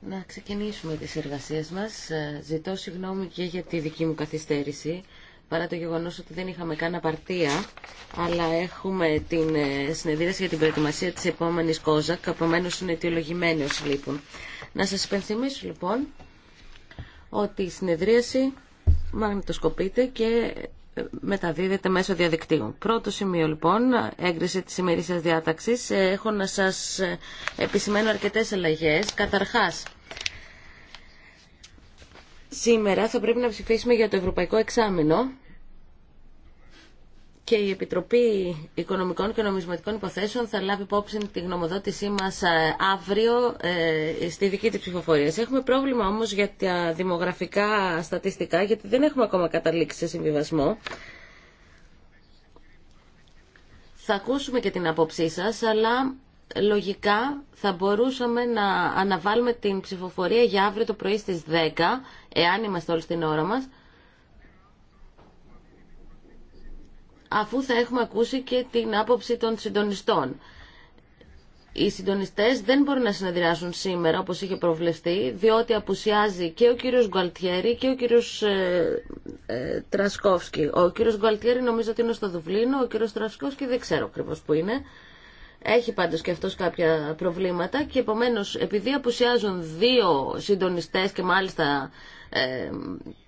Να ξεκινήσουμε τις εργασίες μας. Ε, ζητώ συγγνώμη και για τη δική μου καθυστέρηση, παρά το γεγονός ότι δεν είχαμε καν απαρτία, αλλά έχουμε την ε, συνεδρίαση για την προετοιμασία της επόμενης ΚΟΖΑΚ, επομένως είναι αιτιολογημένοι όσοι λείπουν. Να σας υπενθυμίσω λοιπόν ότι η συνεδρίαση μαγνητοσκοπείται και μεταδίδεται μέσω διαδικτύου. Πρώτο σημείο λοιπόν, έγκριση της ημερήσιας διάταξης. Ε, έχω να σας ε, επισημαίνω αρκετές αλλαγές. Καταρχάς, σήμερα θα πρέπει να ψηφίσουμε για το Ευρωπαϊκό Εξάμεινο και η Επιτροπή Οικονομικών και Νομισματικών Υποθέσεων θα λάβει υπόψη τη γνωμοδότησή μας ε, αύριο ε, στη δική της ψηφοφορία. Έχουμε πρόβλημα όμως για τα δημογραφικά στατιστικά, γιατί δεν έχουμε ακόμα καταλήξει σε συμβιβασμό. Θα ακούσουμε και την άποψή σας, αλλά λογικά θα μπορούσαμε να αναβάλουμε την ψηφοφορία για αύριο το πρωί στις 10, εάν είμαστε όλοι στην ώρα μας, αφού θα έχουμε ακούσει και την άποψη των συντονιστών. Οι συντονιστές δεν μπορούν να συνεδριάσουν σήμερα όπως είχε προβλεφθεί διότι απουσιάζει και ο κύριος Γκουαλτιέρη και ο κύριος ε, ε Τρασκόφσκι. Ο κύριος Γκουαλτιέρη νομίζω ότι είναι στο Δουβλίνο, ο κύριος Τρασκόφσκι δεν ξέρω ακριβώ που είναι. Έχει πάντως και αυτός κάποια προβλήματα και επομένως επειδή απουσιάζουν δύο συντονιστές και μάλιστα ε,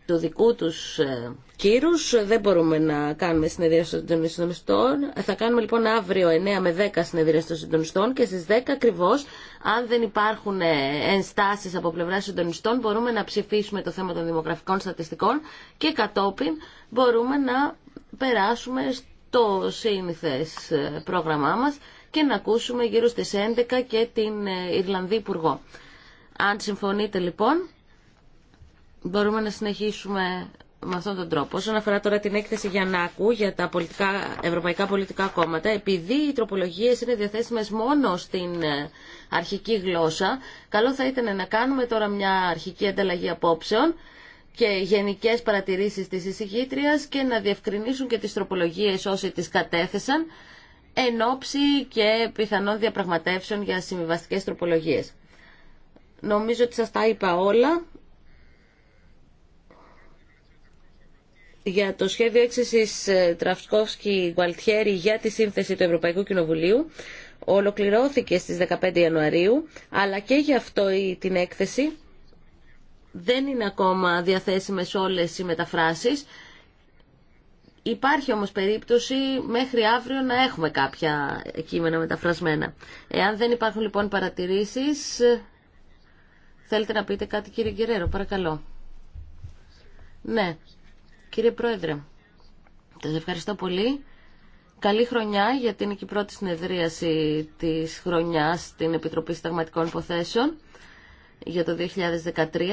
του δικού τους ε, κύρους. Δεν μπορούμε να κάνουμε συνεδρίαση των συντονιστών. Θα κάνουμε λοιπόν αύριο 9 με 10 συνεδρίαση των συντονιστών και στις 10 ακριβώ, αν δεν υπάρχουν ε, ενστάσεις από πλευρά συντονιστών, μπορούμε να ψηφίσουμε το θέμα των δημογραφικών στατιστικών και κατόπιν μπορούμε να περάσουμε στο σύνηθες ε, πρόγραμμά μας και να ακούσουμε γύρω στις 11 και την Ιρλανδή Υπουργό. Αν συμφωνείτε λοιπόν μπορούμε να συνεχίσουμε με αυτόν τον τρόπο. Όσον αφορά τώρα την έκθεση Γιαννάκου για τα πολιτικά, ευρωπαϊκά πολιτικά κόμματα, επειδή οι τροπολογίε είναι διαθέσιμε μόνο στην ε, αρχική γλώσσα, καλό θα ήταν να κάνουμε τώρα μια αρχική ανταλλαγή απόψεων και γενικέ παρατηρήσει τη εισηγήτρια και να διευκρινίσουν και τι τροπολογίε όσοι τι κατέθεσαν εν ώψη και πιθανών διαπραγματεύσεων για συμβιβαστικέ τροπολογίε. Νομίζω ότι σας τα είπα όλα. για το σχεδιο εξεση έξεσης ε, Τραφσκόφσκι-Γουαλτιέρη για τη σύνθεση του Ευρωπαϊκού Κοινοβουλίου ολοκληρώθηκε στις 15 Ιανουαρίου, αλλά και γι' αυτό η, την έκθεση δεν είναι ακόμα διαθέσιμε όλες οι μεταφράσεις. Υπάρχει όμως περίπτωση μέχρι αύριο να έχουμε κάποια κείμενα μεταφρασμένα. Εάν δεν υπάρχουν λοιπόν παρατηρήσεις, θέλετε να πείτε κάτι κύριε Γκερέρο, παρακαλώ. Ναι, Κύριε Πρόεδρε, σας ευχαριστώ πολύ. Καλή χρονιά γιατί είναι και η πρώτη συνεδρίαση της χρονιάς στην Επιτροπή Συνταγματικών Υποθέσεων για το 2013.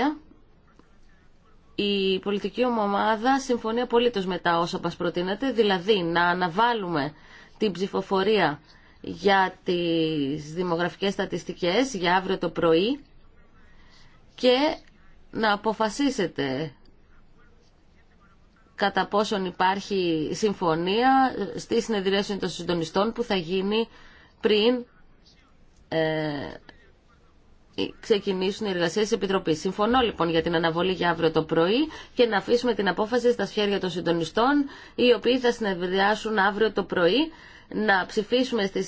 Η πολιτική ομάδα συμφωνεί πολύ με τα όσα μας προτείνεται, δηλαδή να αναβάλουμε την ψηφοφορία για τις δημογραφικές στατιστικές για αύριο το πρωί και να αποφασίσετε κατά πόσον υπάρχει συμφωνία στη συνεδρίαση των συντονιστών που θα γίνει πριν ε, ξεκινήσουν οι εργασίες της Επιτροπής. Συμφωνώ λοιπόν για την αναβολή για αύριο το πρωί και να αφήσουμε την απόφαση στα σχέδια των συντονιστών οι οποίοι θα συνεδριάσουν αύριο το πρωί να ψηφίσουμε στη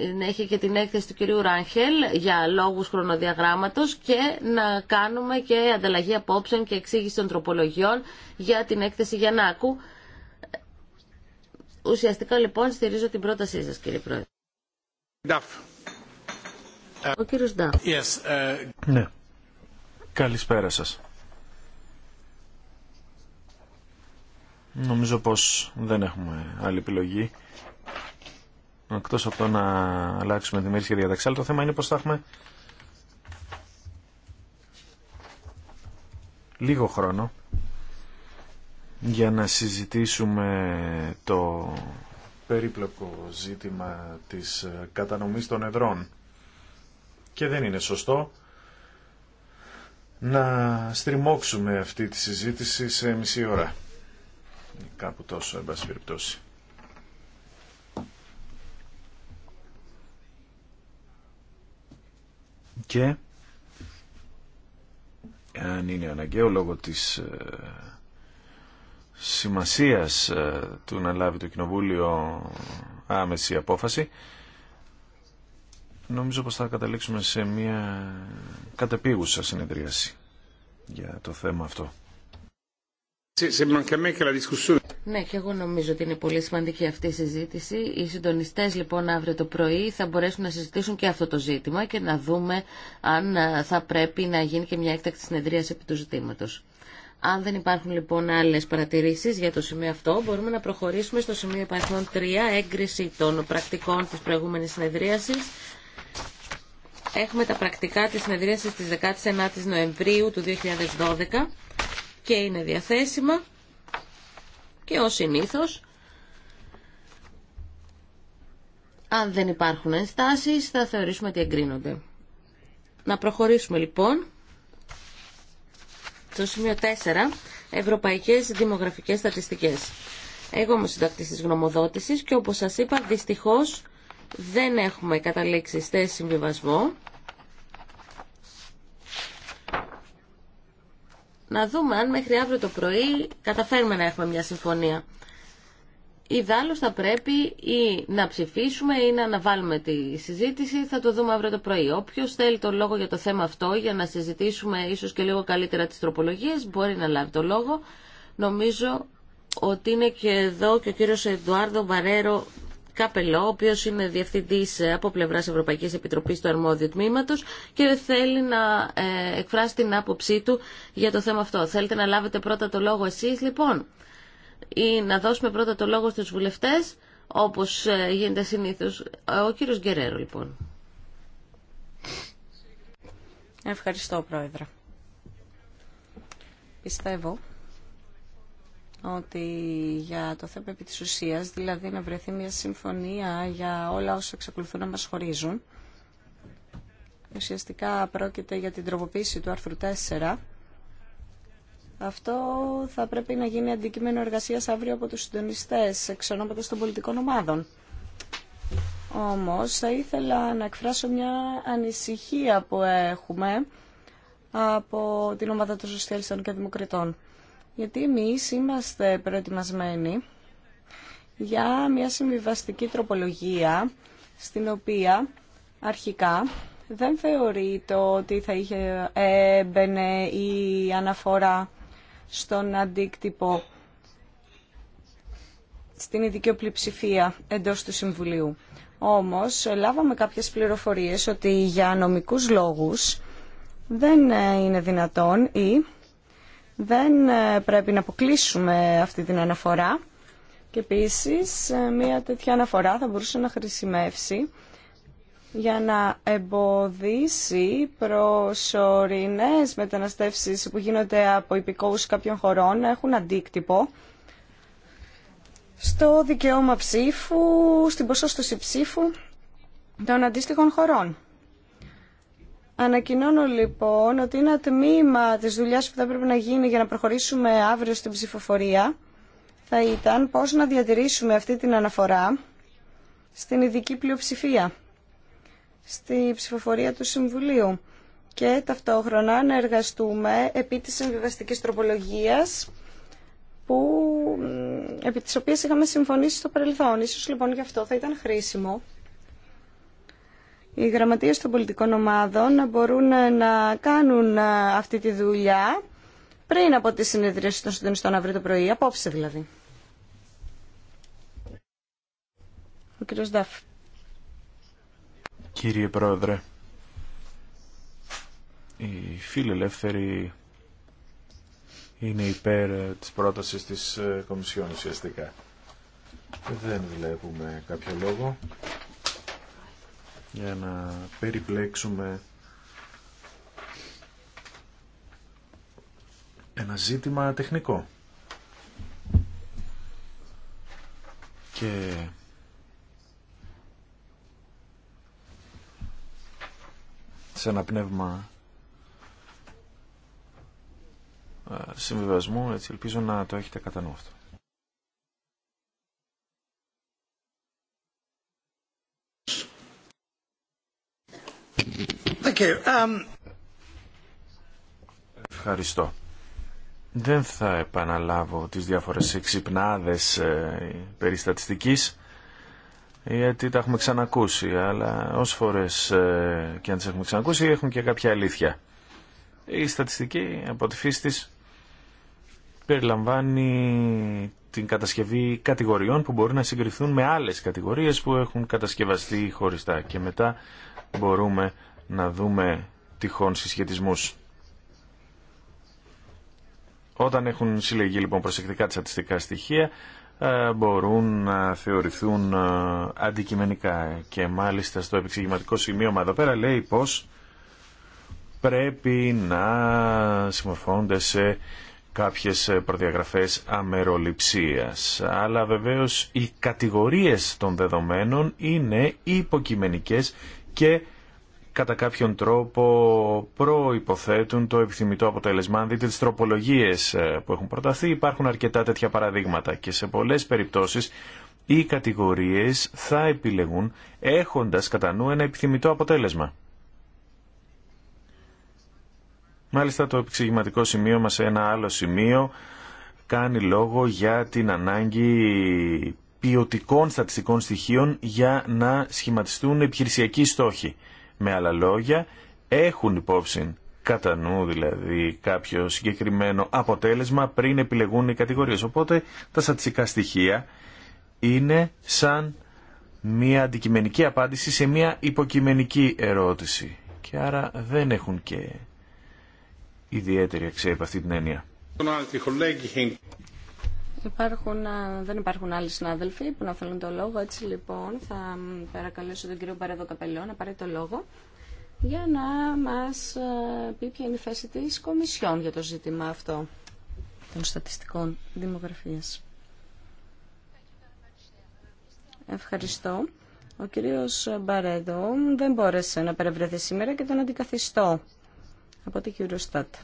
συνέχεια και την έκθεση του κυρίου Ράνχελ για λόγους χρονοδιαγράμματος και να κάνουμε και ανταλλαγή απόψεων και εξήγηση των τροπολογιών για την έκθεση Γιαννάκου. Ουσιαστικά λοιπόν στηρίζω την πρότασή σας κύριε Πρόεδρε. κύριος Yes, ε, Ναι. Καλησπέρα σας. Νομίζω πως δεν έχουμε άλλη επιλογή Εκτό από το να αλλάξουμε τη μέρη σχεδία αλλά το θέμα είναι πως θα έχουμε λίγο χρόνο για να συζητήσουμε το περίπλοκο ζήτημα της κατανομής των εδρών. Και δεν είναι σωστό να στριμώξουμε αυτή τη συζήτηση σε μισή ώρα. Κάπου τόσο, εν πάση και αν είναι αναγκαίο λόγω της ε, σημασίας ε, του να λάβει το Κοινοβούλιο άμεση απόφαση νομίζω πως θα καταλήξουμε σε μια κατεπίγουσα συνεδρίαση για το θέμα αυτό. Ναι, και εγώ νομίζω ότι είναι πολύ σημαντική αυτή η συζήτηση. Οι συντονιστέ λοιπόν αύριο το πρωί θα μπορέσουν να συζητήσουν και αυτό το ζήτημα και να δούμε αν ε, θα πρέπει να γίνει και μια έκτακτη συνεδρία επί του ζητήματο. Αν δεν υπάρχουν λοιπόν άλλε παρατηρήσει για το σημείο αυτό, μπορούμε να προχωρήσουμε στο σημείο υπαρχόν 3, έγκριση των πρακτικών τη προηγούμενη συνεδρίαση. Έχουμε τα πρακτικά τη συνεδρίασης της 19 η Νοεμβρίου του 2012 και είναι διαθέσιμα και ως συνήθως αν δεν υπάρχουν ενστάσεις θα θεωρήσουμε ότι εγκρίνονται. Να προχωρήσουμε λοιπόν στο σημείο 4 Ευρωπαϊκές Δημογραφικές Στατιστικές. Εγώ είμαι συντακτής της γνωμοδότησης και όπως σας είπα δυστυχώς δεν έχουμε καταλήξει στε συμβιβασμό. να δούμε αν μέχρι αύριο το πρωί καταφέρουμε να έχουμε μια συμφωνία. Ιδάλλως θα πρέπει ή να ψηφίσουμε ή να αναβάλουμε τη συζήτηση. Θα το δούμε αύριο το πρωί. Όποιο θέλει τον λόγο για το θέμα αυτό, για να συζητήσουμε ίσως και λίγο καλύτερα τις τροπολογίες, μπορεί να λάβει το λόγο. Νομίζω ότι είναι και εδώ και ο κύριος Εντουάρδο Βαρέρο Καπελό, ο οποίο είναι διευθυντή ε, από πλευρά Ευρωπαϊκή Επιτροπή του αρμόδιου τμήματο και θέλει να ε, εκφράσει την άποψή του για το θέμα αυτό. Θέλετε να λάβετε πρώτα το λόγο εσεί, λοιπόν, ή να δώσουμε πρώτα το λόγο στου βουλευτέ, όπω ε, γίνεται συνήθω. Ο κύριο Γκερέρο, λοιπόν. Ευχαριστώ, Πρόεδρε. Πιστεύω ότι για το θέμα επί της ουσίας, δηλαδή να βρεθεί μια συμφωνία για όλα όσα εξακολουθούν να μας χωρίζουν. Ουσιαστικά πρόκειται για την τροποποίηση του άρθρου 4. Αυτό θα πρέπει να γίνει αντικείμενο εργασίας αύριο από τους συντονιστές, ονόματος των πολιτικών ομάδων. Όμως θα ήθελα να εκφράσω μια ανησυχία που έχουμε από την ομάδα των Σοσιαλιστών και Δημοκρατών γιατί εμείς είμαστε προετοιμασμένοι για μια συμβιβαστική τροπολογία στην οποία αρχικά δεν θεωρείται ότι θα είχε έμπαινε η αναφορά στον αντίκτυπο στην ειδική πλειοψηφία εντός του Συμβουλίου. Όμως, λάβαμε κάποιες πληροφορίες ότι για νομικούς λόγους δεν είναι δυνατόν ή δεν ε, πρέπει να αποκλείσουμε αυτή την αναφορά και επίσης ε, μια τέτοια αναφορά θα μπορούσε να χρησιμεύσει για να εμποδίσει προσωρινές μεταναστεύσεις που γίνονται από υπηκόους κάποιων χωρών να έχουν αντίκτυπο στο δικαίωμα ψήφου, στην ποσόστοση ψήφου των αντίστοιχων χωρών. Ανακοινώνω λοιπόν ότι ένα τμήμα της δουλειά που θα πρέπει να γίνει για να προχωρήσουμε αύριο στην ψηφοφορία θα ήταν πώς να διατηρήσουμε αυτή την αναφορά στην ειδική πλειοψηφία, στη ψηφοφορία του Συμβουλίου και ταυτόχρονα να εργαστούμε επί της συμβιβαστικής τροπολογίας που, επί της οποίας είχαμε συμφωνήσει στο παρελθόν. Ίσως λοιπόν γι' αυτό θα ήταν χρήσιμο οι γραμματείες των πολιτικών ομάδων μπορούν να κάνουν ε, αυτή τη δουλειά πριν από τη συνεδρίαση των συντονιστών αύριο το πρωί, απόψε δηλαδή. Ο κύριος Ντάφ. Κύριε Πρόεδρε, οι φίλοι είναι υπέρ ε, της πρότασης της ε, Κομισιόν ουσιαστικά. Δεν βλέπουμε κάποιο λόγο για να περιπλέξουμε ένα ζήτημα τεχνικό. Και σε ένα πνεύμα συμβιβασμού, έτσι ελπίζω να το έχετε κατά αυτό. Um, Ευχαριστώ. Δεν θα επαναλάβω τις διάφορες εξυπνάδες ε, περιστατιστικής γιατί τα έχουμε ξανακούσει αλλά όσες φορές ε, και αν τις έχουμε ξανακούσει έχουν και κάποια αλήθεια. Η στατιστική από τη φύση της περιλαμβάνει την κατασκευή κατηγοριών που μπορεί να συγκριθούν με άλλες κατηγορίες που έχουν κατασκευαστεί χωριστά και μετά μπορούμε να δούμε τυχόν συσχετισμούς. Όταν έχουν συλλεγεί λοιπόν προσεκτικά τα ατιστικά στοιχεία ε, μπορούν να θεωρηθούν ε, αντικειμενικά και μάλιστα στο επεξηγηματικό σημείωμα εδώ πέρα λέει πως πρέπει να συμμορφώνται σε κάποιες προδιαγραφές αμεροληψίας. Αλλά βεβαίως οι κατηγορίες των δεδομένων είναι υποκειμενικές και κατά κάποιον τρόπο προϋποθέτουν το επιθυμητό αποτέλεσμα. Αν δείτε τις τροπολογίες ε, που έχουν προταθεί υπάρχουν αρκετά τέτοια παραδείγματα και σε πολλές περιπτώσεις οι κατηγορίες θα επιλεγούν έχοντας κατά νου ένα επιθυμητό αποτέλεσμα. Μάλιστα το επεξηγηματικό σημείο μας σε ένα άλλο σημείο κάνει λόγο για την ανάγκη ποιοτικών στατιστικών στοιχείων για να σχηματιστούν επιχειρησιακοί στόχοι. Με άλλα λόγια, έχουν υπόψη κατά νου δηλαδή κάποιο συγκεκριμένο αποτέλεσμα πριν επιλεγούν οι κατηγορίες. Οπότε τα στατιστικά στοιχεία είναι σαν μια αντικειμενική απάντηση σε μια υποκειμενική ερώτηση. Και άρα δεν έχουν και ιδιαίτερη αξία από αυτή την έννοια δεν υπάρχουν άλλοι συνάδελφοι που να θέλουν το λόγο. Έτσι λοιπόν θα παρακαλέσω τον κύριο Μπαρέδο Καπελό να πάρει το λόγο για να μας πει ποια είναι η θέση της Κομισιόν για το ζήτημα αυτό των στατιστικών δημογραφίας. Ευχαριστώ. Ο κύριος Μπαρέδο δεν μπόρεσε να παρευρεθεί σήμερα και τον αντικαθιστώ από την κύριο Στάτα.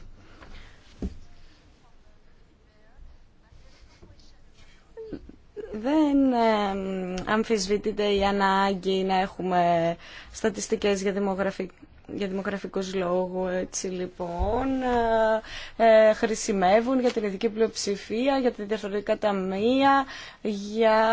δεν αμφισβητείται η ανάγκη να έχουμε στατιστικές για δημογραφική για δημογραφικούς λόγους, έτσι λοιπόν, ε, ε, χρησιμεύουν για την ειδική πλειοψηφία, για τη διαφορετικά ταμεία, για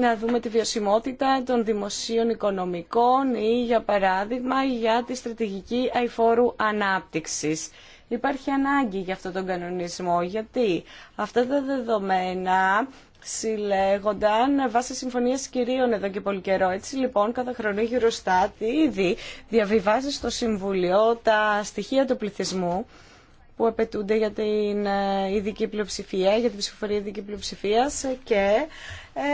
να δούμε τη βιωσιμότητα των δημοσίων οικονομικών ή, για παράδειγμα, για τη στρατηγική αηφόρου ανάπτυξης. Υπάρχει ανάγκη για αυτόν τον κανονισμό, γιατί αυτά τα δεδομένα συλλέγονταν βάσει συμφωνία κυρίων εδώ και πολύ καιρό. Έτσι λοιπόν, κάθε χρονό Eurostat ήδη διαβιβάζει στο Συμβουλίο τα στοιχεία του πληθυσμού που απαιτούνται για την ε, ειδική πλειοψηφία, για την ψηφοφορία ειδική πλειοψηφία και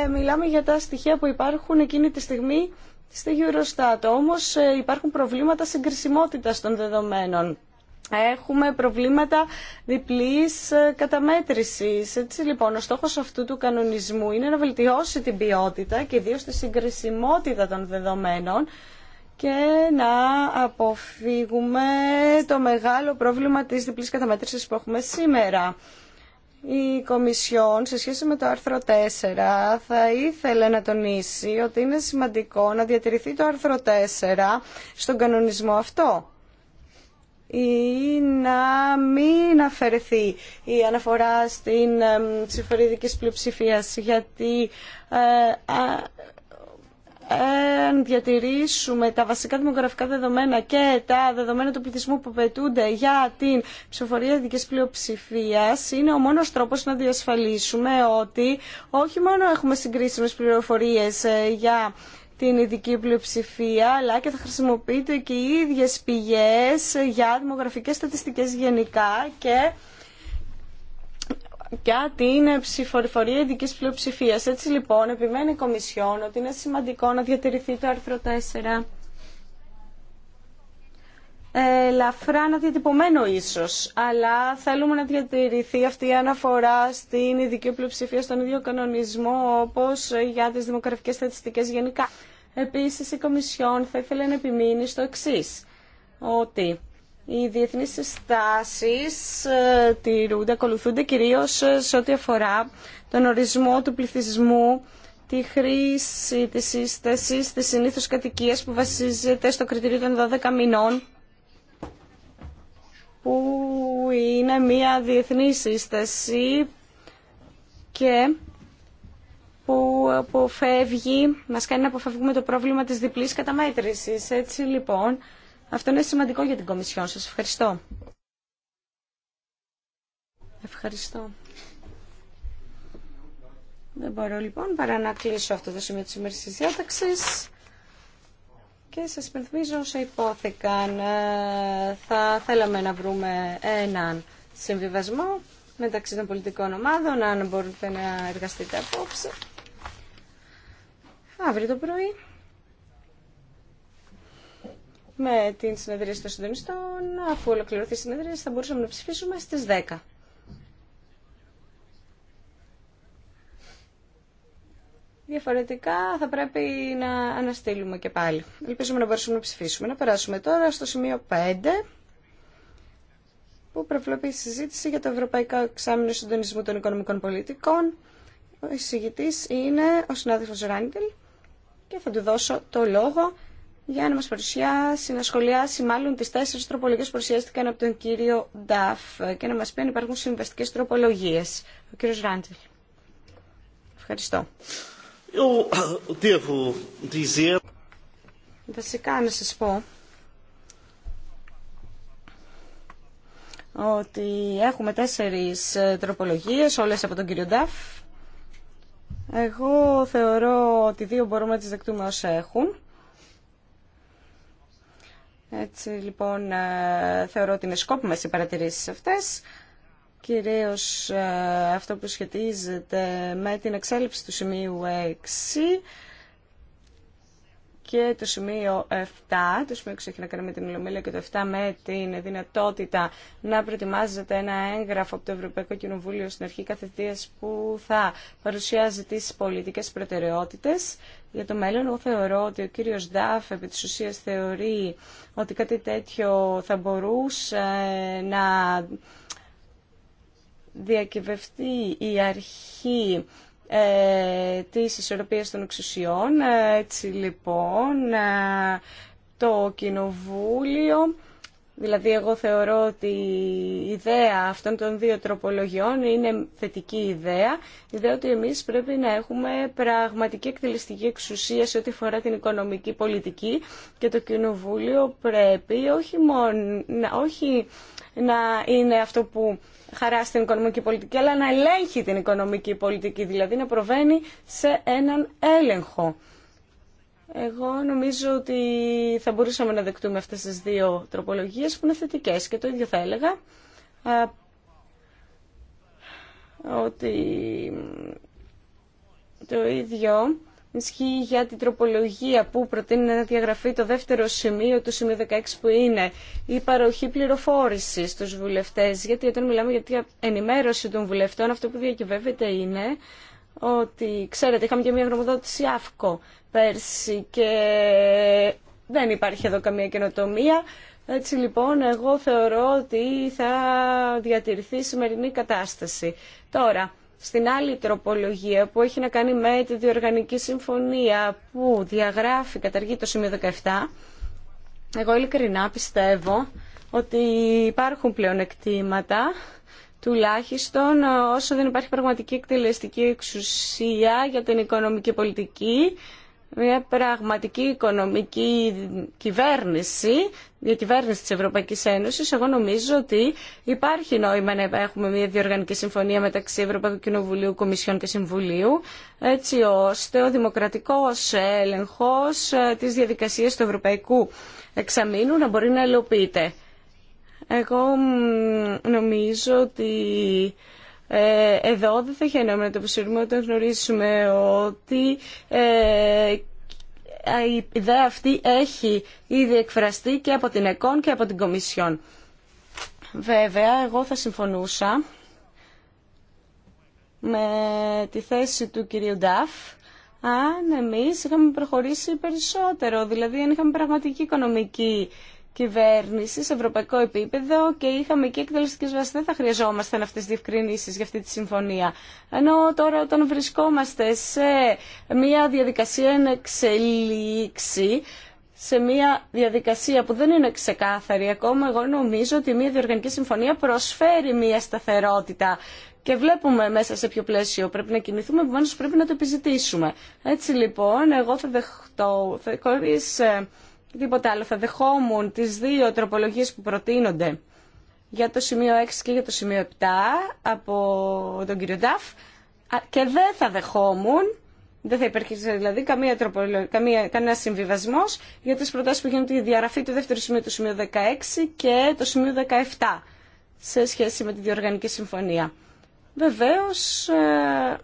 ε, μιλάμε για τα στοιχεία που υπάρχουν εκείνη τη στιγμή στη Eurostat. Όμω ε, υπάρχουν προβλήματα συγκρισιμότητα των δεδομένων έχουμε προβλήματα διπλής ε, καταμέτρησης. Έτσι λοιπόν, ο στόχος αυτού του κανονισμού είναι να βελτιώσει την ποιότητα και ιδίως τη συγκρισιμότητα των δεδομένων και να αποφύγουμε το μεγάλο πρόβλημα της διπλής καταμέτρησης που έχουμε σήμερα. Η Κομισιόν σε σχέση με το άρθρο 4 θα ήθελε να τονίσει ότι είναι σημαντικό να διατηρηθεί το άρθρο 4 στον κανονισμό αυτό ή να μην αφαιρεθεί η αναφορά στην ψηφοριδική πλειοψηφία γιατί ε, αν διατηρήσουμε τα βασικά δημογραφικά δεδομένα και τα δεδομένα του πληθυσμού που πετούνται για την ψηφοφορία ειδική πλειοψηφίας είναι ο μόνος τρόπος να διασφαλίσουμε ότι όχι μόνο έχουμε συγκρίσιμες πληροφορίες ε, για την ειδική πλειοψηφία, αλλά και θα χρησιμοποιείται και οι ίδιες πηγές για δημογραφικές στατιστικές γενικά και για την ψηφοφορία ειδική πλειοψηφία. Έτσι λοιπόν, επιμένει η Κομισιόν ότι είναι σημαντικό να διατηρηθεί το άρθρο 4 ελαφρά αναδιατυπωμένο διατυπωμένο ίσως, αλλά θέλουμε να διατηρηθεί αυτή η αναφορά στην ειδική πλειοψηφία στον ίδιο κανονισμό όπως για τις δημοκρατικές στατιστικές γενικά. Επίσης η Κομισιόν θα ήθελε να επιμείνει στο εξή ότι οι διεθνείς συστάσεις ε, τηρούνται, ακολουθούνται κυρίως ε, σε ό,τι αφορά τον ορισμό του πληθυσμού τη χρήση της σύσταση, της συνήθως κατοικίας που βασίζεται στο κριτήριο των 12 μηνών που είναι μια διεθνή σύσταση και που αποφεύγει, μας κάνει να αποφεύγουμε το πρόβλημα της διπλής καταμέτρησης. Έτσι λοιπόν, αυτό είναι σημαντικό για την Κομισιόν. Σας ευχαριστώ. Ευχαριστώ. Δεν μπορώ λοιπόν παρά να κλείσω αυτό το σημείο της ημέρης της διάταξης. Και σας υπενθυμίζω όσα υπόθηκαν. Ε, θα θέλαμε να βρούμε έναν συμβιβασμό μεταξύ των πολιτικών ομάδων, αν μπορείτε να εργαστείτε απόψε. Αύριο το πρωί, με την συνεδρία των συντονιστών, αφού ολοκληρωθεί η συνεδρία, θα μπορούσαμε να ψηφίσουμε στις 10. Διαφορετικά θα πρέπει να αναστείλουμε και πάλι. Ελπίζουμε να μπορέσουμε να ψηφίσουμε. Να περάσουμε τώρα στο σημείο 5 που προβλέπει η συζήτηση για το Ευρωπαϊκό Εξάμεινο Συντονισμού των Οικονομικών Πολιτικών. Ο εισηγητής είναι ο συνάδελφος Ράνιντελ και θα του δώσω το λόγο για να μας παρουσιάσει, να σχολιάσει μάλλον τις τέσσερις τροπολογίες που παρουσιάστηκαν από τον κύριο Νταφ και να μας πει αν υπάρχουν συμβαστικέ τροπολογίες. Ο κύριος Ράντζελ. Ευχαριστώ. Eu devo dizer... Βασικά να σας πω ότι έχουμε τέσσερις ε, τροπολογίες, όλες από τον κύριο Νταφ. Εγώ θεωρώ ότι δύο μπορούμε να τις δεκτούμε όσα έχουν. Έτσι λοιπόν ε, θεωρώ ότι είναι σκόπιμες οι παρατηρήσεις αυτές κυρίως ε, αυτό που σχετίζεται με την εξέλιξη του σημείου 6 και το σημείο 7, το σημείο 6 έχει να κάνει με την Ολομέλεια και το 7 με την δυνατότητα να προετοιμάζεται ένα έγγραφο από το Ευρωπαϊκό Κοινοβούλιο στην αρχή καθευθείας που θα παρουσιάζει τις πολιτικές προτεραιότητες για το μέλλον. Εγώ θεωρώ ότι ο κύριος Ντάφ επί της ουσίας θεωρεί ότι κάτι τέτοιο θα μπορούσε να διακυβευτεί η αρχή ε, της ισορροπίας των εξουσιών. Ε, έτσι λοιπόν ε, το Κοινοβούλιο... Δηλαδή, εγώ θεωρώ ότι η ιδέα αυτών των δύο τροπολογιών είναι θετική ιδέα. Η ιδέα ότι εμείς πρέπει να έχουμε πραγματική εκτελεστική εξουσία σε ό,τι φορά την οικονομική πολιτική και το Κοινοβούλιο πρέπει όχι μόνο, όχι να είναι αυτό που χαράσει την οικονομική πολιτική, αλλά να ελέγχει την οικονομική πολιτική, δηλαδή να προβαίνει σε έναν έλεγχο. Εγώ νομίζω ότι θα μπορούσαμε να δεκτούμε αυτές τις δύο τροπολογίες που είναι θετικές και το ίδιο θα έλεγα ότι το ίδιο ισχύει για την τροπολογία που προτείνει να διαγραφεί το δεύτερο σημείο του σημείου 16 που είναι η παροχή πληροφόρηση στους βουλευτές. Γιατί όταν μιλάμε για την ενημέρωση των βουλευτών αυτό που διακυβεύεται είναι ότι ξέρετε είχαμε και μια γνωμοδότηση ΑΦΚΟ πέρσι και δεν υπάρχει εδώ καμία καινοτομία. Έτσι λοιπόν, εγώ θεωρώ ότι θα διατηρηθεί η σημερινή κατάσταση. Τώρα, στην άλλη τροπολογία που έχει να κάνει με τη διοργανική συμφωνία που διαγράφει, καταργεί το σημείο 17, εγώ ειλικρινά πιστεύω ότι υπάρχουν πλέον εκτίματα, τουλάχιστον όσο δεν υπάρχει πραγματική εκτελεστική εξουσία για την οικονομική πολιτική μια πραγματική οικονομική κυβέρνηση, κυβέρνηση της Ευρωπαϊκής Ένωσης, εγώ νομίζω ότι υπάρχει νόημα να έχουμε μια διοργανική συμφωνία μεταξύ Ευρωπαϊκού Κοινοβουλίου, Κομισιόν και Συμβουλίου, έτσι ώστε ο δημοκρατικός έλεγχος ε, της διαδικασίας του Ευρωπαϊκού Εξαμήνου να μπορεί να ελοποιείται. Εγώ νομίζω ότι ε, εδώ δεν θα χαίνομαι να το αποσύρουμε όταν γνωρίσουμε ότι ε, η ιδέα αυτή έχει ήδη εκφραστεί και από την ΕΚΟΝ και από την Κομισιόν. Βέβαια, εγώ θα συμφωνούσα με τη θέση του κυρίου Νταφ αν εμείς είχαμε προχωρήσει περισσότερο, δηλαδή αν είχαμε πραγματική οικονομική κυβέρνηση σε ευρωπαϊκό επίπεδο και είχαμε και εκτελεστικέ βάσει. Δεν θα χρειαζόμασταν αυτέ τι διευκρινήσει για αυτή τη συμφωνία. Ενώ τώρα όταν βρισκόμαστε σε μια διαδικασία εν εξελίξη, σε μια διαδικασία που δεν είναι ξεκάθαρη ακόμα, εγώ νομίζω ότι μια διοργανική συμφωνία προσφέρει μια σταθερότητα και βλέπουμε μέσα σε ποιο πλαίσιο πρέπει να κινηθούμε, επομένω πρέπει να το επιζητήσουμε. Έτσι λοιπόν, εγώ θα δεχτώ, χωρί ε, Τίποτα άλλο. Θα δεχόμουν τις δύο τροπολογίες που προτείνονται για το σημείο 6 και για το σημείο 7 από τον κύριο Νταφ και δεν θα δεχόμουν, δεν θα υπήρχε δηλαδή καμία τροπολο... καμία, κανένα συμβιβασμό για τις προτάσεις που γίνονται για τη διαγραφή του δεύτερου σημείου του σημείου 16 και το σημείο 17 σε σχέση με τη διοργανική συμφωνία. Βεβαίως ε,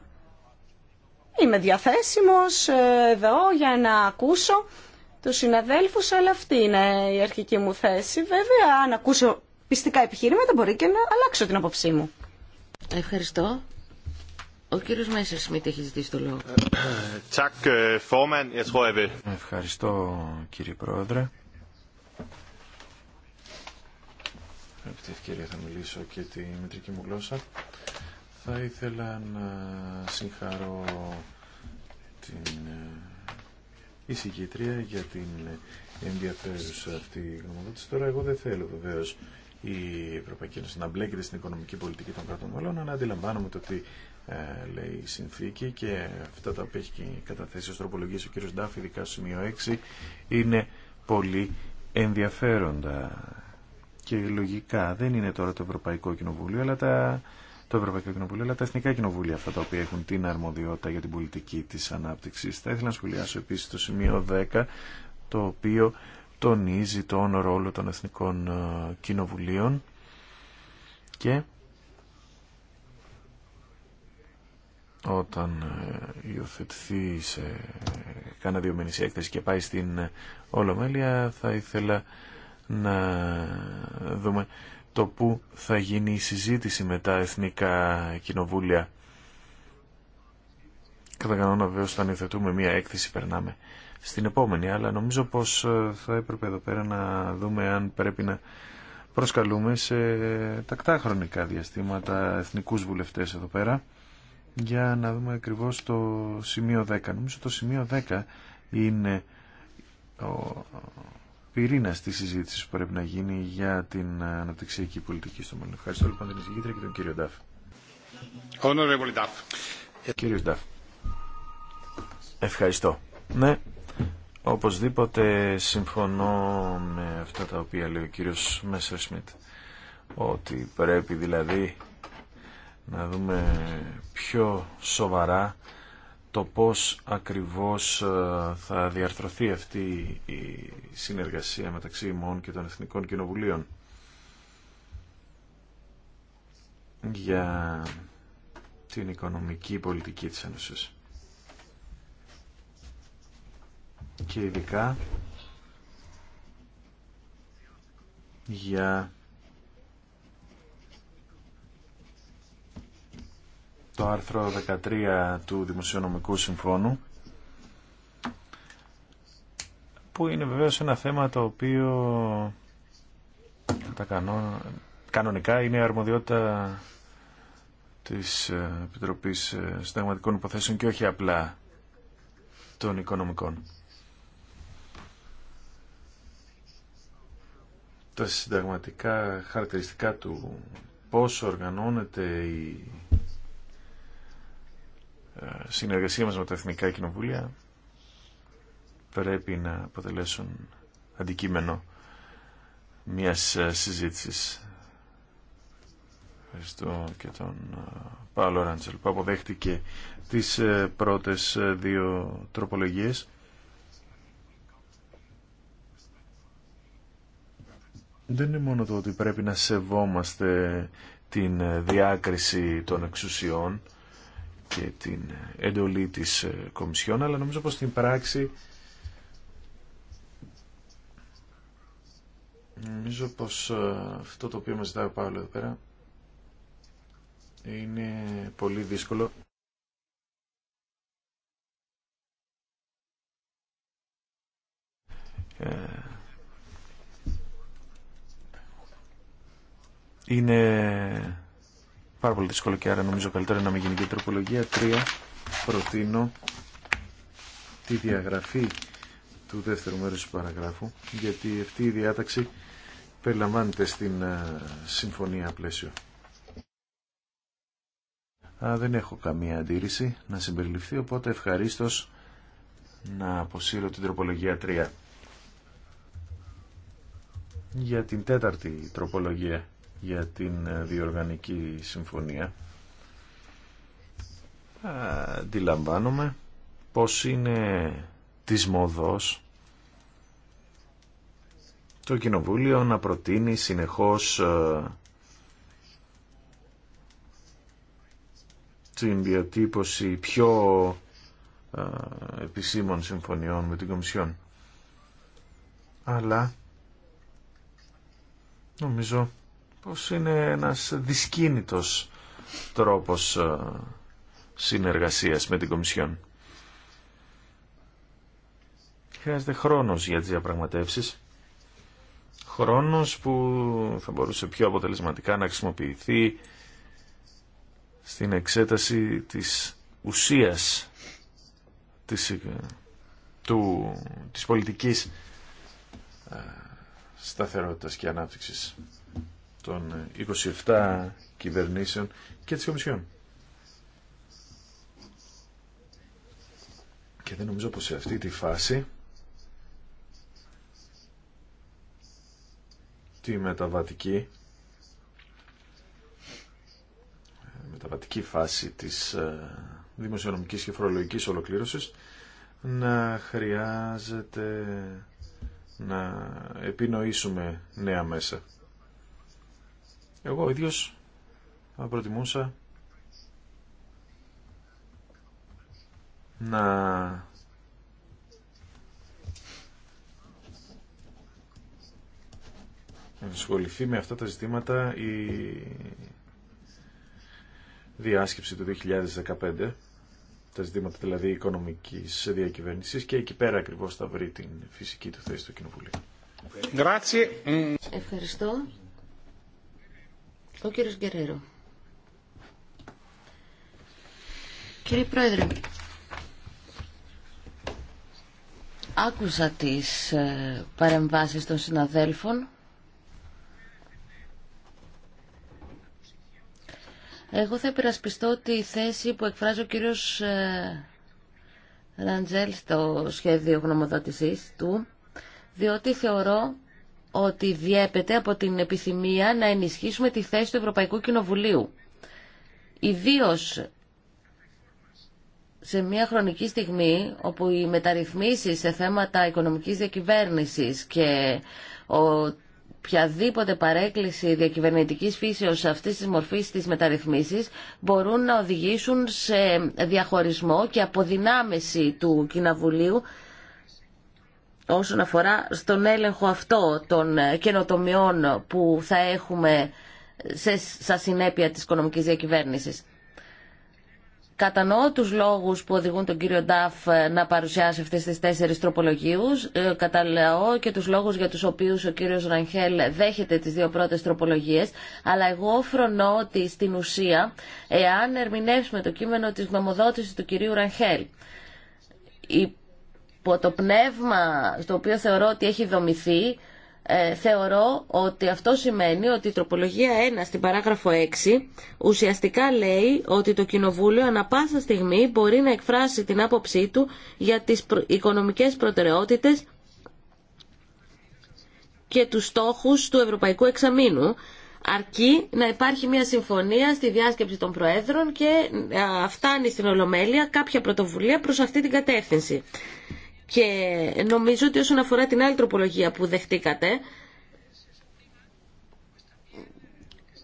είμαι διαθέσιμος ε, εδώ για να ακούσω του συναδέλφους, αλλά αυτή είναι η αρχική μου θέση. Βέβαια, αν ακούσω πιστικά επιχείρηματα, μπορεί και να αλλάξω την απόψή μου. Ευχαριστώ. Ο κύριος Μέσσερ Σμίτ έχει ζητήσει το λόγο. Ε, ε, Ευχαριστώ κύριε Πρόεδρε. Επί τη ευκαιρία θα μιλήσω και τη μετρική μου γλώσσα. Θα ήθελα να συγχαρώ την ε, εισηγήτρια για την ενδιαφέρουσα αυτή γνωμοδότηση. Τώρα εγώ δεν θέλω βεβαίω η Ευρωπαϊκή Ένωση να μπλέκεται στην οικονομική πολιτική των κρατών μελών, αλλά αντιλαμβάνομαι το ότι ε, λέει η συνθήκη και αυτά τα οποία έχει καταθέσει ως τροπολογίες ο κ. Ντάφ, ειδικά στο σημείο 6, είναι πολύ ενδιαφέροντα και λογικά δεν είναι τώρα το Ευρωπαϊκό Κοινοβούλιο, αλλά τα το Ευρωπαϊκό Κοινοβούλιο, αλλά τα Εθνικά Κοινοβούλια, αυτά τα οποία έχουν την αρμοδιότητα για την πολιτική της ανάπτυξη. Θα ήθελα να σχολιάσω επίσης το σημείο 10, το οποίο τονίζει τον ρόλο των Εθνικών ε, Κοινοβουλίων και όταν ε, υιοθετηθεί σε κάνα έκθεση και πάει στην Ολομέλεια θα ήθελα να δούμε το που θα γίνει η συζήτηση με τα εθνικά κοινοβούλια. Κατά κανόνα βεβαίως όταν μία έκθεση περνάμε στην επόμενη, αλλά νομίζω πως ε, θα έπρεπε εδώ πέρα να δούμε αν πρέπει να προσκαλούμε σε τακτά χρονικά διαστήματα εθνικούς βουλευτές εδώ πέρα για να δούμε ακριβώς το σημείο 10. Νομίζω το σημείο 10 είναι πυρήνα τη συζήτηση που πρέπει να γίνει για την αναπτυξιακή πολιτική στο μέλλον. Ευχαριστώ λοιπόν την εισηγήτρια και τον κύριο Ντάφ. Κύριος Ντάφ. Ευχαριστώ. Ναι, οπωσδήποτε συμφωνώ με αυτά τα οποία λέει ο κύριος Μέσσερ Σμιτ. Ότι πρέπει δηλαδή να δούμε πιο σοβαρά το πώς ακριβώς ε, θα διαρθρωθεί αυτή η συνεργασία μεταξύ ημών και των Εθνικών Κοινοβουλίων για την οικονομική πολιτική της Ένωσης. Και ειδικά για το άρθρο 13 του Δημοσιονομικού Συμφώνου που είναι βεβαίως ένα θέμα το οποίο τα κανονικά είναι αρμοδιότητα της ε, Επιτροπής ε, Συνταγματικών Υποθέσεων και όχι απλά των οικονομικών. Τα συνταγματικά χαρακτηριστικά του πώς οργανώνεται η συνεργασία μας με τα Εθνικά Κοινοβούλια πρέπει να αποτελέσουν αντικείμενο μιας ε, συζήτησης. Ευχαριστώ και τον ε, Παύλο Ράντσελ που αποδέχτηκε τις ε, πρώτες δύο τροπολογίες. Δεν είναι μόνο το ότι πρέπει να σεβόμαστε την διάκριση των εξουσιών και την εντολή της ε, Κομισιόν, αλλά νομίζω πως στην πράξη νομίζω πως ε, αυτό το οποίο μας ζητάει ο Παύλο εδώ πέρα είναι πολύ δύσκολο. Ε, είναι πάρα πολύ δύσκολο και άρα νομίζω καλύτερα να μην γίνει και τροπολογία. 3. Προτείνω τη διαγραφή του δεύτερου μέρους του παραγράφου, γιατί αυτή η διάταξη περιλαμβάνεται στην ε, συμφωνία πλαίσιο. δεν έχω καμία αντίρρηση να συμπεριληφθεί, οπότε ευχαρίστως να αποσύρω την τροπολογία 3. Για την τέταρτη τροπολογία για την ε, διοργανική συμφωνία αντιλαμβάνομαι πως είναι της μοδός το Κοινοβούλιο να προτείνει συνεχώς ε, την διατύπωση πιο ε, επισήμων συμφωνιών με την Κομισιόν. Αλλά νομίζω πως είναι ένας δυσκίνητος τρόπος ε, συνεργασίας με την Κομισιόν. Χρειάζεται χρόνος για τις διαπραγματεύσεις. Χρόνος που θα μπορούσε πιο αποτελεσματικά να χρησιμοποιηθεί στην εξέταση της ουσίας της, ε, του, της πολιτικής ε, σταθερότητας και ανάπτυξης των 27 ε, κυβερνήσεων και της Κομισιόν. Και δεν νομίζω πως σε αυτή τη φάση τη μεταβατική ε, μεταβατική φάση της ε, δημοσιονομικής και φορολογικής ολοκλήρωσης να χρειάζεται να επινοήσουμε νέα μέσα. Εγώ ο ίδιος θα προτιμούσα να ενσχοληθεί με αυτά τα ζητήματα η διάσκεψη του 2015 τα ζητήματα δηλαδή οικονομικής διακυβέρνησης και εκεί πέρα ακριβώς θα βρει την φυσική του θέση του Κοινοβουλίου. Ευχαριστώ. Ο κύριο Γκερέρο. Κύριε Πρόεδρε, άκουσα τις ε, παρεμβάσεις των συναδέλφων. Εγώ θα υπερασπιστώ τη θέση που εκφράζει ο κύριος ε, Ραντζέλ στο σχέδιο γνωμοδότησής του, διότι θεωρώ ότι διέπεται από την επιθυμία να ενισχύσουμε τη θέση του Ευρωπαϊκού Κοινοβουλίου. Ιδίως σε μια χρονική στιγμή όπου οι μεταρρυθμίσεις σε θέματα οικονομικής διακυβέρνησης και ο οποιαδήποτε παρέκκληση διακυβερνητικής φύσεως αυτής τη μορφή της μεταρρυθμίσεις μπορούν να οδηγήσουν σε διαχωρισμό και αποδυνάμεση του Κοινοβουλίου όσον αφορά στον έλεγχο αυτό των ε, καινοτομιών που θα έχουμε σε, σαν συνέπεια της οικονομικής διακυβέρνησης. Κατανοώ τους λόγους που οδηγούν τον κύριο Νταφ ε, να παρουσιάσει αυτές τις τέσσερις τροπολογίους. Ε, καταλαώ και τους λόγους για τους οποίους ο κύριος Ρανχέλ δέχεται τις δύο πρώτες τροπολογίες. Αλλά εγώ φρονώ ότι στην ουσία, εάν ερμηνεύσουμε το κείμενο της γνωμοδότησης του κυρίου Ρανχέλ, που το πνεύμα στο οποίο θεωρώ ότι έχει δομηθεί, ε, θεωρώ ότι αυτό σημαίνει ότι η τροπολογία 1 στην παράγραφο 6 ουσιαστικά λέει ότι το Κοινοβούλιο ανα πάσα στιγμή μπορεί να εκφράσει την άποψή του για τις οικονομικές προτεραιότητες και τους στόχους του Ευρωπαϊκού Εξαμήνου αρκεί να υπάρχει μια συμφωνία στη διάσκεψη των Προέδρων και ε, φτάνει στην Ολομέλεια κάποια πρωτοβουλία προς αυτή την κατεύθυνση. Και νομίζω ότι όσον αφορά την άλλη τροπολογία που δεχτήκατε,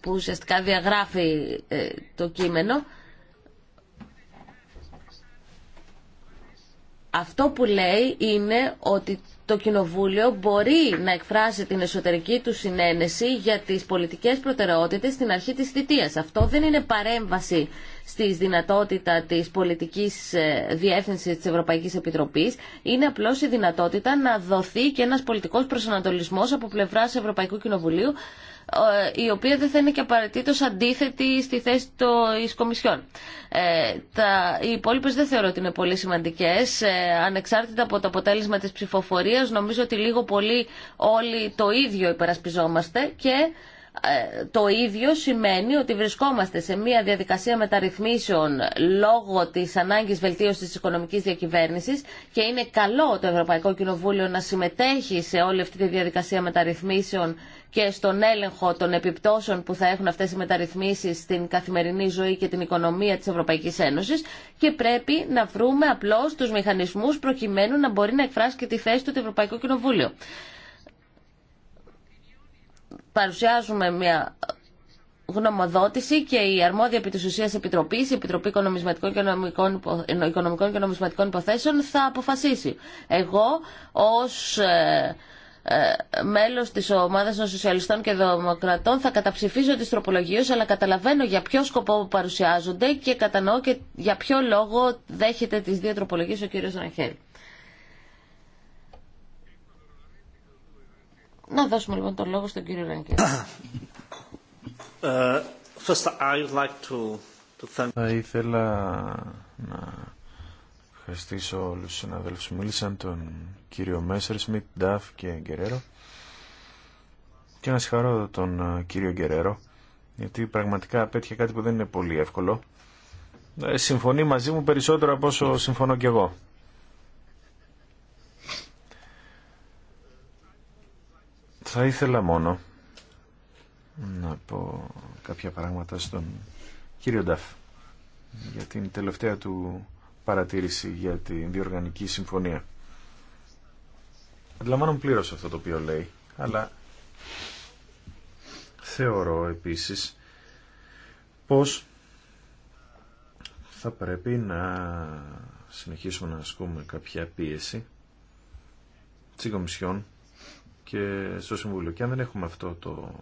που ουσιαστικά διαγράφει ε, το κείμενο, αυτό που λέει είναι ότι το Κοινοβούλιο μπορεί να εκφράσει την εσωτερική του συνένεση για τις πολιτικές προτεραιότητες στην αρχή της θητείας. Αυτό δεν είναι παρέμβαση στη δυνατότητα της πολιτικής ε, διεύθυνση της Ευρωπαϊκής Επιτροπής, είναι απλώ η δυνατότητα να δοθεί και ένας πολιτικός προσανατολισμό από πλευράς Ευρωπαϊκού Κοινοβουλίου, ε, η οποία δεν θα είναι και απαραίτητο αντίθετη στη θέση τη Κομισιόν. Ε, τα, οι υπόλοιπε δεν θεωρώ ότι είναι πολύ σημαντικέ. ανεξάρτητα από το αποτέλεσμα τη ψηφοφορία, νομίζω ότι λίγο πολύ όλοι το ίδιο υπερασπιζόμαστε και ε, το ίδιο σημαίνει ότι βρισκόμαστε σε μια διαδικασία μεταρρυθμίσεων λόγω της ανάγκης βελτίωσης της οικονομικής διακυβέρνησης και είναι καλό το Ευρωπαϊκό Κοινοβούλιο να συμμετέχει σε όλη αυτή τη διαδικασία μεταρρυθμίσεων και στον έλεγχο των επιπτώσεων που θα έχουν αυτές οι μεταρρυθμίσεις στην καθημερινή ζωή και την οικονομία της Ευρωπαϊκής Ένωσης και πρέπει να βρούμε απλώς τους μηχανισμούς προκειμένου να μπορεί να εκφράσει και τη θέση του το Ευρωπαϊκό Κοινοβούλιο παρουσιάζουμε μια γνωμοδότηση και η αρμόδια επί της επιτροπής, η Επιτροπή Οικονομισματικών και, Οικονομικών και Νομισματικών Υποθέσεων θα αποφασίσει. Εγώ ως ε, ε, μέλος της ομάδας των Σοσιαλιστών και Δημοκρατών θα καταψηφίζω τις τροπολογίες αλλά καταλαβαίνω για ποιο σκοπό παρουσιάζονται και κατανοώ και για ποιο λόγο δέχεται τις δύο τροπολογίες ο κ. Ραχέλη. Να δώσουμε λοιπόν τον λόγο στον κύριο Ρανκέ. Ε, Θα ήθελα να ευχαριστήσω όλους τους συναδέλφους που μίλησαν, τον κύριο Μέσσερ, Σμιτ, Νταφ και Γκερέρο. Και να συγχαρώ τον ε, κύριο Γκερέρο, γιατί πραγματικά απέτυχε κάτι που δεν είναι πολύ εύκολο. Ε, συμφωνεί μαζί μου περισσότερο από όσο συμφωνώ κι εγώ. Θα ήθελα μόνο να πω κάποια πράγματα στον κύριο Νταφ για την τελευταία του παρατήρηση για την διοργανική συμφωνία. Αντιλαμβάνομαι πλήρως αυτό το οποίο λέει, αλλά θεωρώ επίσης πως θα πρέπει να συνεχίσουμε να ασκούμε κάποια πίεση της και στο Συμβούλιο. Και αν δεν έχουμε αυτό το,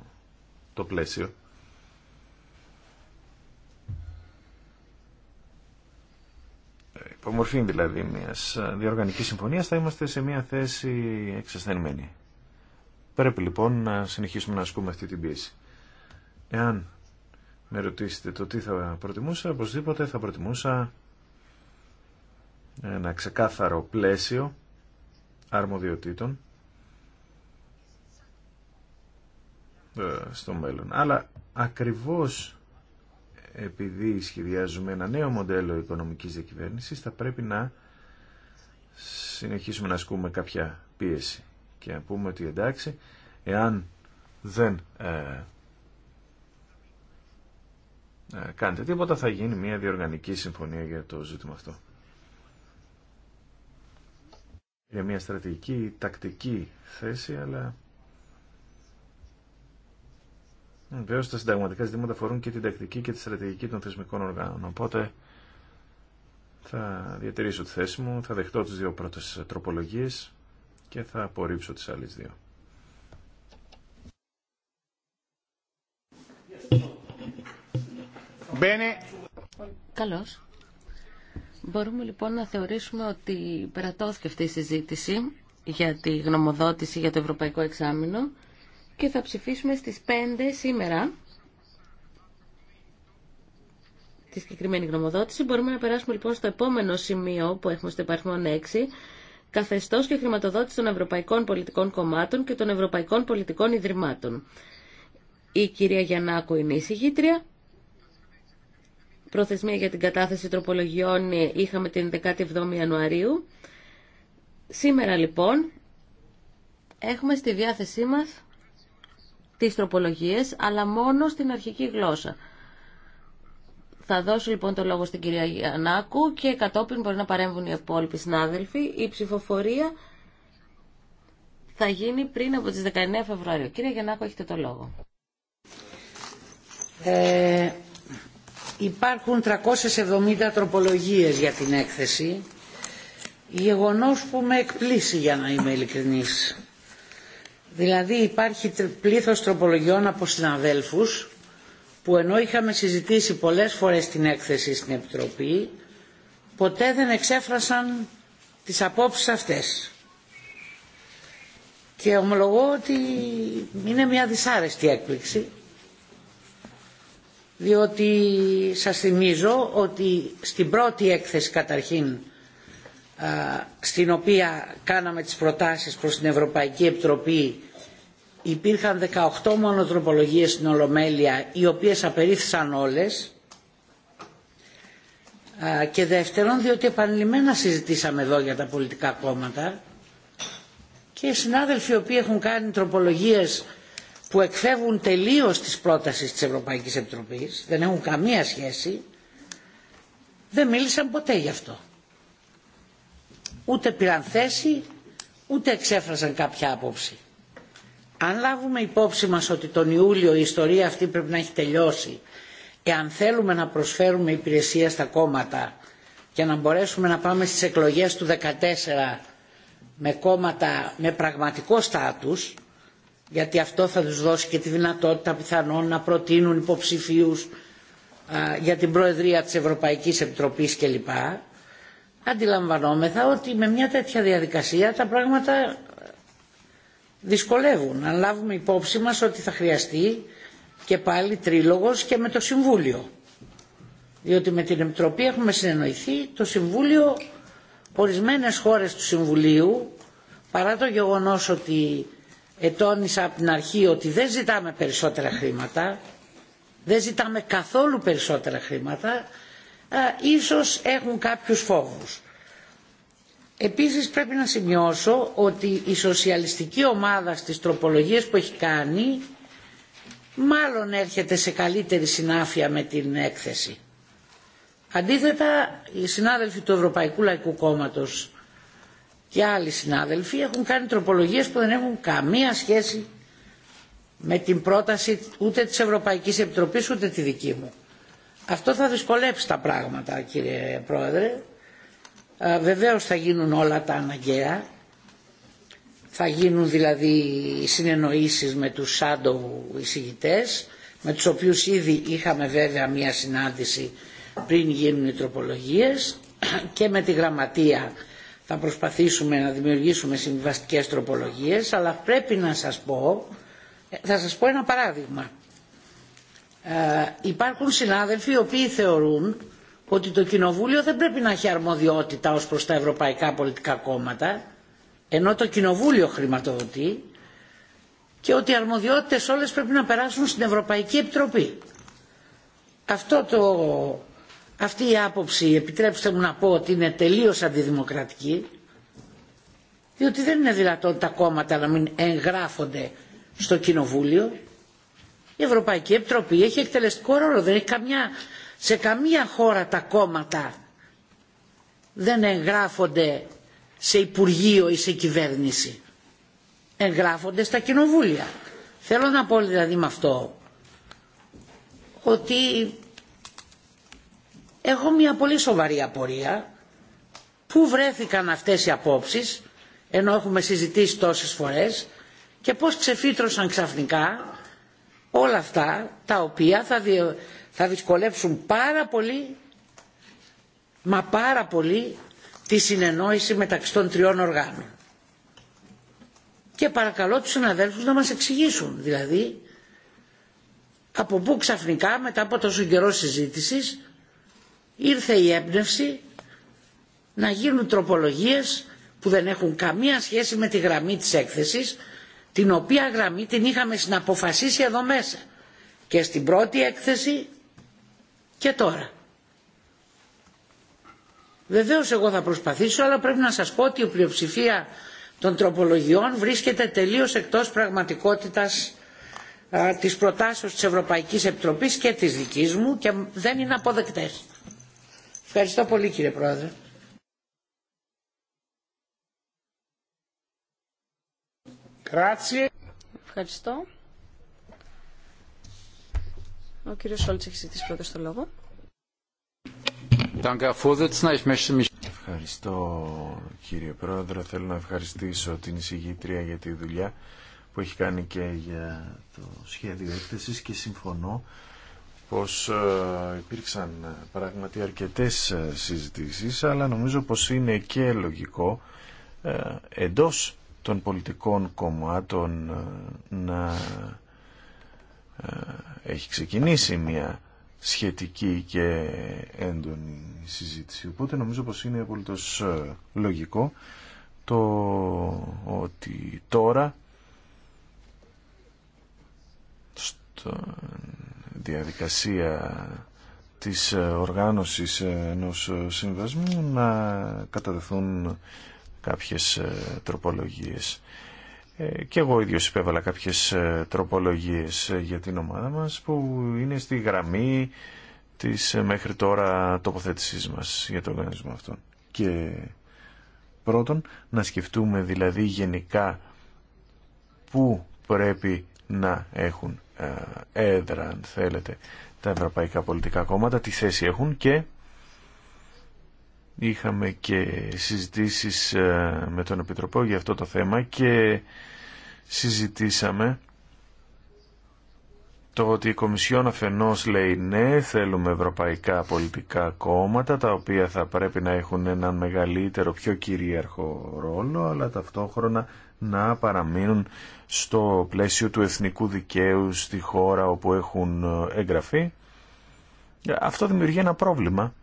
το πλαίσιο, ε, υπομορφή δηλαδή μια διοργανική συμφωνία, θα είμαστε σε μια θέση εξασθενημένη. Πρέπει λοιπόν να συνεχίσουμε να ασκούμε αυτή την πίεση. Εάν με ρωτήσετε το τι θα προτιμούσα, οπωσδήποτε θα προτιμούσα ένα ξεκάθαρο πλαίσιο αρμοδιοτήτων Ε, στο μέλλον. Αλλά ακριβώς επειδή σχεδιάζουμε ένα νέο μοντέλο οικονομικής διακυβέρνησης θα πρέπει να συνεχίσουμε να ασκούμε κάποια πίεση και να πούμε ότι εντάξει εάν δεν ε, ε, κάνετε τίποτα θα γίνει μια διοργανική συμφωνία για το ζήτημα αυτό. Για μια στρατηγική, τακτική θέση αλλά Βεβαίω τα συνταγματικά ζητήματα αφορούν και την τακτική και τη στρατηγική των θεσμικών οργάνων. Οπότε θα διατηρήσω τη θέση μου, θα δεχτώ τις δύο πρώτε τροπολογίες και θα απορρίψω τις άλλες δύο. Καλώς. Μπορούμε λοιπόν να θεωρήσουμε ότι περατώθηκε αυτή η συζήτηση για τη γνωμοδότηση για το Ευρωπαϊκό Εξάμεινο και θα ψηφίσουμε στις 5 σήμερα τη συγκεκριμένη γνωμοδότηση. Μπορούμε να περάσουμε λοιπόν στο επόμενο σημείο που έχουμε στο υπαρθμό 6 καθεστώς και χρηματοδότηση των Ευρωπαϊκών Πολιτικών Κομμάτων και των Ευρωπαϊκών Πολιτικών Ιδρυμάτων. Η κυρία Γιαννάκου είναι η συγγήτρια. Προθεσμία για την κατάθεση τροπολογιών είχαμε την 17η Ιανουαρίου. Σήμερα λοιπόν έχουμε στη διάθεσή μας τις τροπολογίες, αλλά μόνο στην αρχική γλώσσα. Θα δώσω λοιπόν το λόγο στην κυρία Γιαννάκου και κατόπιν μπορεί να παρέμβουν οι υπόλοιποι συνάδελφοι. Η ψηφοφορία θα γίνει πριν από τις 19 Φεβρουαρίου. Κύριε Γιαννάκου, έχετε το λόγο. Ε, υπάρχουν 370 τροπολογίες για την έκθεση. Γεγονός που με εκπλήσει για να είμαι ειλικρινής Δηλαδή υπάρχει πλήθος τροπολογιών από συναδέλφου που ενώ είχαμε συζητήσει πολλές φορές την έκθεση στην Επιτροπή ποτέ δεν εξέφρασαν τις απόψεις αυτές. Και ομολογώ ότι είναι μια δυσάρεστη έκπληξη διότι σας θυμίζω ότι στην πρώτη έκθεση καταρχήν στην οποία κάναμε τις προτάσεις προς την Ευρωπαϊκή Επιτροπή υπήρχαν 18 μόνο τροπολογίες στην Ολομέλεια οι οποίες απερίφθησαν όλες και δεύτερον διότι επανειλημμένα συζητήσαμε εδώ για τα πολιτικά κόμματα και οι συνάδελφοι οι οποίοι έχουν κάνει τροπολογίες που εκφεύγουν τελείως τις πρότασεις της Ευρωπαϊκής Επιτροπής, δεν έχουν καμία σχέση, δεν μίλησαν ποτέ γι' αυτό. Ούτε πήραν θέση, ούτε εξέφρασαν κάποια άποψη αν λάβουμε υπόψη μας ότι τον Ιούλιο η ιστορία αυτή πρέπει να έχει τελειώσει αν θέλουμε να προσφέρουμε υπηρεσία στα κόμματα και να μπορέσουμε να πάμε στις εκλογές του 2014 με κόμματα με πραγματικό στάτους γιατί αυτό θα τους δώσει και τη δυνατότητα πιθανόν να προτείνουν υποψηφίους για την Προεδρία της Ευρωπαϊκής Επιτροπής κλπ. Αντιλαμβανόμεθα ότι με μια τέτοια διαδικασία τα πράγματα δυσκολεύουν να λάβουμε υπόψη μας ότι θα χρειαστεί και πάλι τρίλογος και με το Συμβούλιο. Διότι με την Επιτροπή έχουμε συνεννοηθεί το Συμβούλιο, ορισμένες χώρες του Συμβουλίου, παρά το γεγονός ότι ετώνησα από την αρχή ότι δεν ζητάμε περισσότερα χρήματα, δεν ζητάμε καθόλου περισσότερα χρήματα, ε, έχουν κάποιους φόβους. Επίσης πρέπει να σημειώσω ότι η σοσιαλιστική ομάδα στις τροπολογίες που έχει κάνει μάλλον έρχεται σε καλύτερη συνάφεια με την έκθεση. Αντίθετα, οι συνάδελφοι του Ευρωπαϊκού Λαϊκού Κόμματος και άλλοι συνάδελφοι έχουν κάνει τροπολογίες που δεν έχουν καμία σχέση με την πρόταση ούτε της Ευρωπαϊκής Επιτροπής ούτε τη δική μου. Αυτό θα δυσκολέψει τα πράγματα κύριε Πρόεδρε ε, βεβαίως θα γίνουν όλα τα αναγκαία. Θα γίνουν δηλαδή συνεννοήσεις με τους Σάντοβου εισηγητές, με τους οποίους ήδη είχαμε βέβαια μία συνάντηση πριν γίνουν οι τροπολογίες και με τη γραμματεία θα προσπαθήσουμε να δημιουργήσουμε συμβιβαστικές τροπολογίες, αλλά πρέπει να σας πω, ε, θα σας πω ένα παράδειγμα. Ε, υπάρχουν συνάδελφοι οι οποίοι θεωρούν ότι το Κοινοβούλιο δεν πρέπει να έχει αρμοδιότητα ως προς τα ευρωπαϊκά πολιτικά κόμματα, ενώ το Κοινοβούλιο χρηματοδοτεί, και ότι οι αρμοδιότητες όλες πρέπει να περάσουν στην Ευρωπαϊκή Επιτροπή. Αυτό το, αυτή η άποψη, επιτρέψτε μου να πω, ότι είναι τελείως αντιδημοκρατική, διότι δεν είναι δυνατόν τα κόμματα να μην εγγράφονται στο Κοινοβούλιο. Η Ευρωπαϊκή Επιτροπή έχει εκτελεστικό ρόλο, δεν έχει καμιά σε καμία χώρα τα κόμματα δεν εγγράφονται σε υπουργείο ή σε κυβέρνηση. Εγγράφονται στα κοινοβούλια. Θέλω να πω δηλαδή με αυτό ότι έχω μια πολύ σοβαρή απορία πού βρέθηκαν αυτές οι απόψεις ενώ έχουμε συζητήσει τόσες φορές και πώς ξεφύτρωσαν ξαφνικά όλα αυτά τα οποία θα, διο θα δυσκολέψουν πάρα πολύ, μα πάρα πολύ, τη συνεννόηση μεταξύ των τριών οργάνων. Και παρακαλώ τους συναδέλφους να μας εξηγήσουν, δηλαδή, από πού ξαφνικά μετά από τόσο καιρό συζήτησης ήρθε η έμπνευση να γίνουν τροπολογίες που δεν έχουν καμία σχέση με τη γραμμή της έκθεσης την οποία γραμμή την είχαμε συναποφασίσει εδώ μέσα και στην πρώτη έκθεση και τώρα. Βεβαίως εγώ θα προσπαθήσω αλλά πρέπει να σας πω ότι η πλειοψηφία των τροπολογιών βρίσκεται τελείως εκτός πραγματικότητας τη της προτάσεως της Ευρωπαϊκής Επιτροπής και της δικής μου και δεν είναι αποδεκτές. Ευχαριστώ πολύ κύριε Πρόεδρε. Ευχαριστώ. Ο κύριος Σόλτς έχει ζητήσει πρώτα στο λόγο. Ευχαριστώ κύριε Πρόεδρε. Θέλω να ευχαριστήσω την εισηγήτρια για τη δουλειά που έχει κάνει και για το σχέδιο έκθεσης και συμφωνώ πως ε, υπήρξαν πραγματικά αρκετές ε, συζητήσεις αλλά νομίζω πως είναι και λογικό ε, εντός των πολιτικών κομμάτων να ε, έχει ξεκινήσει μια σχετική και έντονη συζήτηση. Οπότε νομίζω πως είναι απολύτως ε, λογικό το ότι τώρα στο διαδικασία της ε, οργάνωσης ενός συμβασμού να καταδεθούν κάποιες τροπολογίες. Ε, και εγώ ίδιος υπέβαλα κάποιες ε, τροπολογίες ε, για την ομάδα μας που είναι στη γραμμή της μέχρι τώρα τοποθέτησής μας για τον οργανισμό αυτόν. Και πρώτον να σκεφτούμε δηλαδή γενικά πού πρέπει να έχουν έδρα αν θέλετε τα ευρωπαϊκά πολιτικά κόμματα, τι θέση έχουν και είχαμε και συζητήσεις με τον Επιτροπό για αυτό το θέμα και συζητήσαμε το ότι η Κομισιόν αφενός λέει ναι, θέλουμε ευρωπαϊκά πολιτικά κόμματα, τα οποία θα πρέπει να έχουν έναν μεγαλύτερο, πιο κυρίαρχο ρόλο, αλλά ταυτόχρονα να παραμείνουν στο πλαίσιο του εθνικού δικαίου στη χώρα όπου έχουν εγγραφεί. Αυτό δημιουργεί ένα πρόβλημα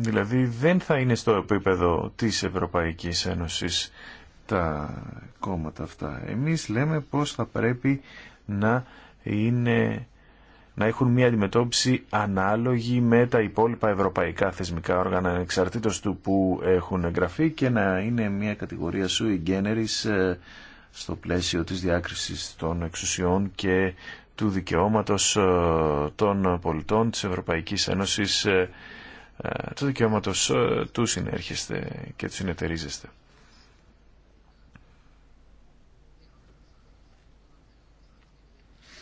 Δηλαδή δεν θα είναι στο επίπεδο της Ευρωπαϊκής Ένωσης τα κόμματα αυτά. Εμείς λέμε πως θα πρέπει να, είναι, να έχουν μια αντιμετώπιση ανάλογη με τα υπόλοιπα ευρωπαϊκά θεσμικά όργανα εξαρτήτως του που έχουν εγγραφεί και να είναι μια κατηγορία σου εγγένερης στο πλαίσιο της διάκρισης των εξουσιών και του δικαιώματος ε, των πολιτών της Ευρωπαϊκής Ένωσης ε, ε, του δικαιώματο ε, του συνέρχεστε και του συνεταιρίζεστε.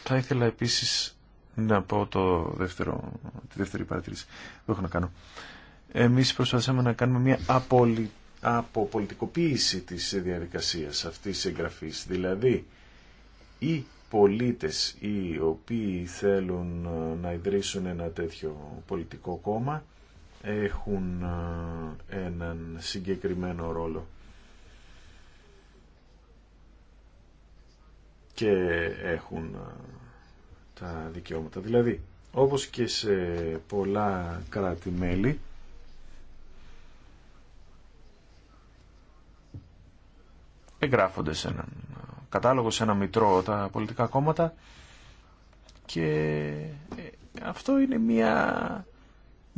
Θα ήθελα επίσης να πω το δεύτερο, τη δεύτερη παρατήρηση που έχω να κάνω. Εμείς προσπαθήσαμε να κάνουμε μια αποπολιτικοποίηση της διαδικασίας αυτής της εγγραφής. Δηλαδή, οι πολίτες οι οποίοι θέλουν να ιδρύσουν ένα τέτοιο πολιτικό κόμμα έχουν έναν συγκεκριμένο ρόλο. Και έχουν τα δικαιώματα. Δηλαδή, όπως και σε πολλά κράτη-μέλη, εγγράφονται σε έναν κατάλογο, σε ένα μητρό τα πολιτικά κόμματα και ε, αυτό είναι μια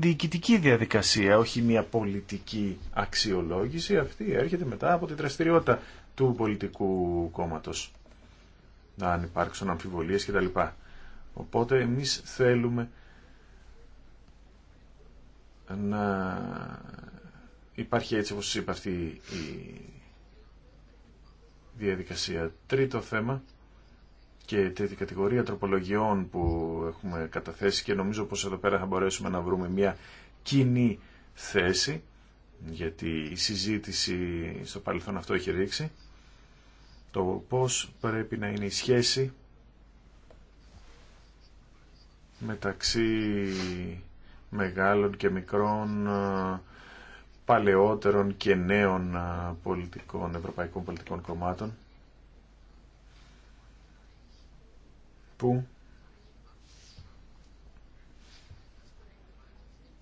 διοικητική διαδικασία, όχι μια πολιτική αξιολόγηση. Αυτή έρχεται μετά από τη δραστηριότητα του πολιτικού κόμματος, αν υπάρξουν αμφιβολίες κτλ. Οπότε εμεί θέλουμε να υπάρχει έτσι όπως είπα αυτή η διαδικασία. Τρίτο θέμα και τέτοια κατηγορία τροπολογιών που έχουμε καταθέσει και νομίζω πως εδώ πέρα θα μπορέσουμε να βρούμε μια κοινή θέση γιατί η συζήτηση στο παρελθόν αυτό έχει ρίξει το πώς πρέπει να είναι η σχέση μεταξύ μεγάλων και μικρών παλαιότερων και νέων πολιτικών, ευρωπαϊκών πολιτικών κομμάτων που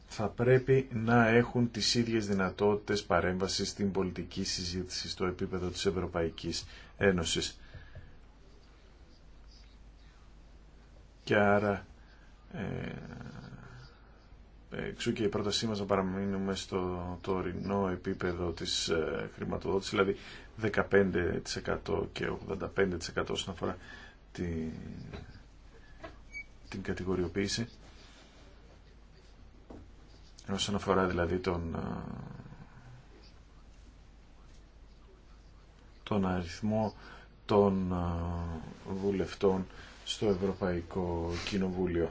θα πρέπει να έχουν τις ίδιες δυνατότητες παρέμβασης στην πολιτική συζήτηση στο επίπεδο της Ευρωπαϊκής Ένωσης. Και άρα ε, εξού και η πρότασή μας να παραμείνουμε στο τωρινό επίπεδο της ε, χρηματοδότησης, δηλαδή 15% και 85% όσον αφορά την, την κατηγοριοποίηση όσον αφορά δηλαδή τον, τον αριθμό των βουλευτών στο Ευρωπαϊκό Κοινοβούλιο.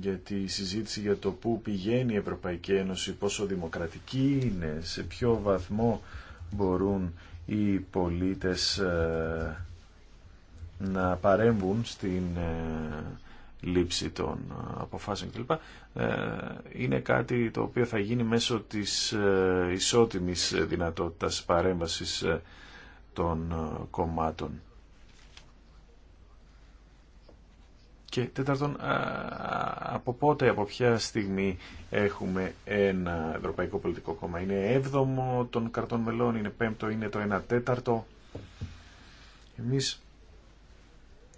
Γιατί η συζήτηση για το πού πηγαίνει η Ευρωπαϊκή Ένωση, πόσο δημοκρατική είναι, σε ποιο βαθμό μπορούν οι πολίτες ε, να παρέμβουν στην ε, λήψη των ε, αποφάσεων κλπ. Είναι κάτι το οποίο θα γίνει μέσω της ισότιμης δυνατότητας παρέμβασης των κομμάτων. Και τέταρτον, από πότε, από ποια στιγμή έχουμε ένα Ευρωπαϊκό Πολιτικό Κόμμα. Είναι έβδομο των καρτών μελών, είναι πέμπτο, είναι το ένα τέταρτο. Εμείς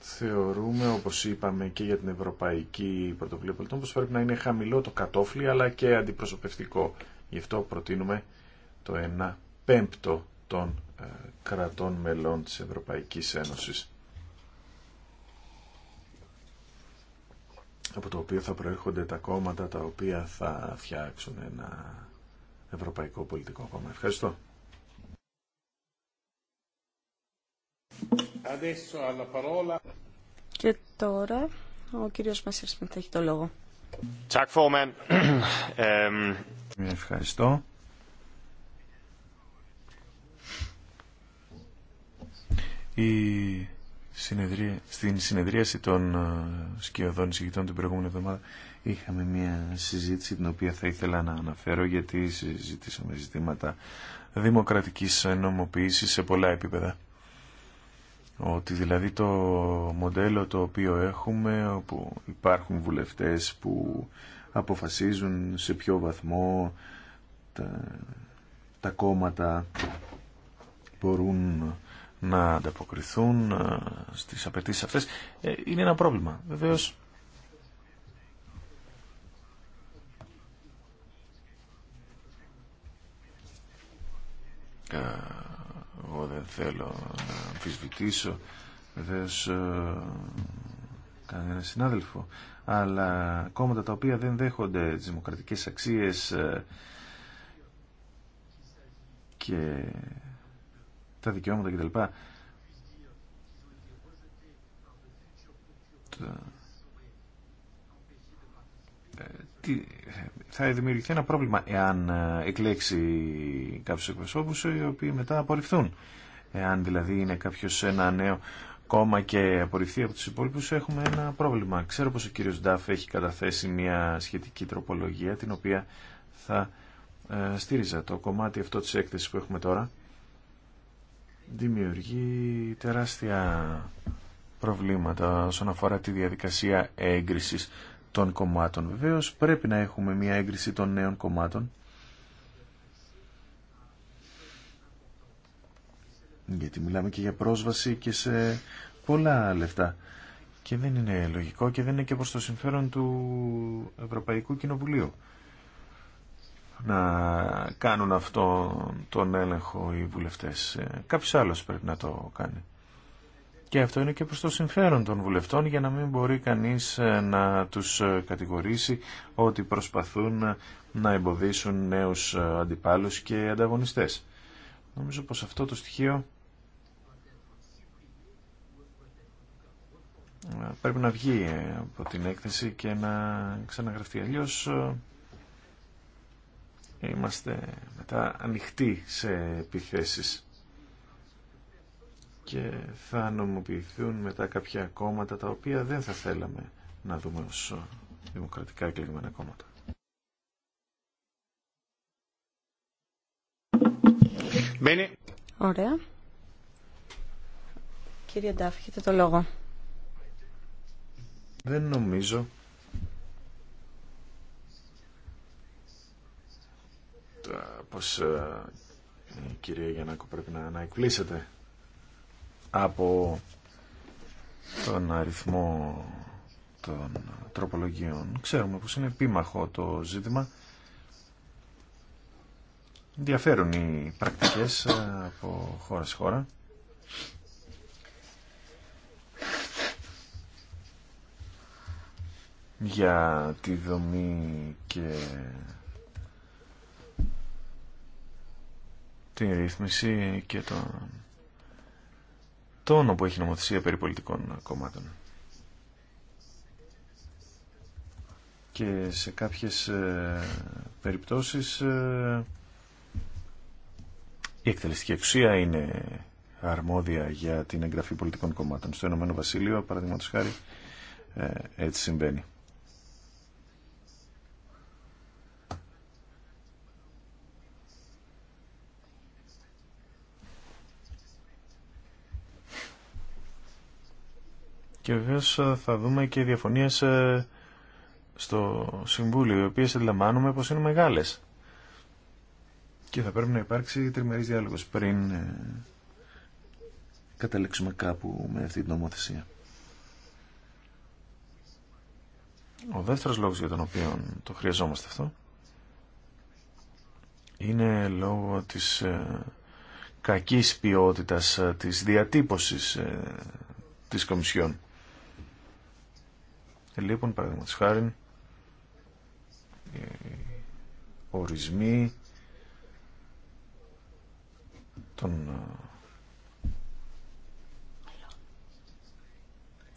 θεωρούμε, όπως είπαμε και για την Ευρωπαϊκή Πρωτοβουλία Πολιτών, πως πρέπει να είναι χαμηλό το κατόφλι αλλά και αντιπροσωπευτικό. Γι' αυτό προτείνουμε το ένα πέμπτο των ε, κρατών μελών της Ευρωπαϊκής Ένωσης. από το οποίο θα προέρχονται τα κόμματα τα οποία θα φτιάξουν ένα ευρωπαϊκό πολιτικό κόμμα. Ευχαριστώ. Και τώρα ο κύριος θα έχει το λόγο. Ehm. Ευχαριστώ. Η συνεδρία, στην συνεδρίαση των ε, σκιωδών εισηγητών την προηγούμενη εβδομάδα είχαμε μια συζήτηση την οποία θα ήθελα να αναφέρω γιατί συζητήσαμε ζητήματα δημοκρατικής νομοποίησης σε πολλά επίπεδα. Ότι δηλαδή το μοντέλο το οποίο έχουμε όπου υπάρχουν βουλευτές που αποφασίζουν σε ποιο βαθμό τα, τα κόμματα μπορούν να ανταποκριθούν ε, στις απαιτήσεις αυτές ε, είναι ένα πρόβλημα. Βεβαίως ε, εγώ δεν θέλω να αμφισβητήσω βεβαίως κανένα συνάδελφο αλλά κόμματα τα οποία δεν δέχονται τις δημοκρατικές αξίες και τα δικαιώματα κτλ. Ε, τι, θα δημιουργηθεί ένα πρόβλημα εάν ε, εκλέξει κάποιου εκπροσώπου οι οποίοι μετά απορριφθούν. Εάν δηλαδή είναι κάποιο ένα νέο κόμμα και απορριφθεί από του υπόλοιπου, έχουμε ένα πρόβλημα. Ξέρω πως ο κύριος Ντάφ έχει καταθέσει μια σχετική τροπολογία την οποία θα ε, στήριζα. Το κομμάτι αυτό της έκθεσης που έχουμε τώρα δημιουργεί τεράστια προβλήματα όσον αφορά τη διαδικασία έγκρισης των κομμάτων. Βεβαίως πρέπει να έχουμε μια έγκριση των νέων κομμάτων γιατί μιλάμε και για πρόσβαση και σε πολλά λεφτά και δεν είναι λογικό και δεν είναι και προς το συμφέρον του Ευρωπαϊκού Κοινοβουλίου να κάνουν αυτό τον έλεγχο οι βουλευτές. Ε, κάποιος άλλος πρέπει να το κάνει. Και αυτό είναι και προς το συμφέρον των βουλευτών για να μην μπορεί κανείς ε, να τους ε, κατηγορήσει ότι προσπαθούν να εμποδίσουν νέους αντιπάλους και ανταγωνιστές. Νομίζω πως αυτό το στοιχείο πρέπει να βγει από την έκθεση και να ξαναγραφτεί. Αλλιώς είμαστε μετά ανοιχτοί σε επιθέσεις και θα νομοποιηθούν μετά κάποια κόμματα τα οποία δεν θα θέλαμε να δούμε ως δημοκρατικά εκλεγμένα κόμματα. Ωραία. Κύριε το λόγο. Δεν νομίζω Ε, πως ε, η κυρία Γιαννάκου πρέπει να, να από τον αριθμό των τροπολογίων. Ξέρουμε πως είναι επίμαχο το ζήτημα. Διαφέρουν οι πρακτικές ε, από χώρα σε χώρα. για τη δομή και την ρύθμιση και τον τόνο που έχει νομοθεσία περί πολιτικών κομμάτων. Και σε κάποιες ε, περιπτώσεις ε, η εκτελεστική εξουσία είναι αρμόδια για την εγγραφή πολιτικών κομμάτων. Στο Ηνωμένο Βασίλειο, παραδείγματος χάρη, ε, έτσι συμβαίνει. Και βεβαίω ε, θα δούμε και διαφωνίες ε, στο Συμβούλιο, οι οποίες αντιλαμβάνουμε πως είναι μεγάλες. Και θα πρέπει να υπάρξει τριμερής διάλογος πριν ε, καταλήξουμε κάπου με αυτή την νομοθεσία. Ο δεύτερος λόγος για τον οποίο το χρειαζόμαστε αυτό είναι λόγω της κακής ποιότητας της διατύπωσης της Κομισιόν. Λοιπόν, παραδείγματος χάρη ορισμοί των ε,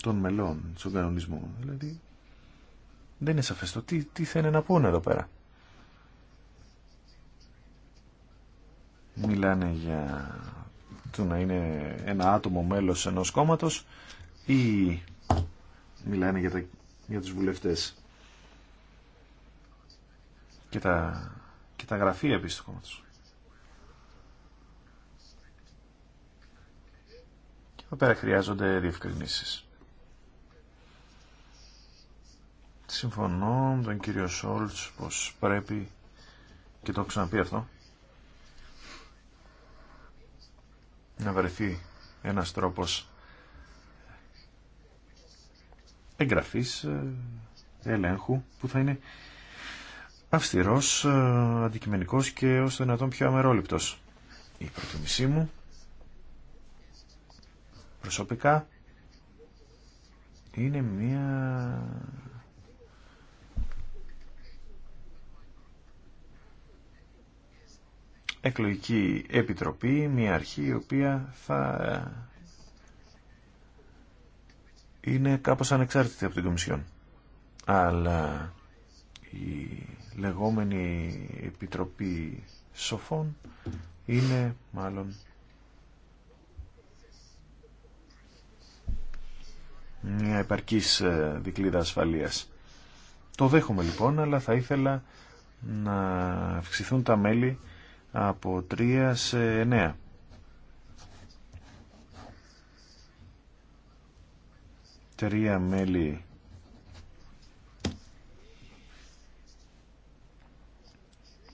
των μελών του κανονισμό δηλαδή δεν είναι σαφές το τι, τι θέλουν να πούνε εδώ πέρα μιλάνε για το να είναι ένα άτομο μέλος ενός κόμματος ή μιλάνε για τα για τους βουλευτές και τα, και τα γραφεία επίσης του κόμματος. Και εδώ πέρα χρειάζονται διευκρινήσεις. Συμφωνώ με τον κύριο Σόλτς πως πρέπει και το έχω ξαναπεί αυτό να βρεθεί ένας τρόπος εγγραφής ε, ελέγχου που θα είναι αυστηρός, ε, αντικειμενικός και ως το δυνατόν πιο αμερόληπτος. Η προτιμησή μου προσωπικά είναι μία εκλογική επιτροπή, μία αρχή η οποία θα ε, είναι κάπως ανεξάρτητη από την Κομισιόν. Αλλά η λεγόμενη Επιτροπή Σοφών είναι μάλλον μια επαρκής ε, δικλίδα ασφαλείας. Το δέχομαι λοιπόν, αλλά θα ήθελα να αυξηθούν τα μέλη από 3 σε 9. τρία μέλη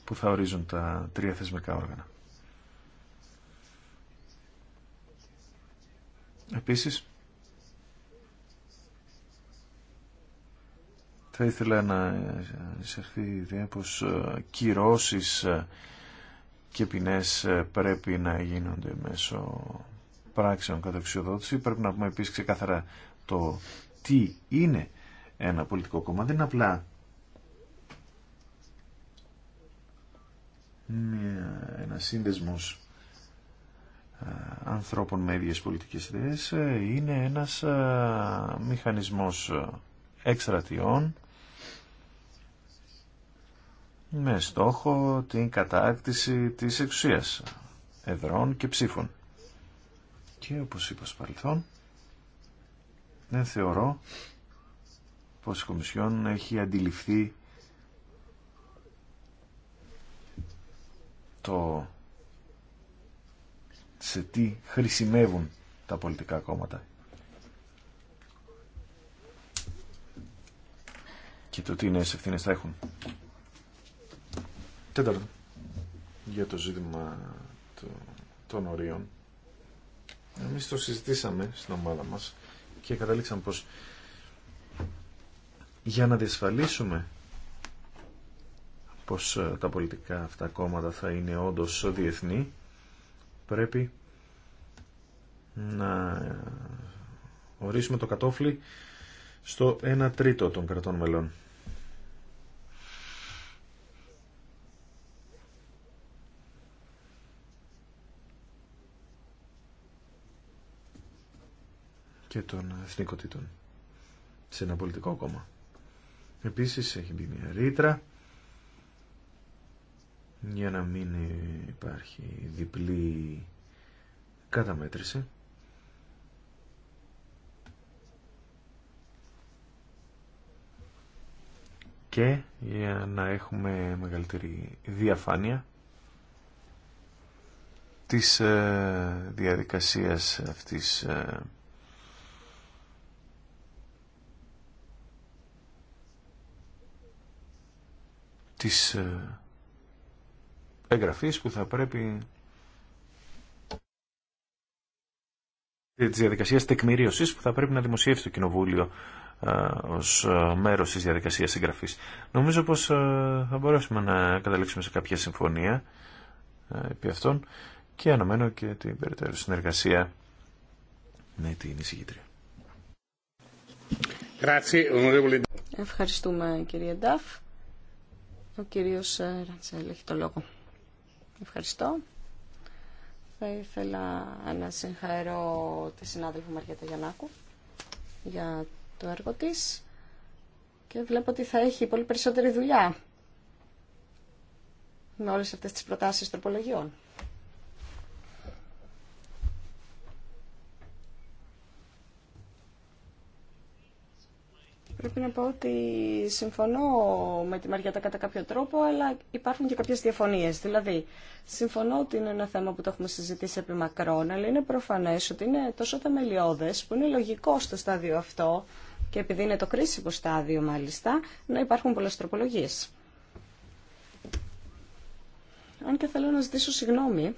που θα ορίζουν τα τρία θεσμικά όργανα. Επίσης, θα ήθελα να εισαχθεί η ιδέα πως ε, κυρώσεις ε, και ποινές ε, πρέπει να γίνονται μέσω πράξεων καταξιοδότηση. Πρέπει να πούμε επίσης ξεκάθαρα το τι είναι ένα πολιτικό κόμμα. Δεν είναι απλά μια, ένα σύνδεσμος ανθρώπων με ίδιες πολιτικές ιδέες ε, είναι ένας μηχανισμός εξτρατιών με στόχο την κατάκτηση της εξουσίας εδρών και ψήφων. Και όπως είπα στο παρελθόν, δεν ναι, θεωρώ πως η Κομισιόν έχει αντιληφθεί το σε τι χρησιμεύουν τα πολιτικά κόμματα. Και το τι νέες ευθύνες θα έχουν. Τέταρτο. Για το ζήτημα των ορίων. Εμείς το συζητήσαμε στην ομάδα μας και καταλήξαμε πως για να διασφαλίσουμε πως ε, τα πολιτικά αυτά κόμματα θα είναι όντως διεθνή πρέπει να ορίσουμε το κατόφλι στο 1 τρίτο των κρατών μελών. και των εθνικοτήτων σε ένα πολιτικό κόμμα. Επίσης έχει μπει μια ρήτρα για να μην υπάρχει διπλή καταμέτρηση. και για να έχουμε μεγαλύτερη διαφάνεια της ε, διαδικασίας αυτής ε, της ε, εγγραφής που θα πρέπει της διαδικασίας τεκμηρίωσης που θα πρέπει να δημοσιεύσει το Κοινοβούλιο ε, ως ε, μέρος της διαδικασίας εγγραφής. Νομίζω πως θα μπορέσουμε να καταλήξουμε σε κάποια συμφωνία επί αυτών και αναμένω και την περαιτέρω συνεργασία με την εισηγήτρια. Ευχαριστούμε κύριε Ντάφ. Ο κύριος ε, Ραντσέλ έχει το λόγο. Ευχαριστώ. Θα ήθελα να συγχαρώ τη συνάδελφο Μαριέτα Γιαννάκου για το έργο της και βλέπω ότι θα έχει πολύ περισσότερη δουλειά με όλες αυτές τις προτάσεις τροπολογιών. Πρέπει να πω ότι συμφωνώ με τη Μαριάτα κατά κάποιο τρόπο, αλλά υπάρχουν και κάποιες διαφωνίες. Δηλαδή, συμφωνώ ότι είναι ένα θέμα που το έχουμε συζητήσει επί μακρόν, αλλά είναι προφανές ότι είναι τόσο θεμελιώδες που είναι λογικό στο στάδιο αυτό και επειδή είναι το κρίσιμο στάδιο μάλιστα, να υπάρχουν πολλές τροπολογίες. Αν και θέλω να ζητήσω συγγνώμη,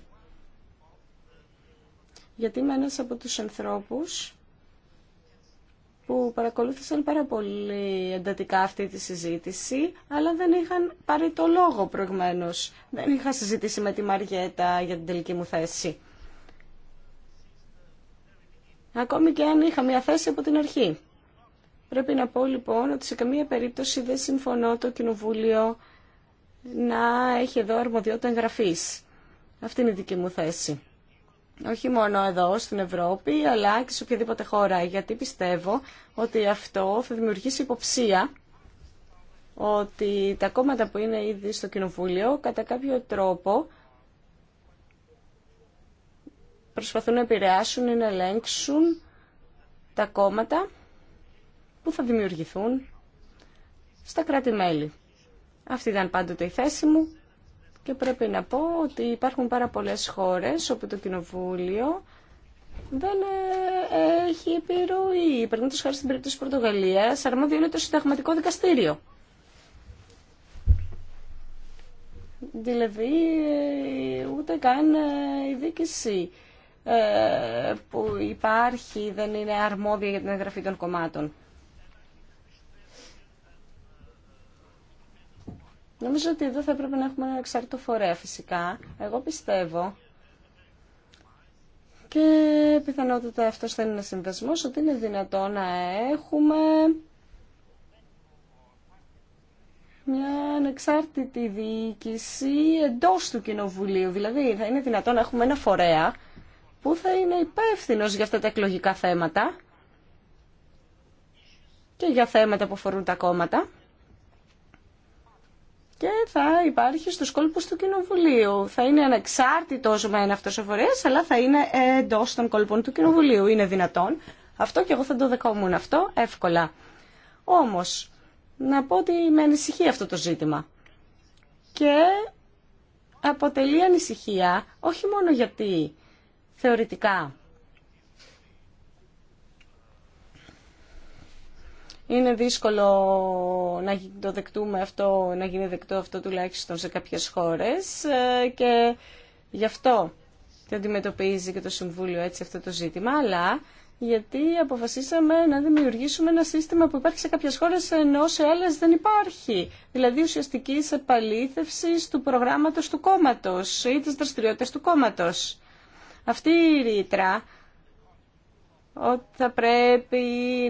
γιατί είμαι ένας από τους ανθρώπους που παρακολούθησαν πάρα πολύ εντατικά αυτή τη συζήτηση, αλλά δεν είχαν πάρει το λόγο προηγουμένω. Δεν είχα συζητήσει με τη Μαριέτα για την τελική μου θέση. Ακόμη και αν είχα μια θέση από την αρχή. Πρέπει να πω λοιπόν ότι σε καμία περίπτωση δεν συμφωνώ το Κοινοβούλιο να έχει εδώ αρμοδιότητα εγγραφής. Αυτή είναι η δική μου θέση όχι μόνο εδώ στην Ευρώπη, αλλά και σε οποιαδήποτε χώρα, γιατί πιστεύω ότι αυτό θα δημιουργήσει υποψία ότι τα κόμματα που είναι ήδη στο Κοινοβούλιο κατά κάποιο τρόπο προσπαθούν να επηρεάσουν ή να ελέγξουν τα κόμματα που θα δημιουργηθούν στα κράτη-μέλη. Αυτή ήταν πάντοτε η θέση μου και πρέπει να πω ότι υπάρχουν πάρα πολλές χώρες όπου το Κοινοβούλιο δεν ε, έχει επιρροή. Παραδείγματο χάρη στην περίπτωση τη Πορτογαλία, αρμόδιο είναι το συνταγματικό δικαστήριο. Δηλαδή, ε, ούτε καν ε, η δίκηση που υπάρχει δεν είναι αρμόδια για την εγγραφή των κομμάτων. Νομίζω ότι εδώ θα έπρεπε να έχουμε ένα εξαρτητό φορέα φυσικά. Εγώ πιστεύω και πιθανότητα αυτό θα είναι ένα συνδεσμό ότι είναι δυνατό να έχουμε μια ανεξάρτητη διοίκηση εντό του Κοινοβουλίου. Δηλαδή θα είναι δυνατό να έχουμε ένα φορέα που θα είναι υπεύθυνο για αυτά τα εκλογικά θέματα και για θέματα που αφορούν τα κόμματα και θα υπάρχει στους κόλπους του Κοινοβουλίου. Θα είναι ανεξάρτητος με αυτός ο φορέας, αλλά θα είναι εντό των κόλπων του Κοινοβουλίου. Είναι δυνατόν. Αυτό και εγώ θα το δεκόμουν αυτό εύκολα. Όμως, να πω ότι με ανησυχεί αυτό το ζήτημα. Και αποτελεί ανησυχία όχι μόνο γιατί θεωρητικά Είναι δύσκολο να δεκτούμε αυτό, να γίνει δεκτό αυτό τουλάχιστον σε κάποιες χώρες ε, και γι' αυτό το αντιμετωπίζει και το Συμβούλιο έτσι αυτό το ζήτημα, αλλά γιατί αποφασίσαμε να δημιουργήσουμε ένα σύστημα που υπάρχει σε κάποιες χώρες ενώ σε άλλες δεν υπάρχει. Δηλαδή ουσιαστική επαλήθευση του προγράμματος του κόμματος ή της δραστηριότητας του κόμματος. Αυτή η ρήτρα ότι θα πρέπει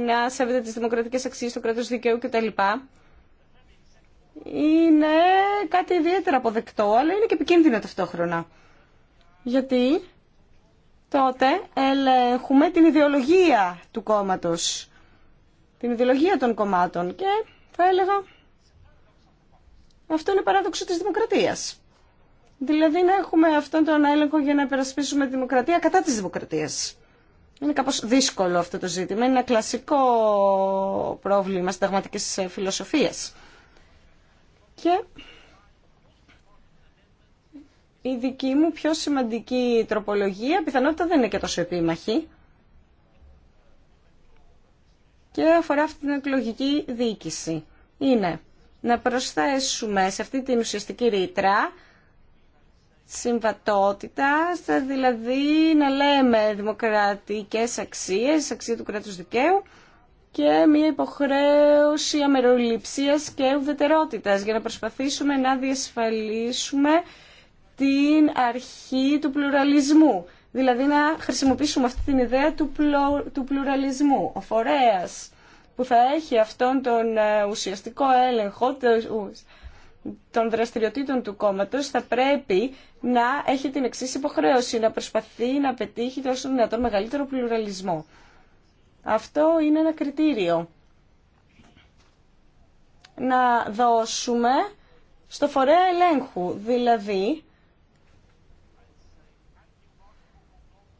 να σέβεται τις δημοκρατικές αξίες, του κράτους δικαίου κτλ. Είναι κάτι ιδιαίτερα αποδεκτό, αλλά είναι και επικίνδυνο ταυτόχρονα. Γιατί τότε ελέγχουμε την ιδεολογία του κόμματος, την ιδεολογία των κομμάτων και θα έλεγα αυτό είναι παράδοξο της δημοκρατίας. Δηλαδή να έχουμε αυτόν τον έλεγχο για να υπερασπίσουμε τη δημοκρατία κατά της δημοκρατίας. Είναι κάπως δύσκολο αυτό το ζήτημα. Είναι ένα κλασικό πρόβλημα συνταγματικής φιλοσοφίας. Και η δική μου πιο σημαντική τροπολογία πιθανότητα δεν είναι και τόσο επίμαχη και αφορά αυτή την εκλογική διοίκηση. Είναι να προσθέσουμε σε αυτή την ουσιαστική ρήτρα συμβατότητας, δηλαδή να λέμε δημοκρατικές αξίες, αξία του κράτους δικαίου και μια υποχρέωση αμεροληψίας και ουδετερότητα, για να προσπαθήσουμε να διασφαλίσουμε την αρχή του πλουραλισμού. Δηλαδή να χρησιμοποιήσουμε αυτή την ιδέα του, του πλουραλισμού. Ο φορέας που θα έχει αυτόν τον ε, ουσιαστικό έλεγχο των δραστηριοτήτων του κόμματο θα πρέπει να έχει την εξή υποχρέωση, να προσπαθεί να πετύχει τόσο δυνατόν μεγαλύτερο πλουραλισμό. Αυτό είναι ένα κριτήριο. Να δώσουμε στο φορέα ελέγχου, δηλαδή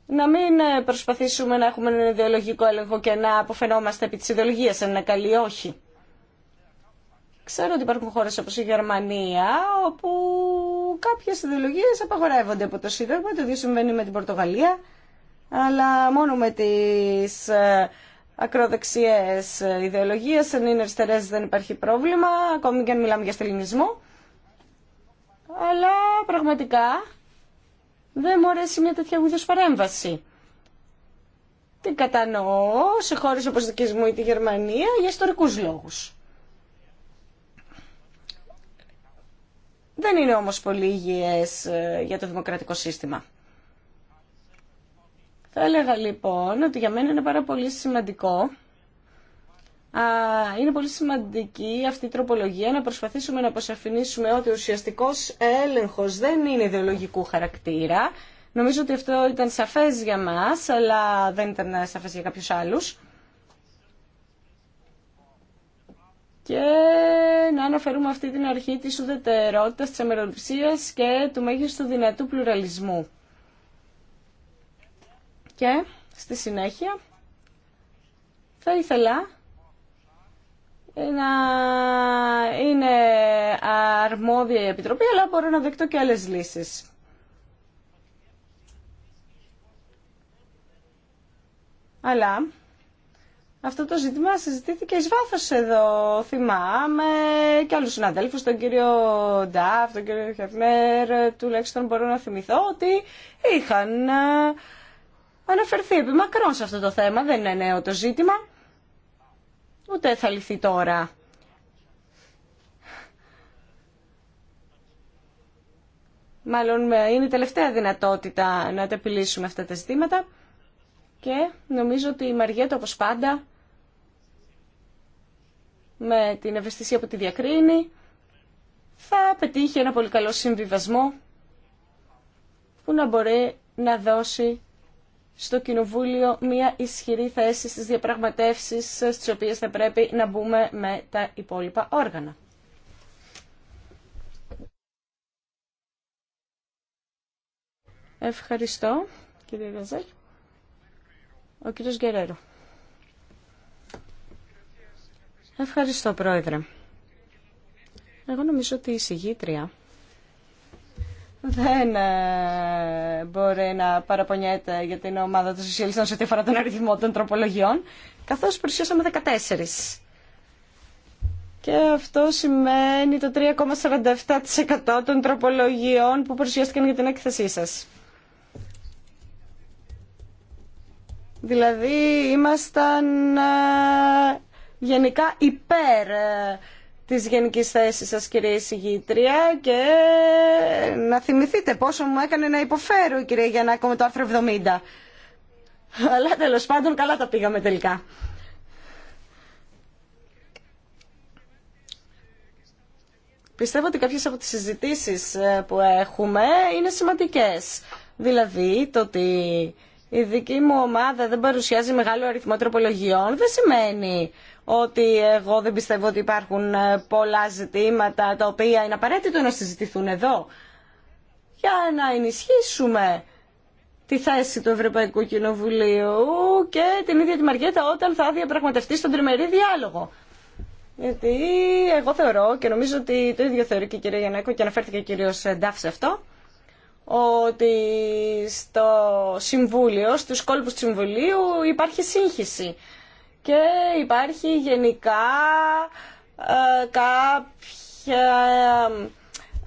να μην προσπαθήσουμε να έχουμε έναν ιδεολογικό έλεγχο και να αποφαινόμαστε επί της ιδεολογίας, αν είναι καλή όχι. Ξέρω ότι υπάρχουν χώρες όπως η Γερμανία, όπου κάποιες ιδεολογίες απαγορεύονται από το Σύνταγμα, το ίδιο συμβαίνει με την Πορτογαλία, αλλά μόνο με τις ε, ακροδεξιές ιδεολογίες, αν είναι αριστερές δεν υπάρχει πρόβλημα, ακόμη και αν μιλάμε για στελινισμό. Αλλά πραγματικά δεν μου αρέσει μια τέτοια είδους παρέμβαση. Τι κατανοώ σε χώρες όπως δικές μου ή τη Γερμανία για ιστορικούς λόγους. Δεν είναι όμως πολύ υγιές ε, για το δημοκρατικό σύστημα. Θα έλεγα λοιπόν ότι για μένα είναι πάρα πολύ σημαντικό είναι πολύ σημαντική αυτή η τροπολογία να προσπαθήσουμε να αποσαφηνίσουμε ότι ο ουσιαστικός έλεγχος δεν είναι ιδεολογικού χαρακτήρα. Νομίζω ότι αυτό ήταν σαφές για μας, αλλά δεν ήταν σαφές για κάποιους άλλους. και να αναφέρουμε αυτή την αρχή της ουδετερότητας, της αμεροληψίας και του μέγιστου δυνατού πλουραλισμού. Και στη συνέχεια θα ήθελα ε, να είναι αρμόδια η Επιτροπή, αλλά μπορώ να δεκτώ και άλλες λύσεις. Αλλά αυτό το ζήτημα συζητήθηκε εις βάθος εδώ, θυμάμαι, και άλλους συναδέλφους, τον κύριο Νταφ, τον κύριο Χεφνέρ, τουλάχιστον μπορώ να θυμηθώ ότι είχαν ε, αναφερθεί επί μακρόν σε αυτό το θέμα, δεν είναι νέο το ζήτημα, ούτε θα λυθεί τώρα. Μάλλον ε, είναι η τελευταία δυνατότητα να τα επιλύσουμε αυτά τα ζητήματα και νομίζω ότι η Μαριέτα όπως πάντα με την ευαισθησία που τη διακρίνει, θα πετύχει ένα πολύ καλό συμβιβασμό που να μπορεί να δώσει στο Κοινοβούλιο μια ισχυρή θέση στις διαπραγματεύσεις στις οποίες θα πρέπει να μπούμε με τα υπόλοιπα όργανα. Ευχαριστώ, κύριε Γαζέλ. Ο κύριος Γκερέρο. Ευχαριστώ, Πρόεδρε. Εγώ νομίζω ότι η συγγήτρια δεν ε, μπορεί να παραπονιέται για την ομάδα των σοσιαλιστών σε ό,τι αφορά τον αριθμό των τροπολογιών, καθώς παρουσιάσαμε 14. Και αυτό σημαίνει το 3,47% των τροπολογιών που παρουσιάστηκαν για την έκθεσή σας. Δηλαδή, ήμασταν ε, γενικά υπέρ ε, της γενικής θέσης σας κυρία εισηγήτρια και να θυμηθείτε πόσο μου έκανε να υποφέρω η κυρία Γιαννάκο με το άρθρο 70. Αλλά τέλος πάντων καλά τα πήγαμε τελικά. Πιστεύω ότι κάποιες από τις συζητήσεις ε, που έχουμε είναι σημαντικές. Δηλαδή το ότι η δική μου ομάδα δεν παρουσιάζει μεγάλο αριθμό τροπολογιών δεν σημαίνει ότι εγώ δεν πιστεύω ότι υπάρχουν ε, πολλά ζητήματα τα οποία είναι απαραίτητο να συζητηθούν εδώ για να ενισχύσουμε τη θέση του Ευρωπαϊκού Κοινοβουλίου και την ίδια τη Μαριέτα όταν θα διαπραγματευτεί στον τριμερή διάλογο. Γιατί εγώ θεωρώ και νομίζω ότι το ίδιο θεωρεί και η κυρία Γιάννεκο και αναφέρθηκε ο κύριος Ντάφ σε αυτό ότι στο Συμβούλιο, στους κόλπους του Συμβουλίου υπάρχει σύγχυση και υπάρχει γενικά ε, κάποια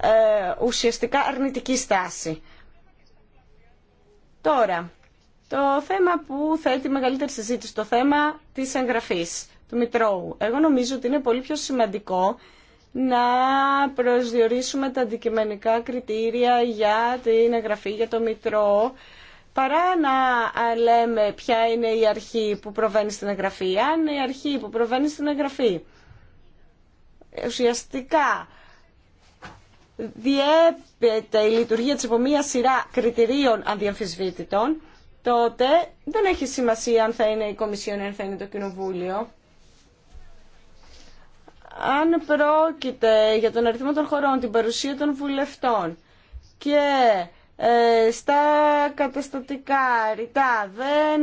ε, ουσιαστικά αρνητική στάση. Τώρα, το θέμα που θέτει μεγαλύτερη συζήτηση, το θέμα της εγγραφής του Μητρώου. Εγώ νομίζω ότι είναι πολύ πιο σημαντικό να προσδιορίσουμε τα αντικειμενικά κριτήρια για την εγγραφή, για το Μητρώο, παρά να λέμε ποια είναι η αρχή που προβαίνει στην εγγραφή. Αν η αρχή που προβαίνει στην εγγραφή ουσιαστικά διέπεται η λειτουργία της από μία σειρά κριτηρίων αδιαμφισβήτητων, τότε δεν έχει σημασία αν θα είναι η Κομισιόν ή αν θα είναι το Κοινοβούλιο. Αν πρόκειται για τον αριθμό των χωρών, την παρουσία των βουλευτών και ε, στα καταστατικά ρητά. Δεν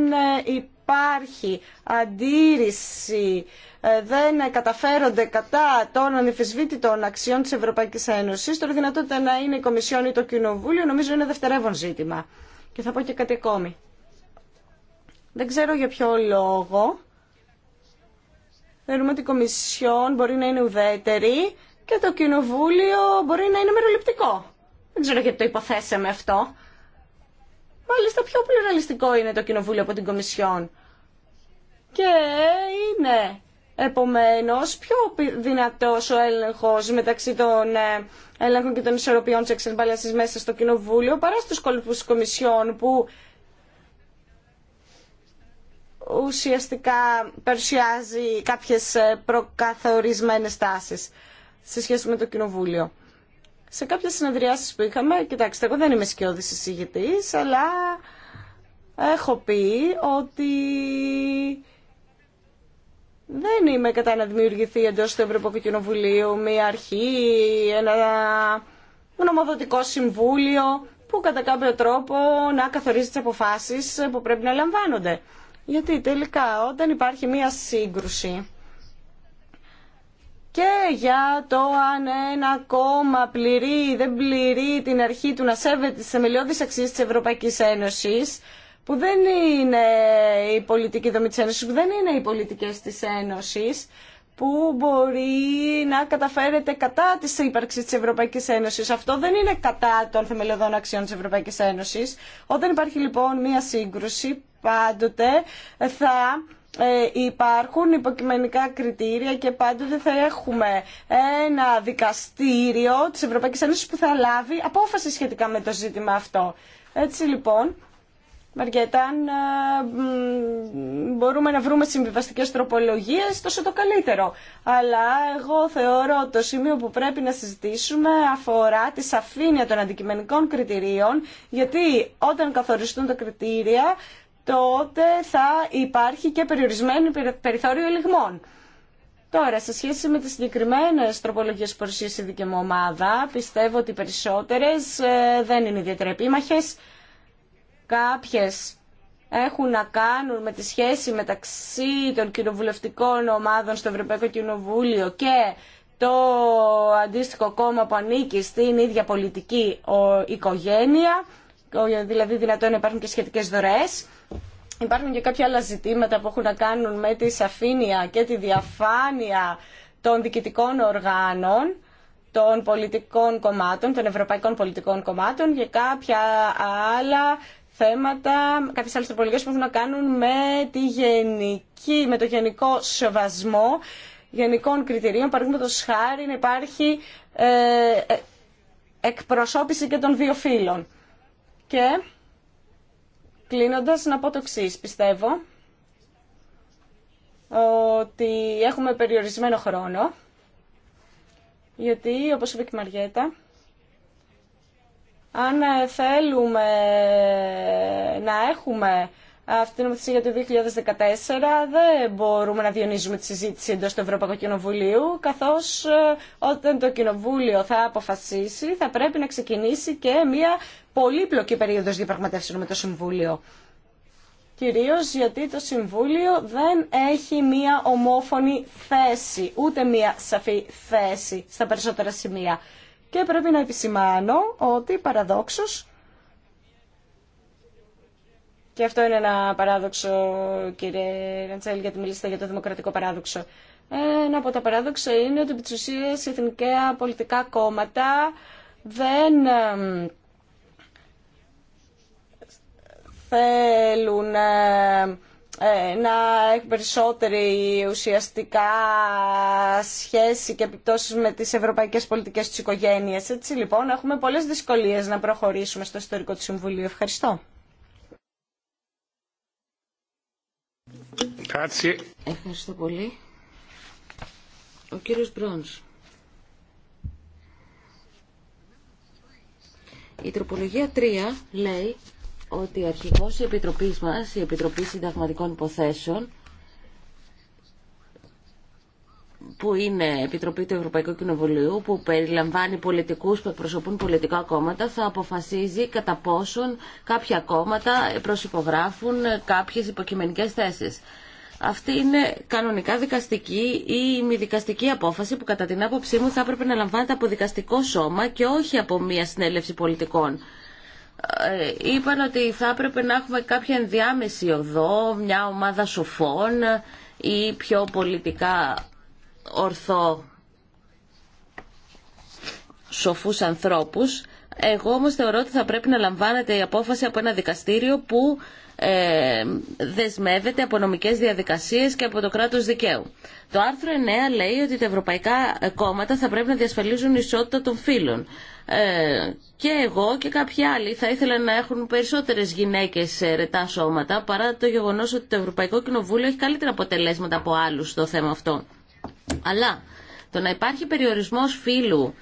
υπάρχει αντίρρηση, ε, δεν καταφέρονται κατά των ανεφισβήτητων αξιών της Ευρωπαϊκής Ένωσης. Τώρα δυνατότητα να είναι η Κομισιόν ή το Κοινοβούλιο νομίζω είναι δευτερεύον ζήτημα. Και θα πω και κάτι ακόμη. Δεν ξέρω για ποιο λόγο. Θέλουμε ότι η Κομισιόν μπορεί να είναι ουδέτερη και το Κοινοβούλιο μπορεί να είναι μεροληπτικό. Δεν ξέρω γιατί το υποθέσαμε αυτό. Μάλιστα πιο πλουραλιστικό είναι το Κοινοβούλιο από την Κομισιόν. Και είναι επομένως πιο δυνατός ο έλεγχος μεταξύ των ε, έλεγχων και των ισορροπιών της εξερμπάλασης μέσα στο Κοινοβούλιο παρά στους κόλπους της Κομισιόν που ουσιαστικά παρουσιάζει κάποιες ε, προκαθορισμένες τάσεις σε σχέση με το Κοινοβούλιο σε κάποιε συνεδριάσει που είχαμε, κοιτάξτε, εγώ δεν είμαι σκιώδη εισηγητής, αλλά έχω πει ότι δεν είμαι κατά να δημιουργηθεί ένα μονοδοδοτικό συμβούλιο που κατά κάποιο του Ευρωπαϊκού Κοινοβουλίου μια αρχή, ένα γνωμοδοτικό συμβούλιο που κατά κάποιο τρόπο να καθορίζει τι αποφάσεις που πρέπει να λαμβάνονται. Γιατί τελικά όταν υπάρχει μια σύγκρουση και για το αν ένα κόμμα πληρεί ή δεν πληρεί την αρχή του να σέβεται τις θεμελιώδεις αξίες της Ευρωπαϊκής Ένωσης που δεν είναι η πολιτική δομή της Ένωσης, που δεν είναι οι πολιτικές της Ένωσης που μπορεί να καταφέρεται κατά τη ύπαρξη της Ευρωπαϊκής Ένωσης. Αυτό δεν είναι κατά των θεμελιωδών αξιών της Ευρωπαϊκής Ένωση. Όταν υπάρχει λοιπόν μία σύγκρουση πάντοτε θα ε, υπάρχουν υποκειμενικά κριτήρια και πάντοτε θα έχουμε ένα δικαστήριο της Ευρωπαϊκής Ένωσης που θα λάβει απόφαση σχετικά με το ζήτημα αυτό. Έτσι λοιπόν, Μαριέτα, αν ε, μπορούμε να βρούμε συμβιβαστικές τροπολογίες, τόσο το καλύτερο. Αλλά εγώ θεωρώ το σημείο που πρέπει να συζητήσουμε αφορά τη σαφήνεια των αντικειμενικών κριτηρίων, γιατί όταν καθοριστούν τα κριτήρια τότε θα υπάρχει και περιορισμένο περιθώριο ελιγμών. Τώρα, σε σχέση με τις συγκεκριμένε τροπολογίε που παρουσίασε η δική μου ομάδα, πιστεύω ότι οι περισσότερε ε, δεν είναι ιδιαίτερα επίμαχε. Κάποιε έχουν να κάνουν με τη σχέση μεταξύ των κοινοβουλευτικών ομάδων στο Ευρωπαϊκό Κοινοβούλιο και το αντίστοιχο κόμμα που ανήκει στην ίδια πολιτική οικογένεια, δηλαδή δυνατόν να υπάρχουν και σχετικές δωρεές. Υπάρχουν και κάποια άλλα ζητήματα που έχουν να κάνουν με τη σαφήνεια και τη διαφάνεια των διοικητικών οργάνων των πολιτικών κομμάτων, των ευρωπαϊκών πολιτικών κομμάτων και κάποια άλλα θέματα, κάποιες άλλες τροπολογίες που έχουν να κάνουν με, τη γενική, με το γενικό σεβασμό γενικών κριτηρίων, παραδείγματο χάρη να υπάρχει ε, ε, εκπροσώπηση και των δύο φύλων. Και Κλείνοντας, να πω το εξή. Πιστεύω ότι έχουμε περιορισμένο χρόνο, γιατί, όπως είπε και η Μαριέτα, αν θέλουμε να έχουμε αυτή την νομοθεσία για το 2014 δεν μπορούμε να διονύζουμε τη συζήτηση εντό του Ευρωπαϊκού Κοινοβουλίου, καθώ ε, όταν το Κοινοβούλιο θα αποφασίσει, θα πρέπει να ξεκινήσει και μια πολύπλοκη περίοδος διαπραγματεύσεων με το Συμβούλιο. Κυρίως γιατί το Συμβούλιο δεν έχει μία ομόφωνη θέση, ούτε μία σαφή θέση στα περισσότερα σημεία. Και πρέπει να επισημάνω ότι παραδόξως, και αυτό είναι ένα παράδοξο κύριε Ραντσέλ γιατί μιλήσατε για το δημοκρατικό παράδοξο, ένα από τα παράδοξα είναι ότι επί τη εθνικά πολιτικά κόμματα δεν θέλουν ε, ε, να έχουν περισσότερη ουσιαστικά σχέση και επιπτώσεις με τις ευρωπαϊκές πολιτικές της οικογένειας. Έτσι λοιπόν έχουμε πολλές δυσκολίες να προχωρήσουμε στο ιστορικό του Συμβουλίου. Ευχαριστώ. Ευχαριστώ πολύ. Ο κύριος Μπρόνς. Η τροπολογία 3 λέει ότι αρχηγός η Επιτροπής μας, η Επιτροπή Συνταγματικών Υποθέσεων, που είναι Επιτροπή του Ευρωπαϊκού Κοινοβουλίου, που περιλαμβάνει πολιτικούς που εκπροσωπούν πολιτικά κόμματα, θα αποφασίζει κατά πόσον κάποια κόμματα προσυπογράφουν κάποιες υποκειμενικές θέσεις. Αυτή είναι κανονικά δικαστική ή μη δικαστική απόφαση που κατά την άποψή μου θα έπρεπε να λαμβάνεται από δικαστικό σώμα και όχι από μια συνέλευση πολιτικών. Ε, είπαν ότι θα έπρεπε να έχουμε κάποια ενδιάμεση οδό, μια ομάδα σοφών ή πιο πολιτικά ορθό σοφούς ανθρώπους. Εγώ όμως θεωρώ ότι θα πρέπει να λαμβάνεται η απόφαση από ένα δικαστήριο που ε, δεσμεύεται από νομικέ διαδικασίες και από το κράτος δικαίου. Το άρθρο 9 λέει ότι τα ευρωπαϊκά κόμματα θα πρέπει να διασφαλίζουν ισότητα των φύλων ε, και εγώ και κάποιοι άλλοι θα ήθελα να έχουν περισσότερες γυναίκες σε ρετά σώματα παρά το γεγονός ότι το Ευρωπαϊκό Κοινοβούλιο έχει καλύτερα αποτελέσματα από άλλους στο θέμα αυτό. Αλλά το να υπάρχει περιορισμός φύλου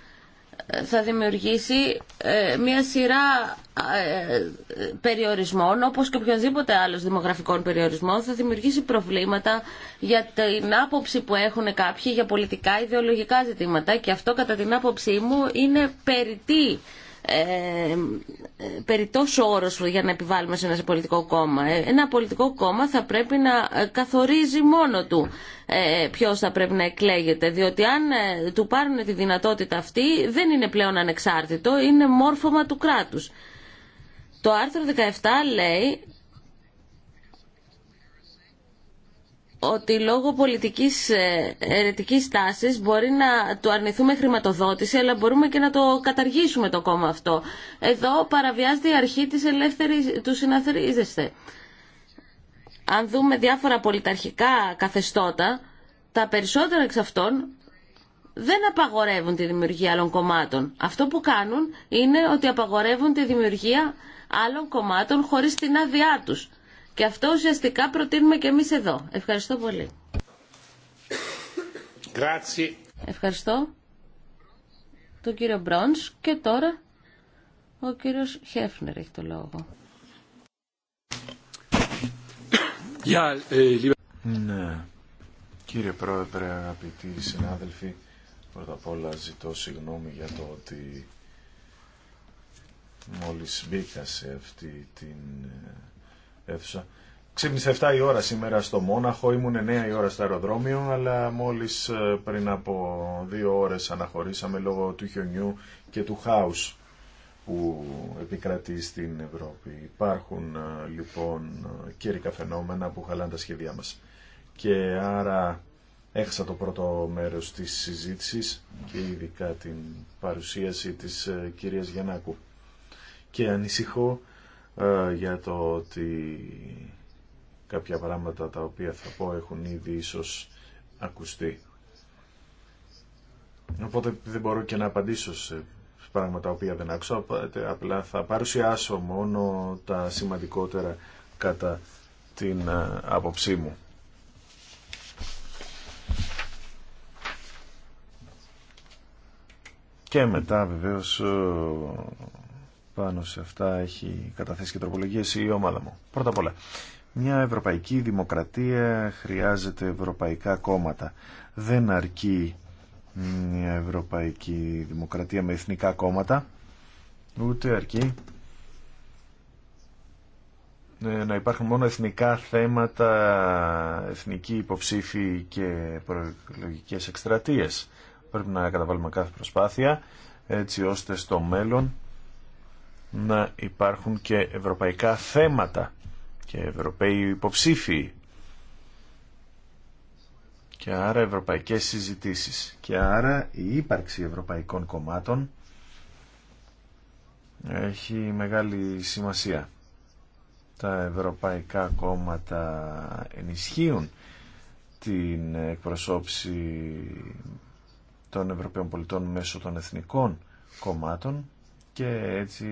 θα δημιουργήσει ε, μια σειρά ε, περιορισμών, όπως και οποιοδήποτε άλλος δημογραφικών περιορισμών, θα δημιουργήσει προβλήματα για την άποψη που έχουν κάποιοι για πολιτικά ιδεολογικά ζητήματα και αυτό κατά την άποψή μου είναι περιττή ε, περιττός όρος για να επιβάλλουμε σε ένα πολιτικό κόμμα. Ε, ένα πολιτικό κόμμα θα πρέπει να ε, καθορίζει μόνο του ε, ποιος θα πρέπει να εκλέγεται, διότι αν ε, του πάρουν τη δυνατότητα αυτή δεν είναι πλέον ανεξάρτητο, είναι μόρφωμα του κράτους. Το άρθρο 17 λέει ότι λόγω πολιτικής ερετικής τάσης μπορεί να του αρνηθούμε χρηματοδότηση, αλλά μπορούμε και να το καταργήσουμε το κόμμα αυτό. Εδώ παραβιάζεται η αρχή της ελεύθερης του συναθρίζεστε. Αν δούμε διάφορα πολιταρχικά καθεστώτα, τα περισσότερα εξ αυτών δεν απαγορεύουν τη δημιουργία άλλων κομμάτων. Αυτό που κάνουν είναι ότι απαγορεύουν τη δημιουργία άλλων κομμάτων χωρίς την άδειά τους. Και αυτό ουσιαστικά προτείνουμε και εμείς εδώ. Ευχαριστώ πολύ. Ευχαριστώ τον κύριο Μπρόνς και τώρα ο κύριος Χέφνερ έχει το λόγο. Ε, ναι, κύριε Πρόεδρε, αγαπητοί συνάδελφοι, πρώτα απ' όλα ζητώ συγγνώμη για το ότι μόλις μπήκα σε αυτή την ε, αίθουσα. Ξύπνησε 7 η ώρα σήμερα στο Μόναχο, ήμουν 9 η ώρα στο αεροδρόμιο, αλλά μόλις ε, πριν από 2 ώρες αναχωρήσαμε λόγω του χιονιού και του χάους που επικρατεί στην Ευρώπη. Υπάρχουν ε, λοιπόν ε, καιρικά φαινόμενα που χαλάνε τα σχέδιά μας. Και άρα έχασα το πρώτο μέρος της συζήτησης και ειδικά την παρουσίαση της κυρίας Γιαννάκου. Και ανησυχώ ε, για το ότι κάποια πράγματα τα οποία θα πω έχουν ήδη ίσως ακουστεί. Οπότε δεν μπορώ και να απαντήσω σε πράγματα τα οποία δεν άκουσα, απλά θα παρουσιάσω μόνο τα σημαντικότερα κατά την ε, άποψή μου. Και μετά βεβαίως ε, πάνω σε αυτά έχει καταθέσει και τροπολογίες η ομάδα μου. Πρώτα απ' όλα, μια ευρωπαϊκή δημοκρατία χρειάζεται ευρωπαϊκά κόμματα. Δεν αρκεί μια ευρωπαϊκή δημοκρατία με εθνικά κόμματα, ούτε αρκεί ε, να υπάρχουν μόνο εθνικά θέματα, εθνικοί υποψήφοι και προεκλογικές εκστρατείες. Πρέπει να καταβάλουμε κάθε προσπάθεια έτσι ώστε στο μέλλον να υπάρχουν και ευρωπαϊκά θέματα και ευρωπαίοι υποψήφοι και άρα ευρωπαϊκές συζητήσεις και άρα η ύπαρξη ευρωπαϊκών κομμάτων έχει μεγάλη σημασία. Τα ευρωπαϊκά κόμματα ενισχύουν την εκπροσώψη των Ευρωπαίων πολιτών μέσω των εθνικών κομμάτων και έτσι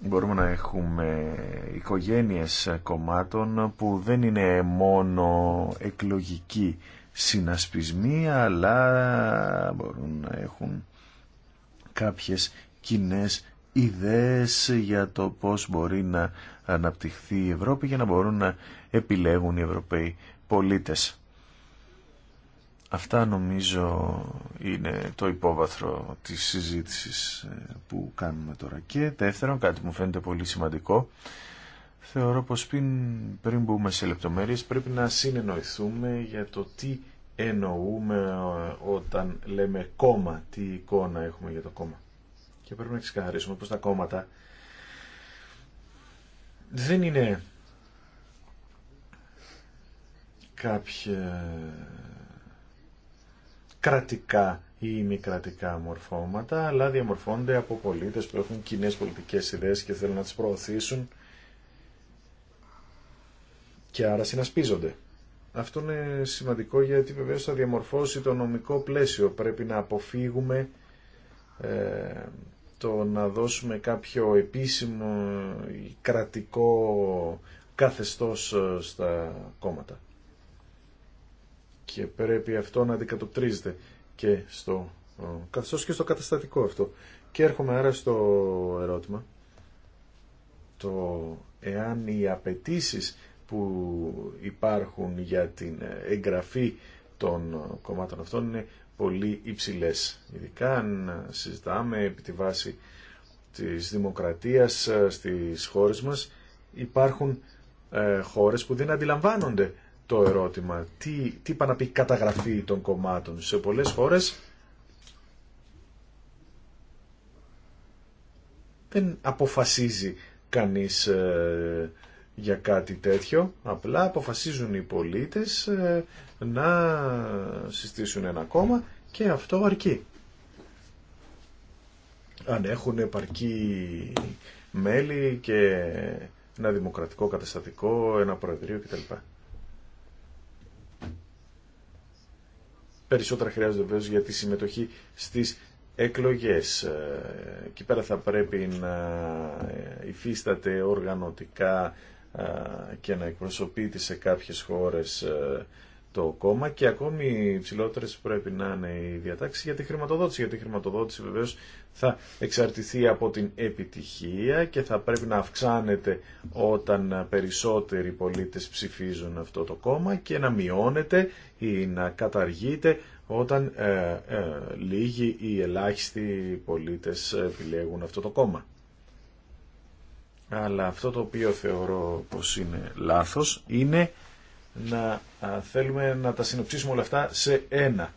μπορούμε να έχουμε οικογένειες κομμάτων που δεν είναι μόνο εκλογικοί συνασπισμοί αλλά μπορούν να έχουν κάποιες κοινέ ιδέες για το πώς μπορεί να αναπτυχθεί η Ευρώπη για να μπορούν να επιλέγουν οι Ευρωπαίοι πολίτες. Αυτά νομίζω είναι το υπόβαθρο της συζήτησης ε, που κάνουμε τώρα. Και δεύτερον, κάτι που μου φαίνεται πολύ σημαντικό, θεωρώ πως πριν, πριν μπούμε σε λεπτομέρειες πρέπει να συνεννοηθούμε για το τι εννοούμε ε, όταν λέμε κόμμα, τι εικόνα έχουμε για το κόμμα. Και πρέπει να ξεκαθαρίσουμε πως τα κόμματα δεν είναι κάποια κρατικά ή μη κρατικά μορφώματα, αλλά διαμορφώνονται από πολίτες που έχουν κοινέ πολιτικές ιδέες και θέλουν να τις προωθήσουν και άρα συνασπίζονται. Αυτό είναι σημαντικό γιατί βεβαίως θα διαμορφώσει το νομικό πλαίσιο. Πρέπει να αποφύγουμε ε, το να δώσουμε κάποιο επίσημο κρατικό καθεστώς ε, στα κόμματα και πρέπει αυτό να αντικατοπτρίζεται και στο καθώς και στο καταστατικό αυτό. Και έρχομαι άρα στο ερώτημα το εάν οι απαιτήσει που υπάρχουν για την εγγραφή των κομμάτων αυτών είναι πολύ υψηλές. Ειδικά αν συζητάμε επί τη βάση της δημοκρατίας ε, στις χώρες μας υπάρχουν ε, χώρες που δεν αντιλαμβάνονται το ερώτημα. Τι, τι είπα να πει καταγραφή των κομμάτων. Σε πολλές χώρες δεν αποφασίζει κανείς ε, για κάτι τέτοιο. Απλά αποφασίζουν οι πολίτες ε, να συστήσουν ένα κόμμα και αυτό αρκεί. Αν έχουν επαρκή μέλη και ένα δημοκρατικό καταστατικό, ένα προεδρείο κτλ. Περισσότερα χρειάζονται βέβαια για τη συμμετοχή στις εκλογές. Ε, εκεί πέρα θα πρέπει να υφίσταται οργανωτικά ε, και να εκπροσωπείται σε κάποιες χώρες ε, το κόμμα και ακόμη ψηλότερες πρέπει να είναι οι διατάξει για τη χρηματοδότηση. Γιατί η χρηματοδότηση βεβαίω θα εξαρτηθεί από την επιτυχία και θα πρέπει να αυξάνεται όταν περισσότεροι πολίτες ψηφίζουν αυτό το κόμμα και να μειώνεται ή να καταργείται όταν ε, ε λίγοι ή ελάχιστοι πολίτες επιλέγουν αυτό το κόμμα. Αλλά αυτό το οποίο θεωρώ πως είναι λάθος είναι να θέλουμε να τα συνοψίσουμε όλα αυτά σε ένα.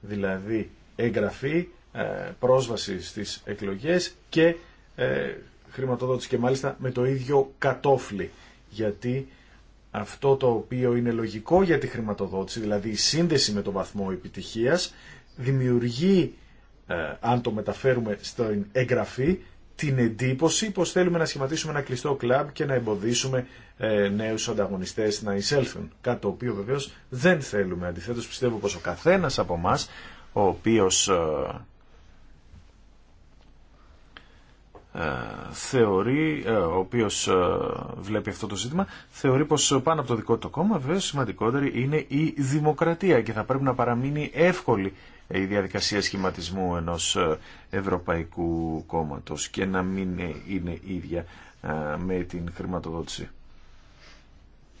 Δηλαδή εγγραφή, ε, πρόσβαση στις εκλογές και ε, χρηματοδότηση και μάλιστα με το ίδιο κατόφλι. Γιατί αυτό το οποίο είναι λογικό για τη χρηματοδότηση, δηλαδή η σύνδεση με τον βαθμό επιτυχίας, δημιουργεί, ε, αν το μεταφέρουμε στην εγγραφή, την εντύπωση πως θέλουμε να σχηματίσουμε ένα κλειστό κλαμπ και να εμποδίσουμε ε, νέους ανταγωνιστές να εισέλθουν. Κάτι το οποίο βεβαίως δεν θέλουμε. Αντιθέτως πιστεύω πως ο καθένας από εμά, ο οποίος ε, ε, θεωρεί, ε, ο οποίος βλέπει αυτό το ζήτημα, θεωρεί πως πάνω από το δικό του κόμμα βεβαίως σημαντικότερη είναι η δημοκρατία και θα πρέπει να παραμείνει εύκολη η διαδικασία σχηματισμού ενός ε, ευρωπαϊκού κόμματος και να μην ε, είναι ίδια ε, με την χρηματοδότηση.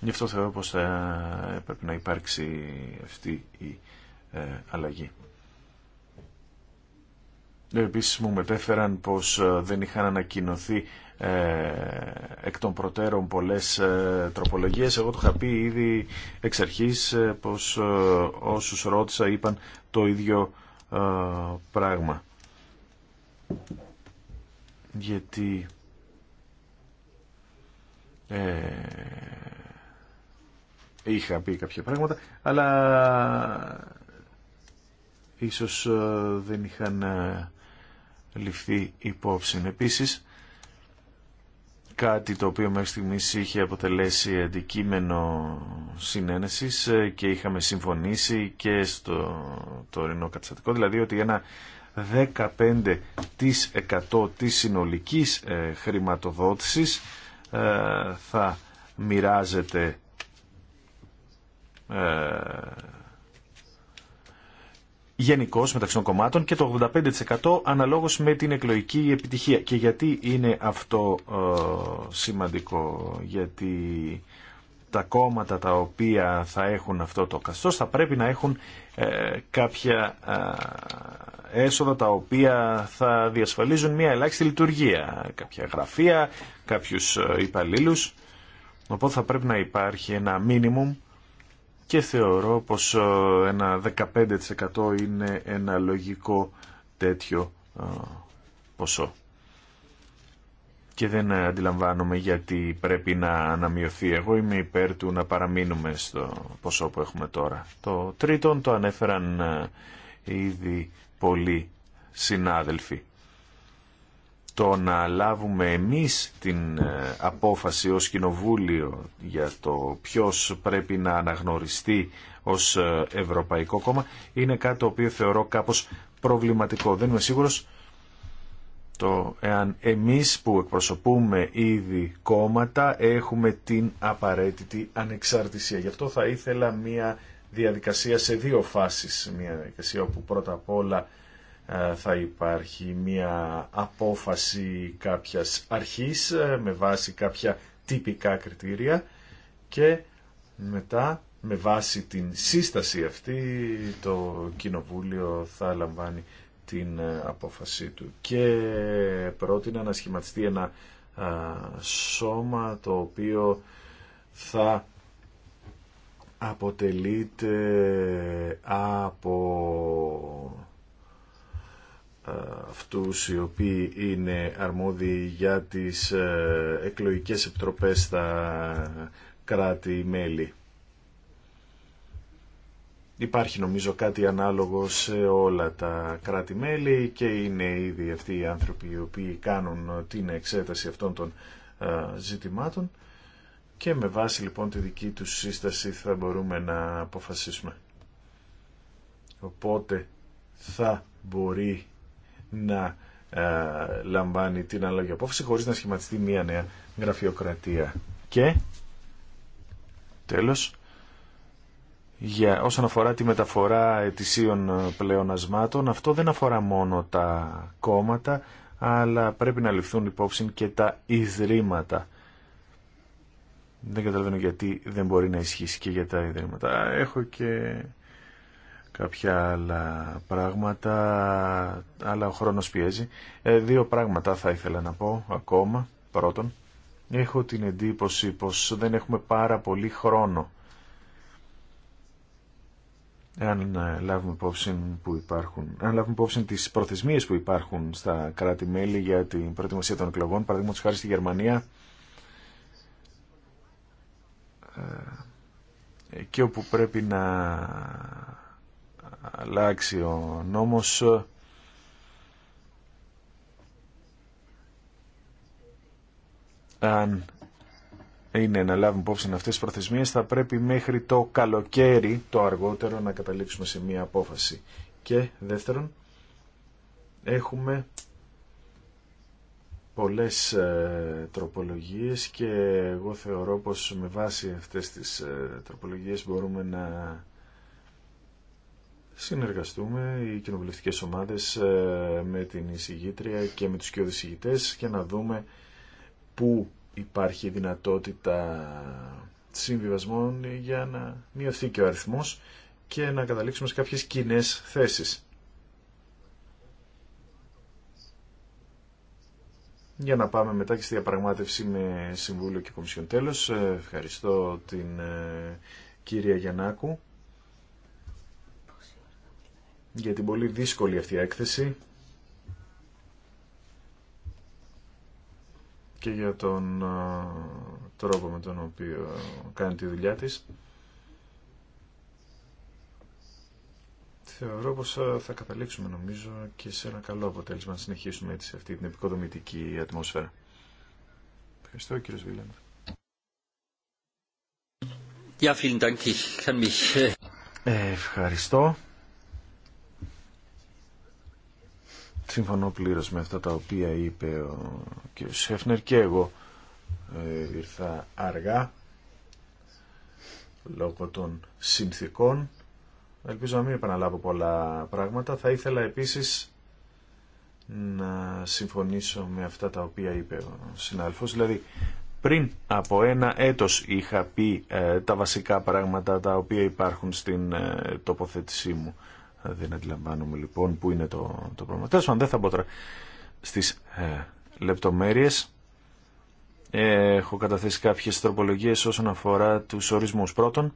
Γι' αυτό θεωρώ πως θα έπρεπε να υπάρξει αυτή η αλλαγή. Επίσης μου μετέφεραν πως δεν είχαν ανακοινωθεί ε, εκ των προτέρων πολλές ε, τροπολογίες. Εγώ το είχα πει ήδη εξ αρχής ε, πως όσους ρώτησα είπαν το ίδιο πράγμα. Γιατί ε, είχα πει κάποια πράγματα, αλλά ίσως δεν είχαν ληφθεί υπόψη. Επίσης, κάτι το οποίο μέχρι στιγμής είχε αποτελέσει αντικείμενο συνένεσης ε, και είχαμε συμφωνήσει και στο τωρινό καταστατικό, δηλαδή ότι ένα 15% της συνολικής ε, χρηματοδότησης ε, θα μοιράζεται γενικώ μεταξύ των κομμάτων και το 85% αναλόγως με την εκλογική επιτυχία. Και γιατί είναι αυτό ε, σημαντικό, γιατί τα κόμματα τα οποία θα έχουν αυτό το καστός θα πρέπει να έχουν ε, κάποια ε, έσοδα τα οποία θα διασφαλίζουν μια ελάχιστη λειτουργία, κάποια γραφεία, κάποιους ε, υπαλλήλους. Οπότε θα πρέπει να υπάρχει ένα μίνιμουμ και θεωρώ πως ε, ένα 15% είναι ένα λογικό τέτοιο ε, ποσό. Και δεν αντιλαμβάνομαι γιατί πρέπει να αναμειωθεί. Εγώ είμαι υπέρ του να παραμείνουμε στο ποσό που έχουμε τώρα. Το τρίτον το ανέφεραν ε, ήδη πολλοί συνάδελφοι το να λάβουμε εμείς την ε, απόφαση ως κοινοβούλιο για το ποιος πρέπει να αναγνωριστεί ως ε, Ευρωπαϊκό Κόμμα είναι κάτι το οποίο θεωρώ κάπως προβληματικό. Δεν είμαι σίγουρος το εάν εμείς που εκπροσωπούμε ήδη κόμματα έχουμε την απαραίτητη ανεξαρτησία. Γι' αυτό θα ήθελα μια διαδικασία σε δύο φάσεις. Μια διαδικασία όπου πρώτα απ' όλα ε, θα υπάρχει μια απόφαση κάποιας αρχής ε, με βάση κάποια τυπικά κριτήρια και μετά με βάση την σύσταση αυτή το Κοινοβούλιο θα λαμβάνει την ε, απόφασή του και πρότεινα να σχηματιστεί ένα σώμα το οποίο θα αποτελείται από ε, αυτούς οι οποίοι είναι αρμόδιοι για τις ε, εκλογικές επιτροπές στα κράτη-μέλη. Υπάρχει νομίζω κάτι ανάλογο σε όλα τα κράτη-μέλη και είναι ήδη αυτοί οι άνθρωποι οι οποίοι κάνουν την εξέταση αυτών των ε, ζητημάτων και με βάση λοιπόν τη δική τους σύσταση θα μπορούμε να αποφασίσουμε. Οπότε θα μπορεί να ε, λαμβάνει την αλλαγή απόφαση χωρίς να σχηματιστεί μια νέα γραφειοκρατία. Και τέλος, για, όσον αφορά τη μεταφορά ετησίων ε, πλεονασμάτων, αυτό δεν αφορά μόνο τα κόμματα, αλλά πρέπει να ληφθούν υπόψη και τα ιδρύματα. Δεν καταλαβαίνω γιατί δεν μπορεί να ισχύσει και για τα ιδρύματα. Έχω και κάποια άλλα πράγματα, αλλά ο χρόνος πιέζει. Ε, δύο πράγματα θα ήθελα να πω ακόμα. Πρώτον, έχω την εντύπωση πως δεν έχουμε πάρα πολύ χρόνο. Αν ε, λάβουμε υπόψη, που υπάρχουν, αν λάβουμε τις προθεσμίες που υπάρχουν στα κράτη-μέλη για την προετοιμασία των εκλογών, παραδείγματος χάρη στη Γερμανία, ε, και όπου πρέπει να αλλάξει ο νόμος αν είναι να λάβουν υπόψη αυτές τις προθεσμίες θα πρέπει μέχρι το καλοκαίρι το αργότερο να καταλήξουμε σε μία απόφαση και δεύτερον έχουμε πολλές ε, τροπολογίες και εγώ θεωρώ πως με βάση αυτές τις ε, τροπολογίες μπορούμε να συνεργαστούμε οι κοινοβουλευτικέ ομάδες ε, με την εισηγήτρια και με τους κοιοδησηγητές για να δούμε πού υπάρχει δυνατότητα συμβιβασμών για να μειωθεί και ο αριθμός και να καταλήξουμε σε κάποιες κοινέ θέσεις. Για να πάμε μετά και στη διαπραγμάτευση με Συμβούλιο και Κομισιόν. Τέλος, ε, ευχαριστώ την ε, κυρία Γιαννάκου για την πολύ δύσκολη αυτή έκθεση και για τον τρόπο με τον οποίο κάνει τη δουλειά της. Θεωρώ πως θα καταλήξουμε νομίζω και σε ένα καλό αποτέλεσμα να συνεχίσουμε έτσι σε αυτή την επικοδομητική ατμόσφαιρα. Ευχαριστώ κύριος Βίλαντ. Ε, Ευχαριστώ. Συμφωνώ πλήρως με αυτά τα οποία είπε ο κ. Σέφνερ και εγώ ε, ήρθα αργά λόγω των συνθήκων. Ελπίζω να μην επαναλάβω πολλά πράγματα. Θα ήθελα επίσης να συμφωνήσω με αυτά τα οποία είπε ο συνάδελφος. Δηλαδή, πριν από ένα έτος είχα πει ε, τα βασικά πράγματα τα οποία υπάρχουν στην ε, τοποθέτησή μου. Δεν δηλαδή, αντιλαμβάνομαι λοιπόν πού είναι το, το πρόβλημα. Τέλος δεν θα μπω τώρα στις ε, λεπτομέρειες. έχω καταθέσει κάποιε τροπολογίες όσον αφορά του ορισμού Πρώτον,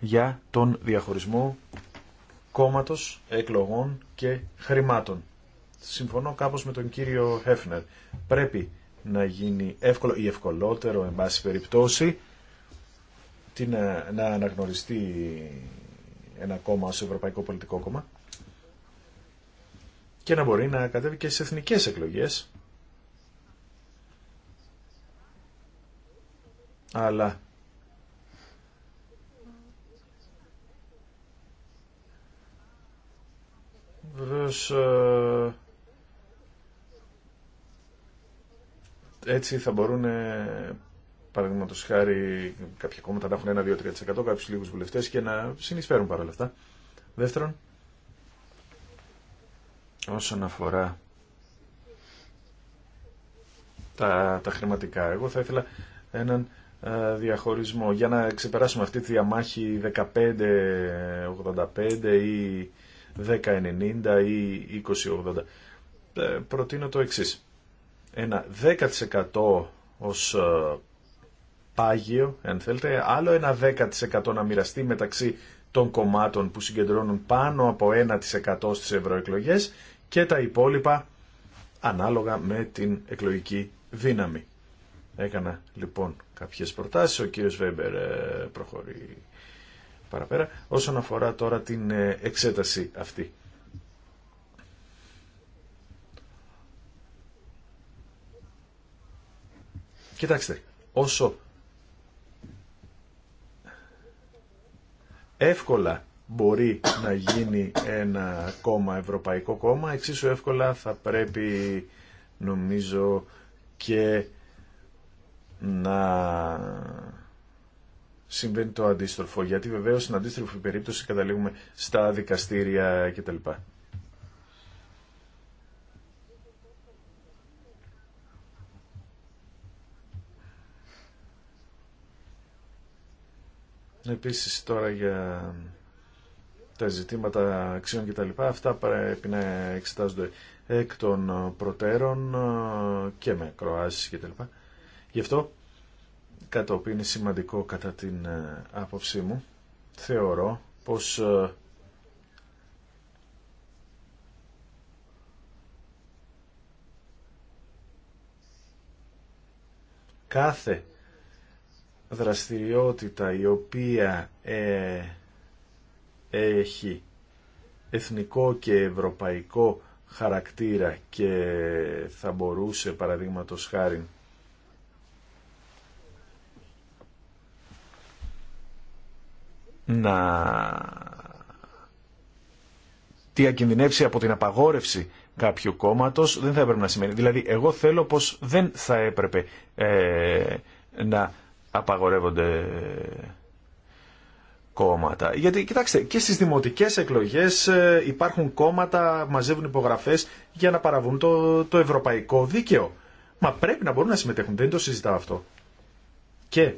για τον διαχωρισμό κόμματο, εκλογών και χρημάτων. Συμφωνώ κάπως με τον κύριο Χέφνερ. Πρέπει να γίνει εύκολο ή ευκολότερο, εν πάση περιπτώσει, ε, να αναγνωριστεί ένα κόμμα ως Ευρωπαϊκό Πολιτικό Κόμμα και να μπορεί να κατέβει και στις εθνικές εκλογές αλλά βεβαίως ε, έτσι θα μπορούν παραδείγματο χάρη κάποια κόμματα να έχουν 1-2-3% κάποιου λίγου βουλευτέ και να συνεισφέρουν παρόλα αυτά. Δεύτερον, όσον αφορά τα, τα χρηματικά, εγώ θα ήθελα έναν ε, διαχωρισμό για να ξεπεράσουμε αυτή τη διαμάχη 15-85 ή 10-90 ή 20-80. Ε, προτείνω το εξής. Ένα 10% ως ε, πάγιο, αν θέλετε, άλλο ένα 10% να μοιραστεί μεταξύ των κομμάτων που συγκεντρώνουν πάνω από 1% στις ευρωεκλογέ και τα υπόλοιπα ανάλογα με την εκλογική δύναμη. Έκανα λοιπόν κάποιες προτάσεις, ο κύριος Βέμπερ ε, προχωρεί παραπέρα, όσον αφορά τώρα την ε, εξέταση αυτή. Κοιτάξτε, όσο εύκολα μπορεί να γίνει ένα κόμμα, ευρωπαϊκό κόμμα, εξίσου εύκολα θα πρέπει νομίζω και να συμβαίνει το αντίστροφο, γιατί βεβαίως στην αντίστροφη περίπτωση καταλήγουμε στα δικαστήρια κτλ. Επίσης τώρα για τα ζητήματα αξιών κτλ. Αυτά πρέπει να εξετάζονται εκ των προτέρων και με Κροάσεις κτλ. Γι' αυτό, κατά οποίο είναι σημαντικό κατά την ε, άποψή μου, θεωρώ πως ε, κάθε δραστηριότητα η οποία ε, έχει εθνικό και ευρωπαϊκό χαρακτήρα και θα μπορούσε παραδείγματος χάρη να τι ακινδυνεύσει από την απαγόρευση κάποιου κόμματος δεν θα έπρεπε να σημαίνει. Δηλαδή εγώ θέλω πως δεν θα έπρεπε ε, να απαγορεύονται κόμματα. Γιατί, κοιτάξτε, και στις δημοτικές εκλογές ε, υπάρχουν κόμματα, μαζεύουν υπογραφές για να παραβούν το, το ευρωπαϊκό δίκαιο. Μα πρέπει να μπορούν να συμμετέχουν, δεν το συζητάω αυτό. Και,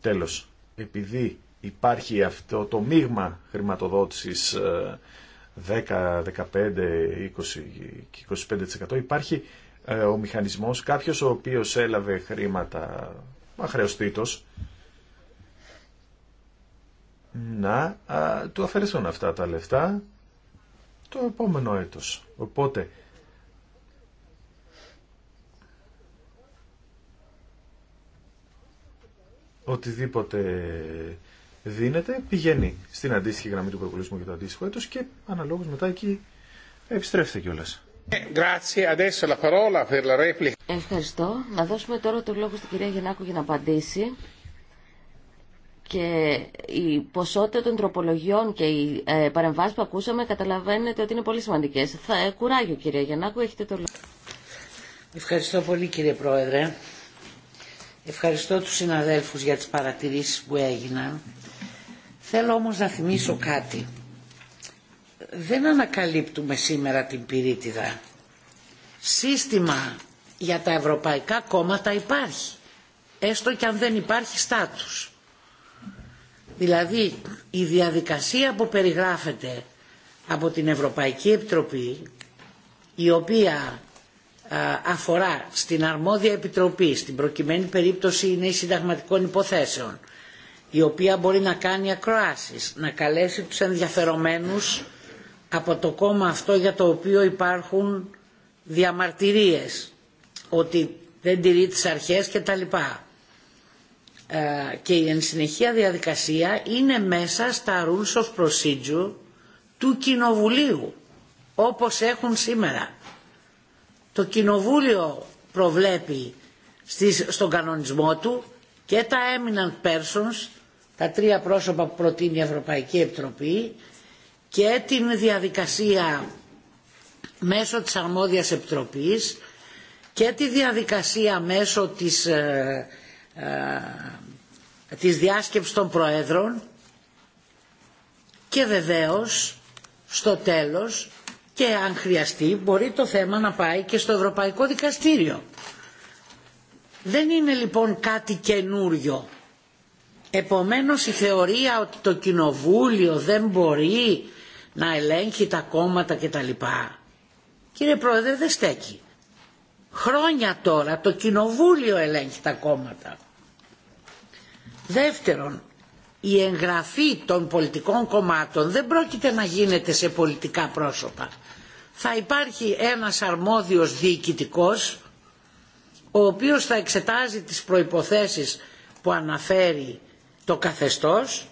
τέλος, επειδή υπάρχει αυτό το μείγμα χρηματοδότησης 10, 15, 20 και 25% υπάρχει ε, ο μηχανισμός, κάποιος ο οποίος έλαβε χρήματα μα χρεωστήτως. να α, του αφαιρεθούν αυτά τα λεφτά το επόμενο έτος. Οπότε οτιδήποτε δίνεται πηγαίνει στην αντίστοιχη γραμμή του προπολισμού για το αντίστοιχο έτος και αναλόγως μετά εκεί επιστρέφεται κιόλας. Ε, Ευχαριστώ. Να δώσουμε τώρα το λόγο στην κυρία Γεννάκου για να απαντήσει. Και η ποσότητα των τροπολογιών και οι ε, παρεμβάσει που ακούσαμε καταλαβαίνετε ότι είναι πολύ σημαντικέ. Θα ε, κουράγιο, κυρία Γεννάκου, έχετε το λόγο. Ευχαριστώ πολύ, κύριε Πρόεδρε. Ευχαριστώ τους συναδέλφους για τις παρατηρήσεις που έγιναν. Θέλω όμως να θυμίσω κάτι δεν ανακαλύπτουμε σήμερα την πυρίτιδα. Σύστημα για τα ευρωπαϊκά κόμματα υπάρχει. Έστω και αν δεν υπάρχει στάτους. Δηλαδή η διαδικασία που περιγράφεται από την Ευρωπαϊκή Επιτροπή η οποία αφορά στην αρμόδια επιτροπή, στην προκειμένη περίπτωση είναι η συνταγματικών υποθέσεων, η οποία μπορεί να κάνει ακροάσεις, να καλέσει τους ενδιαφερομένους από το κόμμα αυτό για το οποίο υπάρχουν διαμαρτυρίες ότι δεν τηρεί τις αρχές και τα λοιπά. Ε, και η ενσυνεχεία διαδικασία είναι μέσα στα rules of procedure του Κοινοβουλίου, όπως έχουν σήμερα. Το Κοινοβούλιο προβλέπει στις, στον κανονισμό του και τα eminent persons, τα τρία πρόσωπα που προτείνει η Ευρωπαϊκή Επιτροπή και την διαδικασία μέσω της αρμόδιας επιτροπής και τη διαδικασία μέσω της, ε, ε, της διάσκεψης των προέδρων και βεβαίως στο τέλος και αν χρειαστεί μπορεί το θέμα να πάει και στο Ευρωπαϊκό Δικαστήριο. Δεν είναι λοιπόν κάτι καινούριο. Επομένως η θεωρία ότι το Κοινοβούλιο δεν μπορεί να ελέγχει τα κόμματα κτλ. Κύριε Πρόεδρε δεν στέκει. Χρόνια τώρα το Κοινοβούλιο ελέγχει τα κόμματα. Δεύτερον, η εγγραφή των πολιτικών κομμάτων δεν πρόκειται να γίνεται σε πολιτικά πρόσωπα. Θα υπάρχει ένας αρμόδιος διοικητικός, ο οποίος θα εξετάζει τις προϋποθέσεις που αναφέρει το καθεστώς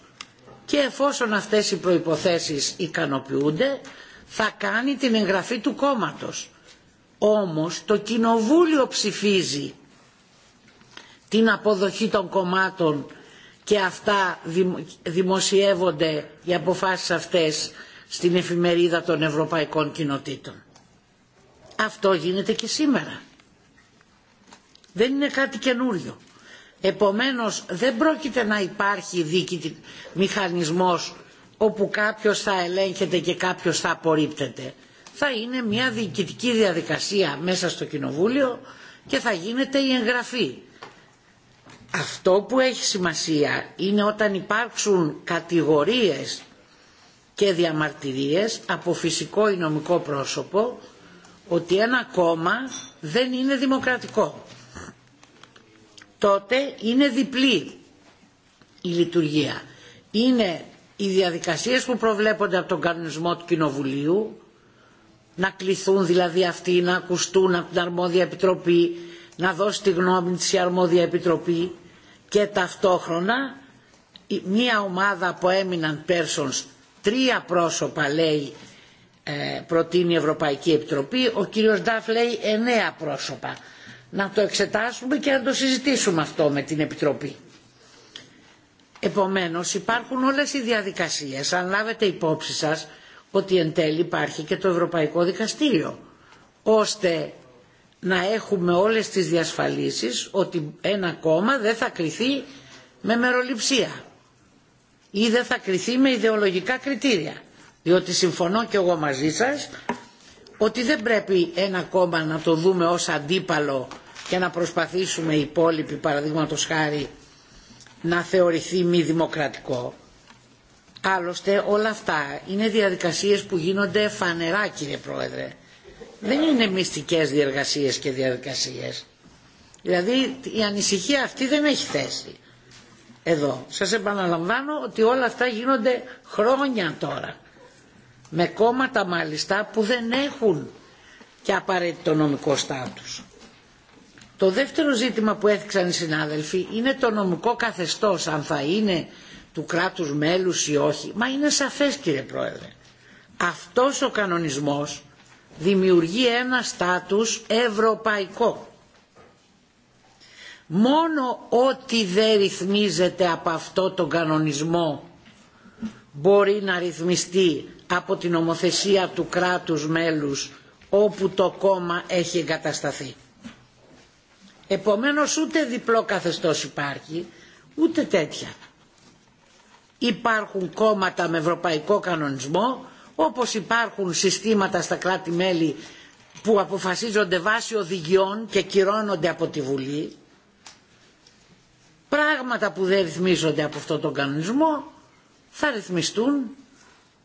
και εφόσον αυτές οι προϋποθέσεις ικανοποιούνται θα κάνει την εγγραφή του κόμματος. Όμως το κοινοβούλιο ψηφίζει την αποδοχή των κομμάτων και αυτά δημοσιεύονται οι αποφάσεις αυτές στην εφημερίδα των Ευρωπαϊκών Κοινοτήτων. Αυτό γίνεται και σήμερα. Δεν είναι κάτι καινούριο. Επομένως δεν πρόκειται να υπάρχει δίκη μηχανισμός όπου κάποιος θα ελέγχεται και κάποιος θα απορρίπτεται. Θα είναι μια διοικητική διαδικασία μέσα στο Κοινοβούλιο και θα γίνεται η εγγραφή. Αυτό που έχει σημασία είναι όταν υπάρξουν κατηγορίες και διαμαρτυρίες από φυσικό ή νομικό πρόσωπο ότι ένα κόμμα δεν είναι δημοκρατικό τότε είναι διπλή η λειτουργία. Είναι οι διαδικασίες που προβλέπονται από τον κανονισμό του Κοινοβουλίου, να κληθούν δηλαδή αυτοί να ακουστούν από την αρμόδια επιτροπή, να δώσει τη γνώμη της η αρμόδια επιτροπή και ταυτόχρονα μία ομάδα που έμειναν persons, τρία πρόσωπα λέει ε, προτείνει η Ευρωπαϊκή Επιτροπή, ο κύριος Νταφ λέει εννέα πρόσωπα να το εξετάσουμε και να το συζητήσουμε αυτό με την Επιτροπή. Επομένως υπάρχουν όλες οι διαδικασίες, αν λάβετε υπόψη σας ότι εν τέλει υπάρχει και το Ευρωπαϊκό Δικαστήριο, ώστε να έχουμε όλες τις διασφαλίσεις ότι ένα κόμμα δεν θα κριθεί με μεροληψία ή δεν θα κριθεί με ιδεολογικά κριτήρια. Διότι συμφωνώ και εγώ μαζί σας ότι δεν πρέπει ένα κόμμα να το δούμε ως αντίπαλο και να προσπαθήσουμε οι υπόλοιποι παραδείγματο χάρη να θεωρηθεί μη δημοκρατικό. Άλλωστε όλα αυτά είναι διαδικασίες που γίνονται φανερά κύριε Πρόεδρε. Δεν είναι μυστικές διεργασίες και διαδικασίες. Δηλαδή η ανησυχία αυτή δεν έχει θέση εδώ. Σας επαναλαμβάνω ότι όλα αυτά γίνονται χρόνια τώρα. Με κόμματα μάλιστα που δεν έχουν και απαραίτητο νομικό στάτους. Το δεύτερο ζήτημα που έθιξαν οι συνάδελφοι είναι το νομικό καθεστώς, αν θα είναι του κράτους μέλους ή όχι. Μα είναι σαφές κύριε Πρόεδρε. Αυτός ο κανονισμός δημιουργεί ένα στάτους ευρωπαϊκό. Μόνο ό,τι δεν ρυθμίζεται από αυτό τον κανονισμό μπορεί να ρυθμιστεί από την ομοθεσία του κράτους μέλους όπου το κόμμα έχει εγκατασταθεί. Επομένως ούτε διπλό καθεστώς υπάρχει, ούτε τέτοια. Υπάρχουν κόμματα με ευρωπαϊκό κανονισμό, όπως υπάρχουν συστήματα στα κράτη-μέλη που αποφασίζονται βάσει οδηγιών και κυρώνονται από τη Βουλή, πράγματα που δεν ρυθμίζονται από αυτόν τον κανονισμό θα ρυθμιστούν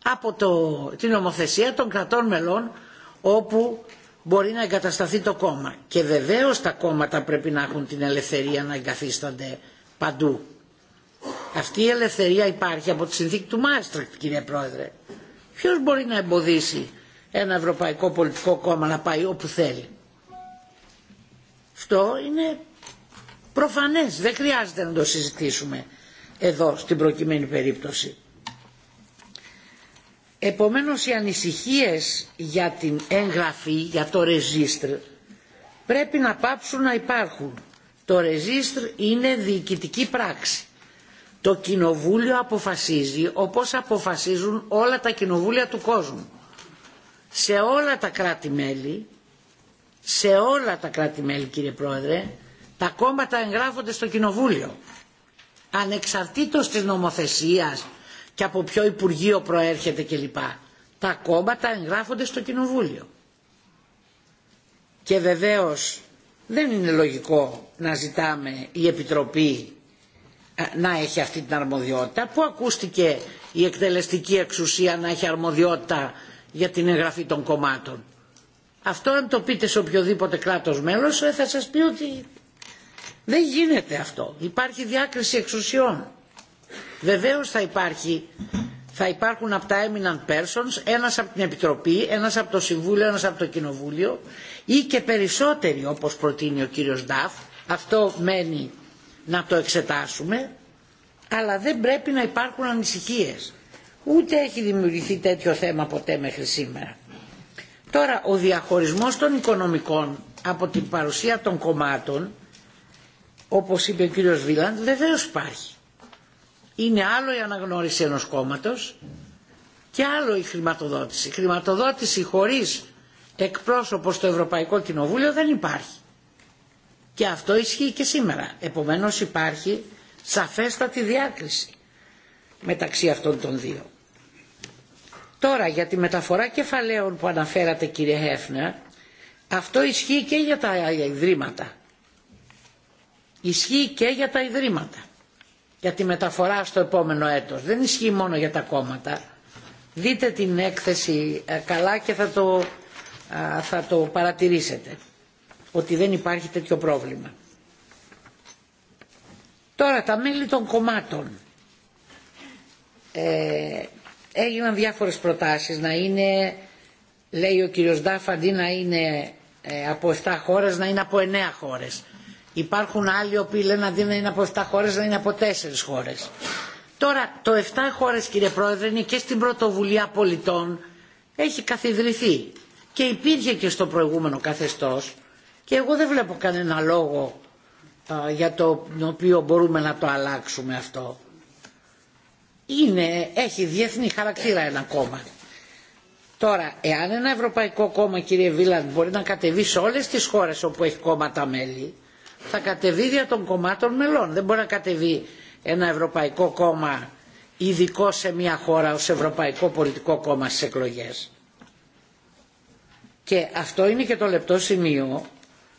από το, την ομοθεσία των κρατών μελών όπου μπορεί να εγκατασταθεί το κόμμα. Και βεβαίως τα κόμματα πρέπει να έχουν την ελευθερία να εγκαθίστανται παντού. Αυτή η ελευθερία υπάρχει από τη συνθήκη του Μάστρακτ, κύριε Πρόεδρε. Ποιο μπορεί να εμποδίσει ένα ευρωπαϊκό πολιτικό κόμμα να πάει όπου θέλει. Αυτό είναι προφανές, δεν χρειάζεται να το συζητήσουμε εδώ στην προκειμένη περίπτωση. Επομένως οι ανησυχίες για την εγγραφή, για το ρεζίστρ, πρέπει να πάψουν να υπάρχουν. Το ρεζίστρ είναι διοικητική πράξη. Το κοινοβούλιο αποφασίζει όπως αποφασίζουν όλα τα κοινοβούλια του κόσμου. Σε όλα τα κράτη-μέλη, σε όλα τα κράτη-μέλη κύριε Πρόεδρε, τα κόμματα εγγράφονται στο κοινοβούλιο. Ανεξαρτήτως της νομοθεσίας και από ποιο Υπουργείο προέρχεται κλπ. Τα κόμματα εγγράφονται στο Κοινοβούλιο. Και βεβαίως δεν είναι λογικό να ζητάμε η Επιτροπή ε, να έχει αυτή την αρμοδιότητα. Πού ακούστηκε η εκτελεστική εξουσία να έχει αρμοδιότητα για την εγγραφή των κομμάτων. Αυτό αν το πείτε σε οποιοδήποτε κράτος μέλος ε, θα σας πει ότι δεν γίνεται αυτό. Υπάρχει διάκριση εξουσιών. Βεβαίω θα, υπάρχει, θα υπάρχουν από τα eminent persons ένας από την Επιτροπή, ένας από το Συμβούλιο, ένας από το Κοινοβούλιο ή και περισσότεροι όπως προτείνει ο κύριος Νταφ. Αυτό μένει να το εξετάσουμε αλλά δεν πρέπει να υπάρχουν ανησυχίες. Ούτε έχει δημιουργηθεί τέτοιο θέμα ποτέ μέχρι σήμερα. Τώρα, ο διαχωρισμός των οικονομικών από την παρουσία των κομμάτων, όπως είπε ο κύριος Βίλαντ, βεβαίως υπάρχει είναι άλλο η αναγνώριση ενός κόμματος και άλλο η χρηματοδότηση. Η χρηματοδότηση χωρίς εκπρόσωπο στο Ευρωπαϊκό Κοινοβούλιο δεν υπάρχει. Και αυτό ισχύει και σήμερα. Επομένως υπάρχει σαφέστατη διάκριση μεταξύ αυτών των δύο. Τώρα για τη μεταφορά κεφαλαίων που αναφέρατε κύριε Χέφνερ, αυτό ισχύει και για τα ιδρύματα. Ισχύει και για τα ιδρύματα για τη μεταφορά στο επόμενο έτος. Δεν ισχύει μόνο για τα κόμματα. Δείτε την έκθεση ε, καλά και θα το, θα το παρατηρήσετε ότι δεν υπάρχει τέτοιο πρόβλημα. Τώρα τα μέλη των κομμάτων. Ε, έγιναν διάφορες προτάσεις να είναι, λέει ο κύριος Ντάφ, να είναι ε, από 7 χώρες να είναι από 9 χώρες. Υπάρχουν άλλοι οποίοι λένε αντί να είναι από 7 χώρες να είναι από 4 χώρες. Τώρα το 7 χώρες κύριε Πρόεδρε είναι και στην πρωτοβουλία πολιτών έχει καθιδρυθεί και υπήρχε και στο προηγούμενο καθεστώς και εγώ δεν βλέπω κανένα λόγο για το οποίο μπορούμε να το αλλάξουμε αυτό. Είναι, έχει διεθνή χαρακτήρα ένα κόμμα. Τώρα, εάν ένα ευρωπαϊκό κόμμα, κύριε Βίλαντ, μπορεί να κατεβεί σε όλες τις χώρες όπου έχει κόμματα μέλη, θα κατεβεί δια των κομμάτων μελών. Δεν μπορεί να κατεβεί ένα ευρωπαϊκό κόμμα ειδικό σε μια χώρα ως ευρωπαϊκό πολιτικό κόμμα στις εκλογές. Και αυτό είναι και το λεπτό σημείο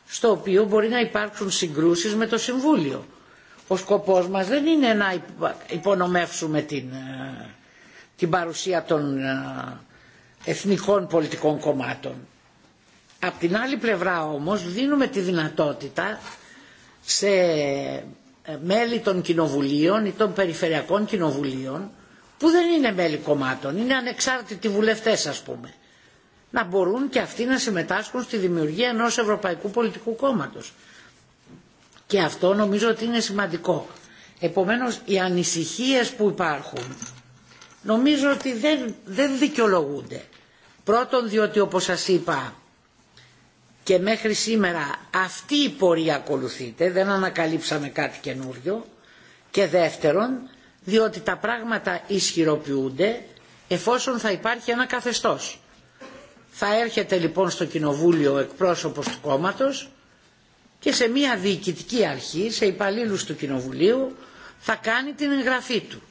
στο οποίο μπορεί να υπάρξουν συγκρούσεις με το Συμβούλιο. Ο σκοπός μας δεν είναι να υπονομεύσουμε την, ε, την παρουσία των ε, εθνικών πολιτικών κομμάτων. Απ' την άλλη πλευρά όμως δίνουμε τη δυνατότητα σε ε, μέλη των κοινοβουλίων ή των περιφερειακών κοινοβουλίων που δεν είναι μέλη κομμάτων, είναι ανεξάρτητοι βουλευτές ας πούμε να μπορούν και αυτοί να συμμετάσχουν στη δημιουργία ενός Ευρωπαϊκού Πολιτικού Κόμματος. Και αυτό νομίζω ότι είναι σημαντικό. Επομένως οι ανησυχίες που υπάρχουν νομίζω ότι δεν, δεν δικαιολογούνται. Πρώτον διότι όπως σας είπα και μέχρι σήμερα αυτή η πορεία ακολουθείται, δεν ανακαλύψαμε κάτι καινούριο και δεύτερον διότι τα πράγματα ισχυροποιούνται εφόσον θα υπάρχει ένα καθεστώς. Θα έρχεται λοιπόν στο κοινοβούλιο ο εκπρόσωπος του κόμματος και σε μια διοικητική αρχή, σε υπαλλήλους του κοινοβουλίου θα κάνει την εγγραφή του.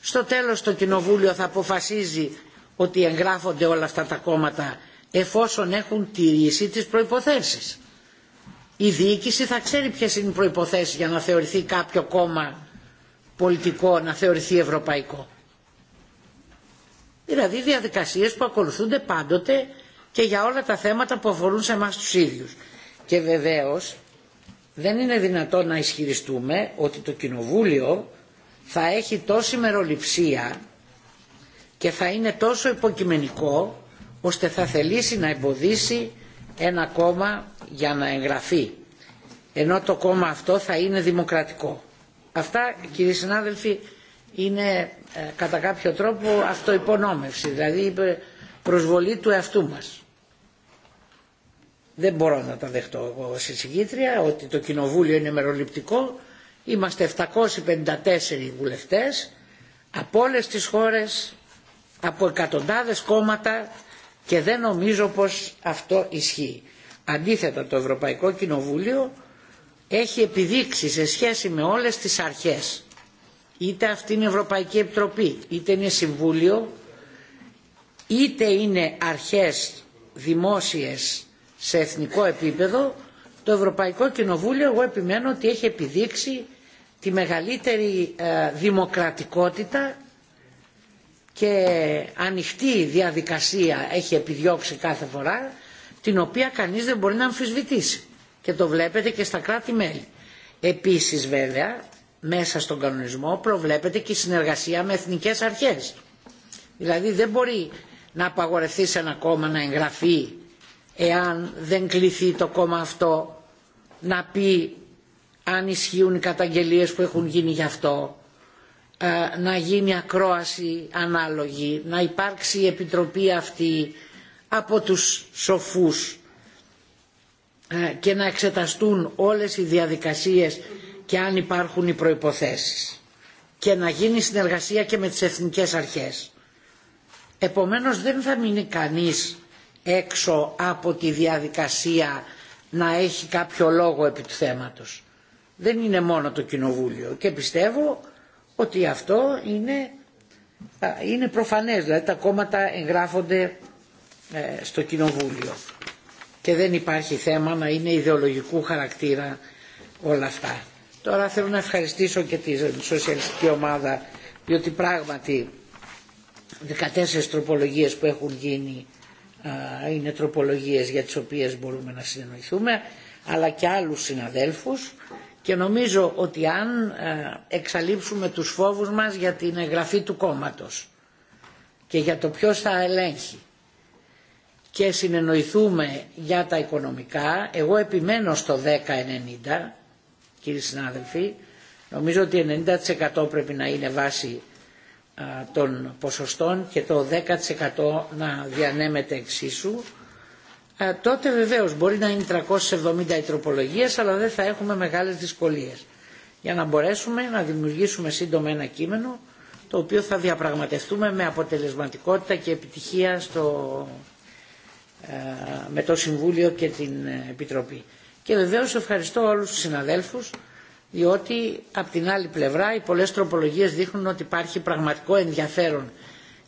Στο τέλος το κοινοβούλιο θα αποφασίζει ότι εγγράφονται όλα αυτά τα κόμματα εφόσον έχουν τηρήσει τις προϋποθέσεις. Η διοίκηση θα ξέρει ποιες είναι οι προϋποθέσεις για να θεωρηθεί κάποιο κόμμα πολιτικό, να θεωρηθεί ευρωπαϊκό. Δηλαδή διαδικασίες που ακολουθούνται πάντοτε και για όλα τα θέματα που αφορούν σε εμάς τους ίδιους. Και βεβαίως δεν είναι δυνατόν να ισχυριστούμε ότι το Κοινοβούλιο θα έχει τόση μεροληψία και θα είναι τόσο υποκειμενικό ώστε θα θελήσει να εμποδίσει ένα κόμμα για να εγγραφεί ενώ το κόμμα αυτό θα είναι δημοκρατικό. Αυτά κύριοι συνάδελφοι είναι ε, κατά κάποιο τρόπο αυτοϋπονόμευση, δηλαδή προσβολή του εαυτού μας. Δεν μπορώ να τα δεχτώ εγώ ως εισηγήτρια ότι το κοινοβούλιο είναι μεροληπτικό. Είμαστε 754 βουλευτές από όλες τις χώρες, από εκατοντάδες κόμματα και δεν νομίζω πως αυτό ισχύει. Αντίθετα το Ευρωπαϊκό Κοινοβούλιο έχει επιδείξει σε σχέση με όλες τις αρχές είτε αυτή είναι η Ευρωπαϊκή Επιτροπή, είτε είναι Συμβούλιο, είτε είναι αρχές δημόσιες σε εθνικό επίπεδο, το Ευρωπαϊκό Κοινοβούλιο εγώ επιμένω ότι έχει επιδείξει τη μεγαλύτερη ε, δημοκρατικότητα και ανοιχτή διαδικασία έχει επιδιώξει κάθε φορά την οποία κανείς δεν μπορεί να αμφισβητήσει και το βλέπετε και στα κράτη-μέλη. Επίσης βέβαια μέσα στον κανονισμό προβλέπεται και η συνεργασία με εθνικές αρχές. Δηλαδή δεν μπορεί να απαγορευτεί σε ένα κόμμα να εγγραφεί εάν δεν κληθεί το κόμμα αυτό να πει αν ισχύουν οι καταγγελίες που έχουν γίνει γι' αυτό ε, να γίνει ακρόαση ανάλογη, να υπάρξει η επιτροπή αυτή από τους σοφούς ε, και να εξεταστούν όλες οι διαδικασίες και αν υπάρχουν οι προϋποθέσεις και να γίνει συνεργασία και με τις εθνικές αρχές. Επομένως δεν θα μείνει κανείς έξω από τη διαδικασία να έχει κάποιο λόγο επί του θέματος. Δεν είναι μόνο το Κοινοβούλιο και πιστεύω ότι αυτό είναι, είναι προφανές, δηλαδή τα κόμματα εγγράφονται ε, στο κοινοβούλιο και δεν υπάρχει θέμα να είναι ιδεολογικού χαρακτήρα όλα αυτά. Τώρα θέλω να ευχαριστήσω και τη σοσιαλιστική ομάδα διότι πράγματι 14 τροπολογίες που έχουν γίνει είναι τροπολογίες για τις οποίες μπορούμε να συνεννοηθούμε αλλά και άλλους συναδέλφους και νομίζω ότι αν ε, εξαλείψουμε τους φόβους μας για την εγγραφή του κόμματος και για το ποιος θα ελέγχει και συνεννοηθούμε για τα οικονομικά, εγώ επιμένω στο 10-90, κύριοι συνάδελφοι, νομίζω ότι 90% πρέπει να είναι βάση ε, των ποσοστών και το 10% να διανέμεται εξίσου ε, τότε βεβαίως μπορεί να είναι 370 οι τροπολογίες αλλά δεν θα έχουμε μεγάλες δυσκολίες για να μπορέσουμε να δημιουργήσουμε σύντομα ένα κείμενο το οποίο θα διαπραγματευτούμε με αποτελεσματικότητα και επιτυχία στο, ε, με το Συμβούλιο και την ε, Επιτροπή. Και βεβαίως ευχαριστώ όλους τους συναδέλφους διότι από την άλλη πλευρά οι πολλές τροπολογίες δείχνουν ότι υπάρχει πραγματικό ενδιαφέρον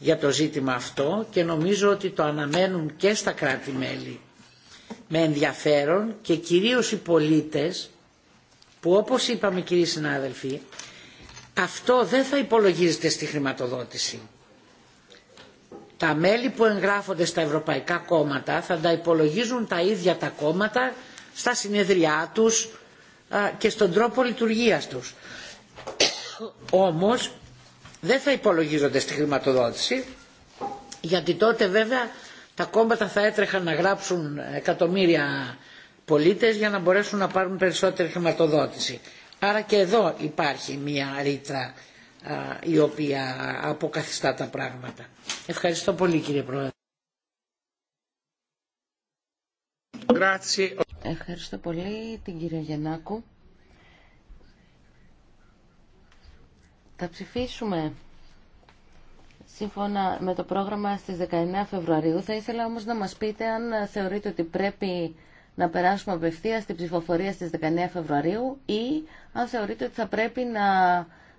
για το ζήτημα αυτό και νομίζω ότι το αναμένουν και στα κράτη-μέλη με ενδιαφέρον και κυρίως οι πολίτες που όπως είπαμε κύριοι συνάδελφοι αυτό δεν θα υπολογίζεται στη χρηματοδότηση. Τα μέλη που εγγράφονται στα ευρωπαϊκά κόμματα θα τα υπολογίζουν τα ίδια τα κόμματα στα συνεδριά τους και στον τρόπο λειτουργίας τους. Όμως δεν θα υπολογίζονται στη χρηματοδότηση γιατί τότε βέβαια τα κόμματα θα έτρεχαν να γράψουν εκατομμύρια πολίτες για να μπορέσουν να πάρουν περισσότερη χρηματοδότηση. Άρα και εδώ υπάρχει μία ρήτρα η οποία αποκαθιστά τα πράγματα. Ευχαριστώ πολύ κύριε Πρόεδρε. Ευχαριστώ πολύ την κυρία Γεννάκου. Θα ψηφίσουμε σύμφωνα με το πρόγραμμα στις 19 Φεβρουαρίου. Θα ήθελα όμως να μας πείτε αν θεωρείτε ότι πρέπει να περάσουμε απευθεία στην ψηφοφορία στις 19 Φεβρουαρίου ή αν θεωρείτε ότι θα πρέπει να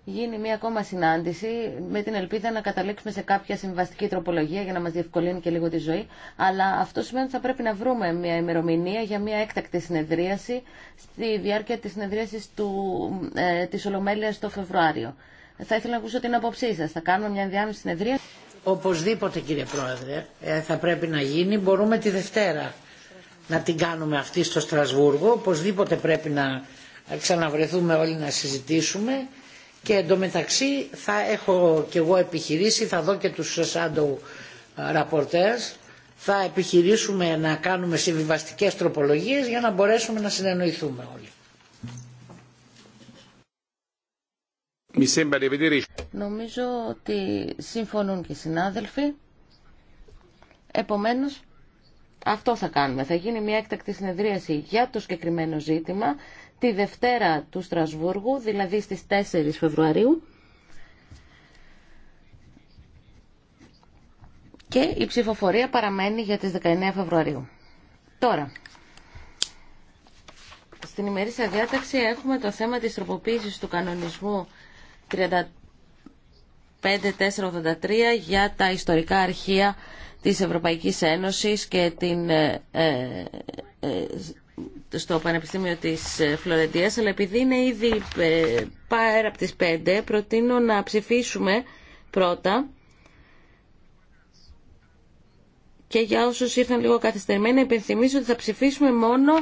γίνει μία ακόμα συνάντηση με την ελπίδα να καταλήξουμε σε κάποια συμβαστική τροπολογία για να μας διευκολύνει και λίγο τη ζωή. Αλλά αυτό σημαίνει ότι θα πρέπει να βρούμε μία ημερομηνία για μία έκτακτη συνεδρίαση στη διάρκεια της συνεδρίασης του, ε, το Φεβρουάριο. Θα ήθελα να ακούσω την απόψή σα. Θα κάνουμε μια ενδιάμεση συνεδρία. Οπωσδήποτε κύριε Πρόεδρε, ε, θα πρέπει να γίνει. Μπορούμε τη Δευτέρα να την κάνουμε αυτή στο Στρασβούργο. Οπωσδήποτε πρέπει να ξαναβρεθούμε όλοι να συζητήσουμε. Και εντωμεταξύ θα έχω και εγώ επιχειρήσει, θα δω και τους shadow rapporteurs, ε, θα επιχειρήσουμε να κάνουμε συμβιβαστικές τροπολογίες για να μπορέσουμε να συνεννοηθούμε όλοι. Νομίζω ότι συμφωνούν και οι συνάδελφοι. Επομένως, αυτό θα κάνουμε. Θα γίνει μια έκτακτη συνεδρίαση για το συγκεκριμένο ζήτημα τη Δευτέρα του Στρασβούργου, δηλαδή στις 4 Φεβρουαρίου. Και η ψηφοφορία παραμένει για τις 19 Φεβρουαρίου. Τώρα, στην ημερήσια διάταξη έχουμε το θέμα της τροποποίησης του κανονισμού 35483 για τα ιστορικά αρχεία της Ευρωπαϊκής Ένωσης και την, ε, ε, ε στο Πανεπιστήμιο της ε, Φλωρεντίας, αλλά επειδή είναι ήδη πάρα από τις 5, προτείνω να ψηφίσουμε πρώτα και για όσους ήρθαν λίγο καθυστερημένα υπενθυμίσω ότι θα ψηφίσουμε μόνο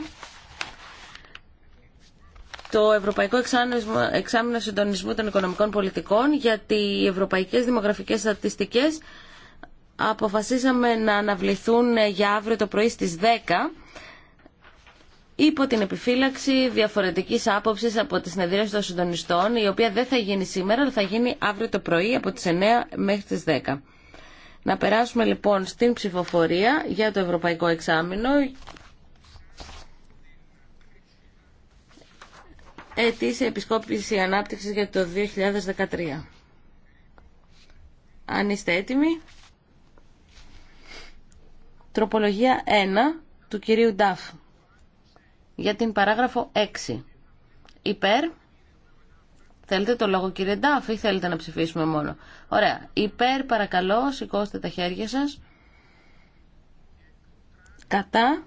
το Ευρωπαϊκό Εξάμεινο Συντονισμού των Οικονομικών Πολιτικών γιατί οι ευρωπαϊκές δημογραφικές στατιστικές αποφασίσαμε να αναβληθούν για αύριο το πρωί στις 10 υπό την επιφύλαξη διαφορετικής άποψης από τη συνεδρίαση των συντονιστών η οποία δεν θα γίνει σήμερα αλλά θα γίνει αύριο το πρωί από τις 9 μέχρι τις 10. Να περάσουμε λοιπόν στην ψηφοφορία για το Ευρωπαϊκό Εξάμεινο ετήσια επισκόπηση ανάπτυξης για το 2013. Αν είστε έτοιμοι, τροπολογία 1 του κυρίου Νταφ για την παράγραφο 6. Υπέρ. Θέλετε το λόγο κύριε Νταφ ή θέλετε να ψηφίσουμε μόνο. Ωραία. Υπέρ παρακαλώ, σηκώστε τα χέρια σας. Κατά.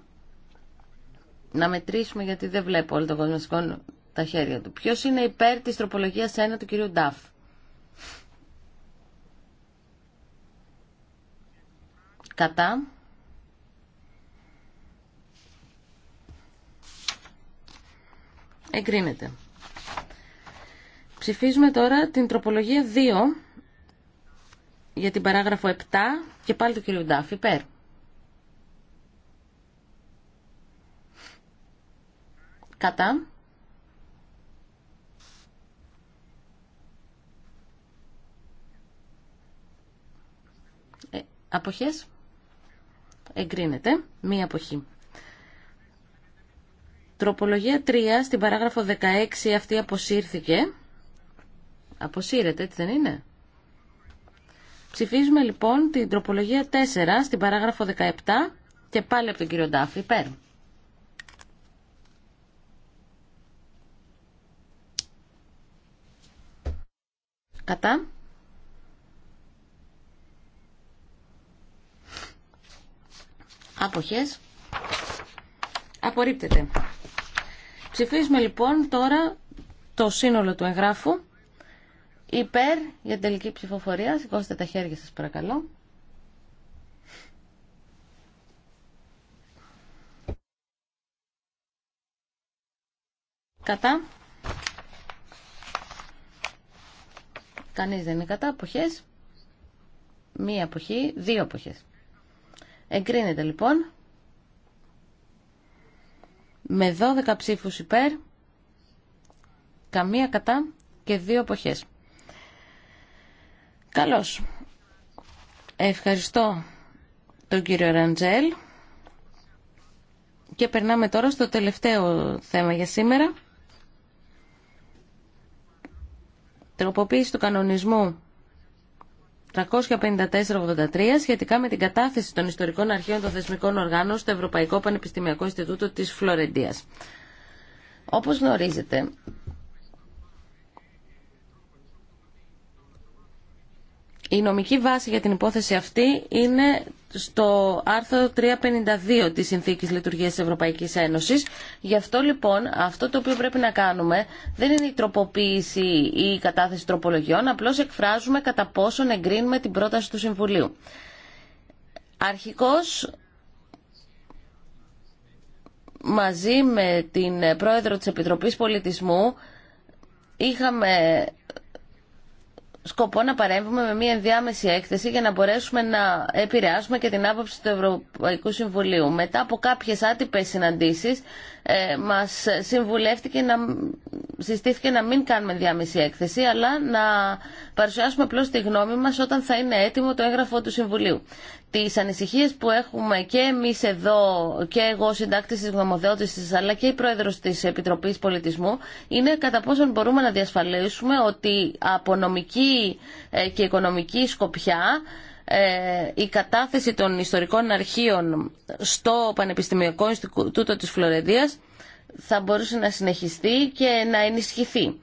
Να μετρήσουμε γιατί δεν βλέπω όλο το κόσμο τα χέρια του. Ποιος είναι υπέρ τη τροπολογία 1 του κυρίου Νταφ. Κατά. Εγκρίνεται. Ψηφίζουμε τώρα την τροπολογία 2 για την παράγραφο 7 και πάλι του κυρίου Νταφ. Υπέρ. Κατά. Αποχές. Εγκρίνεται. Μία αποχή. Τροπολογία 3 στην παράγραφο 16 αυτή αποσύρθηκε. Αποσύρεται, έτσι δεν είναι. Ψηφίζουμε λοιπόν την τροπολογία 4 στην παράγραφο 17 και πάλι από τον κύριο Ντάφη. Υπέρ. Κατά. Αποχές. Απορρίπτεται. Ψηφίζουμε λοιπόν τώρα το σύνολο του εγγράφου. Υπέρ για τελική ψηφοφορία. Σηκώστε τα χέρια σας παρακαλώ. Κατά. Κανείς δεν είναι κατά. Αποχές. Μία αποχή. Δύο αποχές. Εγκρίνεται λοιπόν με 12 ψήφους υπέρ, καμία κατά και δύο εποχές. Καλώς. Ευχαριστώ τον κύριο Ραντζέλ. Και περνάμε τώρα στο τελευταίο θέμα για σήμερα. Τροποποίηση του κανονισμού 354-83 σχετικά με την κατάθεση των ιστορικών αρχείων των θεσμικών οργάνων στο Ευρωπαϊκό Πανεπιστημιακό Ινστιτούτο της Φλωρεντίας. Όπως γνωρίζετε, Η νομική βάση για την υπόθεση αυτή είναι στο άρθρο 352 της Συνθήκης Λειτουργίας της Ευρωπαϊκής Ένωσης. Γι' αυτό λοιπόν αυτό το οποίο πρέπει να κάνουμε δεν είναι η τροποποίηση ή η κατάθεση τροπολογιών, απλώς εκφράζουμε κατά πόσον εγκρίνουμε την πρόταση του Συμβουλίου. Αρχικώς μαζί με την πρόεδρο της Επιτροπής Πολιτισμού είχαμε σκοπό να παρέμβουμε με μια ενδιάμεση έκθεση για να μπορέσουμε να επηρεάσουμε και την άποψη του Ευρωπαϊκού Συμβουλίου. Μετά από κάποιες άτυπες συναντήσεις ε, μας συμβουλεύτηκε να συστήθηκε να μην κάνουμε διάμεση έκθεση, αλλά να παρουσιάσουμε απλώ τη γνώμη μα όταν θα είναι έτοιμο το έγγραφο του Συμβουλίου. Τι ανησυχίε που έχουμε και εμεί εδώ, και εγώ συντάκτη τη γνωμοδότηση, αλλά και η πρόεδρο τη Επιτροπή Πολιτισμού, είναι κατά πόσον μπορούμε να διασφαλίσουμε ότι από νομική ε, και οικονομική σκοπιά ε, η κατάθεση των ιστορικών αρχείων στο Πανεπιστημιακό Ινστιτούτο της θα μπορούσε να συνεχιστεί και να ενισχυθεί.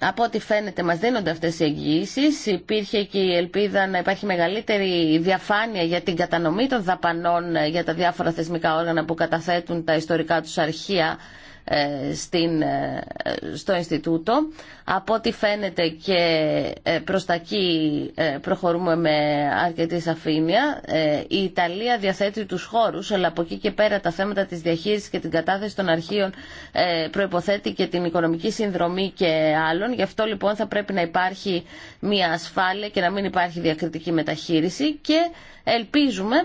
Από ό,τι φαίνεται μας δίνονται αυτές οι εγγυήσεις. Υπήρχε και η ελπίδα να υπάρχει μεγαλύτερη διαφάνεια για την κατανομή των δαπανών για τα διάφορα θεσμικά όργανα που καταθέτουν τα ιστορικά τους αρχεία ε, στην, ε, στο Ινστιτούτο. Από ό,τι φαίνεται και ε, προς τα εκεί προχωρούμε με αρκετή σαφήνεια. Η Ιταλία διαθέτει τους χώρους, αλλά από εκεί και πέρα τα θέματα της διαχείρισης και την κατάθεση των αρχείων προϋποθέτει και την οικονομική συνδρομή και άλλων. Γι' αυτό λοιπόν θα πρέπει να υπάρχει μια ασφάλεια και να μην υπάρχει διακριτική μεταχείριση και ελπίζουμε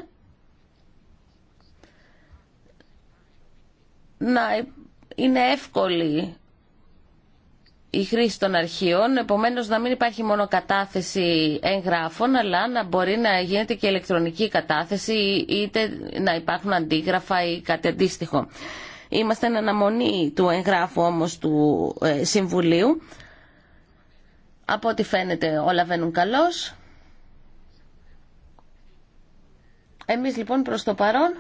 να υπάρχει είναι εύκολη η χρήση των αρχείων, επομένως να μην υπάρχει μόνο κατάθεση εγγράφων, αλλά να μπορεί να γίνεται και ηλεκτρονική κατάθεση, είτε να υπάρχουν αντίγραφα ή κάτι αντίστοιχο. Είμαστε εν αναμονή του εγγράφου όμως του ε, Συμβουλίου. Από ό,τι φαίνεται όλα βαίνουν καλώς. Εμείς λοιπόν προς το παρόν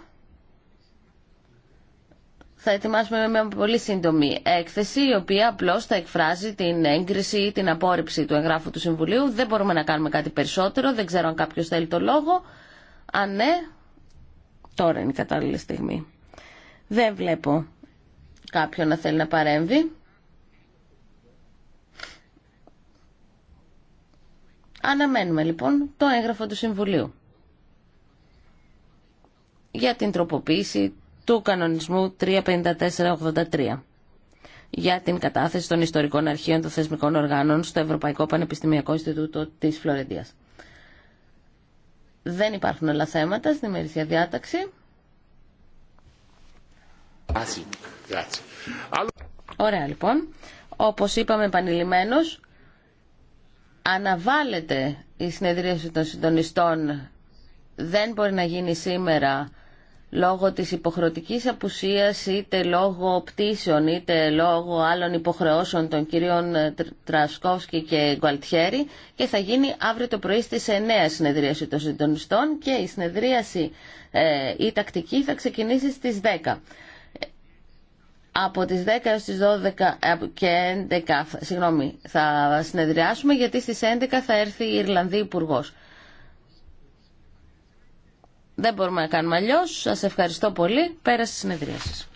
θα ετοιμάσουμε μια πολύ σύντομη έκθεση, η οποία απλώ θα εκφράζει την έγκριση ή την απόρριψη του εγγράφου του Συμβουλίου. Δεν μπορούμε να κάνουμε κάτι περισσότερο. Δεν ξέρω αν κάποιο θέλει το λόγο. Αν ναι, τώρα είναι η κατάλληλη στιγμή. Δεν βλέπω κάποιον να θέλει να παρέμβει. Αναμένουμε λοιπόν το έγγραφο του Συμβουλίου για την τροποποίηση του κανονισμού 35483 για την κατάθεση των ιστορικών αρχείων των θεσμικών οργάνων στο Ευρωπαϊκό Πανεπιστημιακό Ινστιτούτο της Φλωρεντίας. Δεν υπάρχουν άλλα θέματα στην ημερησία διάταξη. Ωραία λοιπόν. Όπως είπαμε επανειλημμένως, αναβάλλεται η συνεδρίαση των συντονιστών. Δεν μπορεί να γίνει σήμερα λόγω της υποχρεωτικής απουσίας είτε λόγω πτήσεων είτε λόγω άλλων υποχρεώσεων των κυρίων Τρασκόφσκι και Γκουαλτιέρη και θα γίνει αύριο το πρωί στις 9 συνεδρίαση των συντονιστών και η συνεδρίαση ε, η τακτική θα ξεκινήσει στις 10. Από τις 10 έως τις 12 ε, και 11 συγγνώμη, θα συνεδριάσουμε γιατί στις 11 θα έρθει η Ιρλανδή Υπουργός. Δεν μπορούμε να κάνουμε αλλιώ. Σα ευχαριστώ πολύ. Πέρασε τη συνεδρία σας.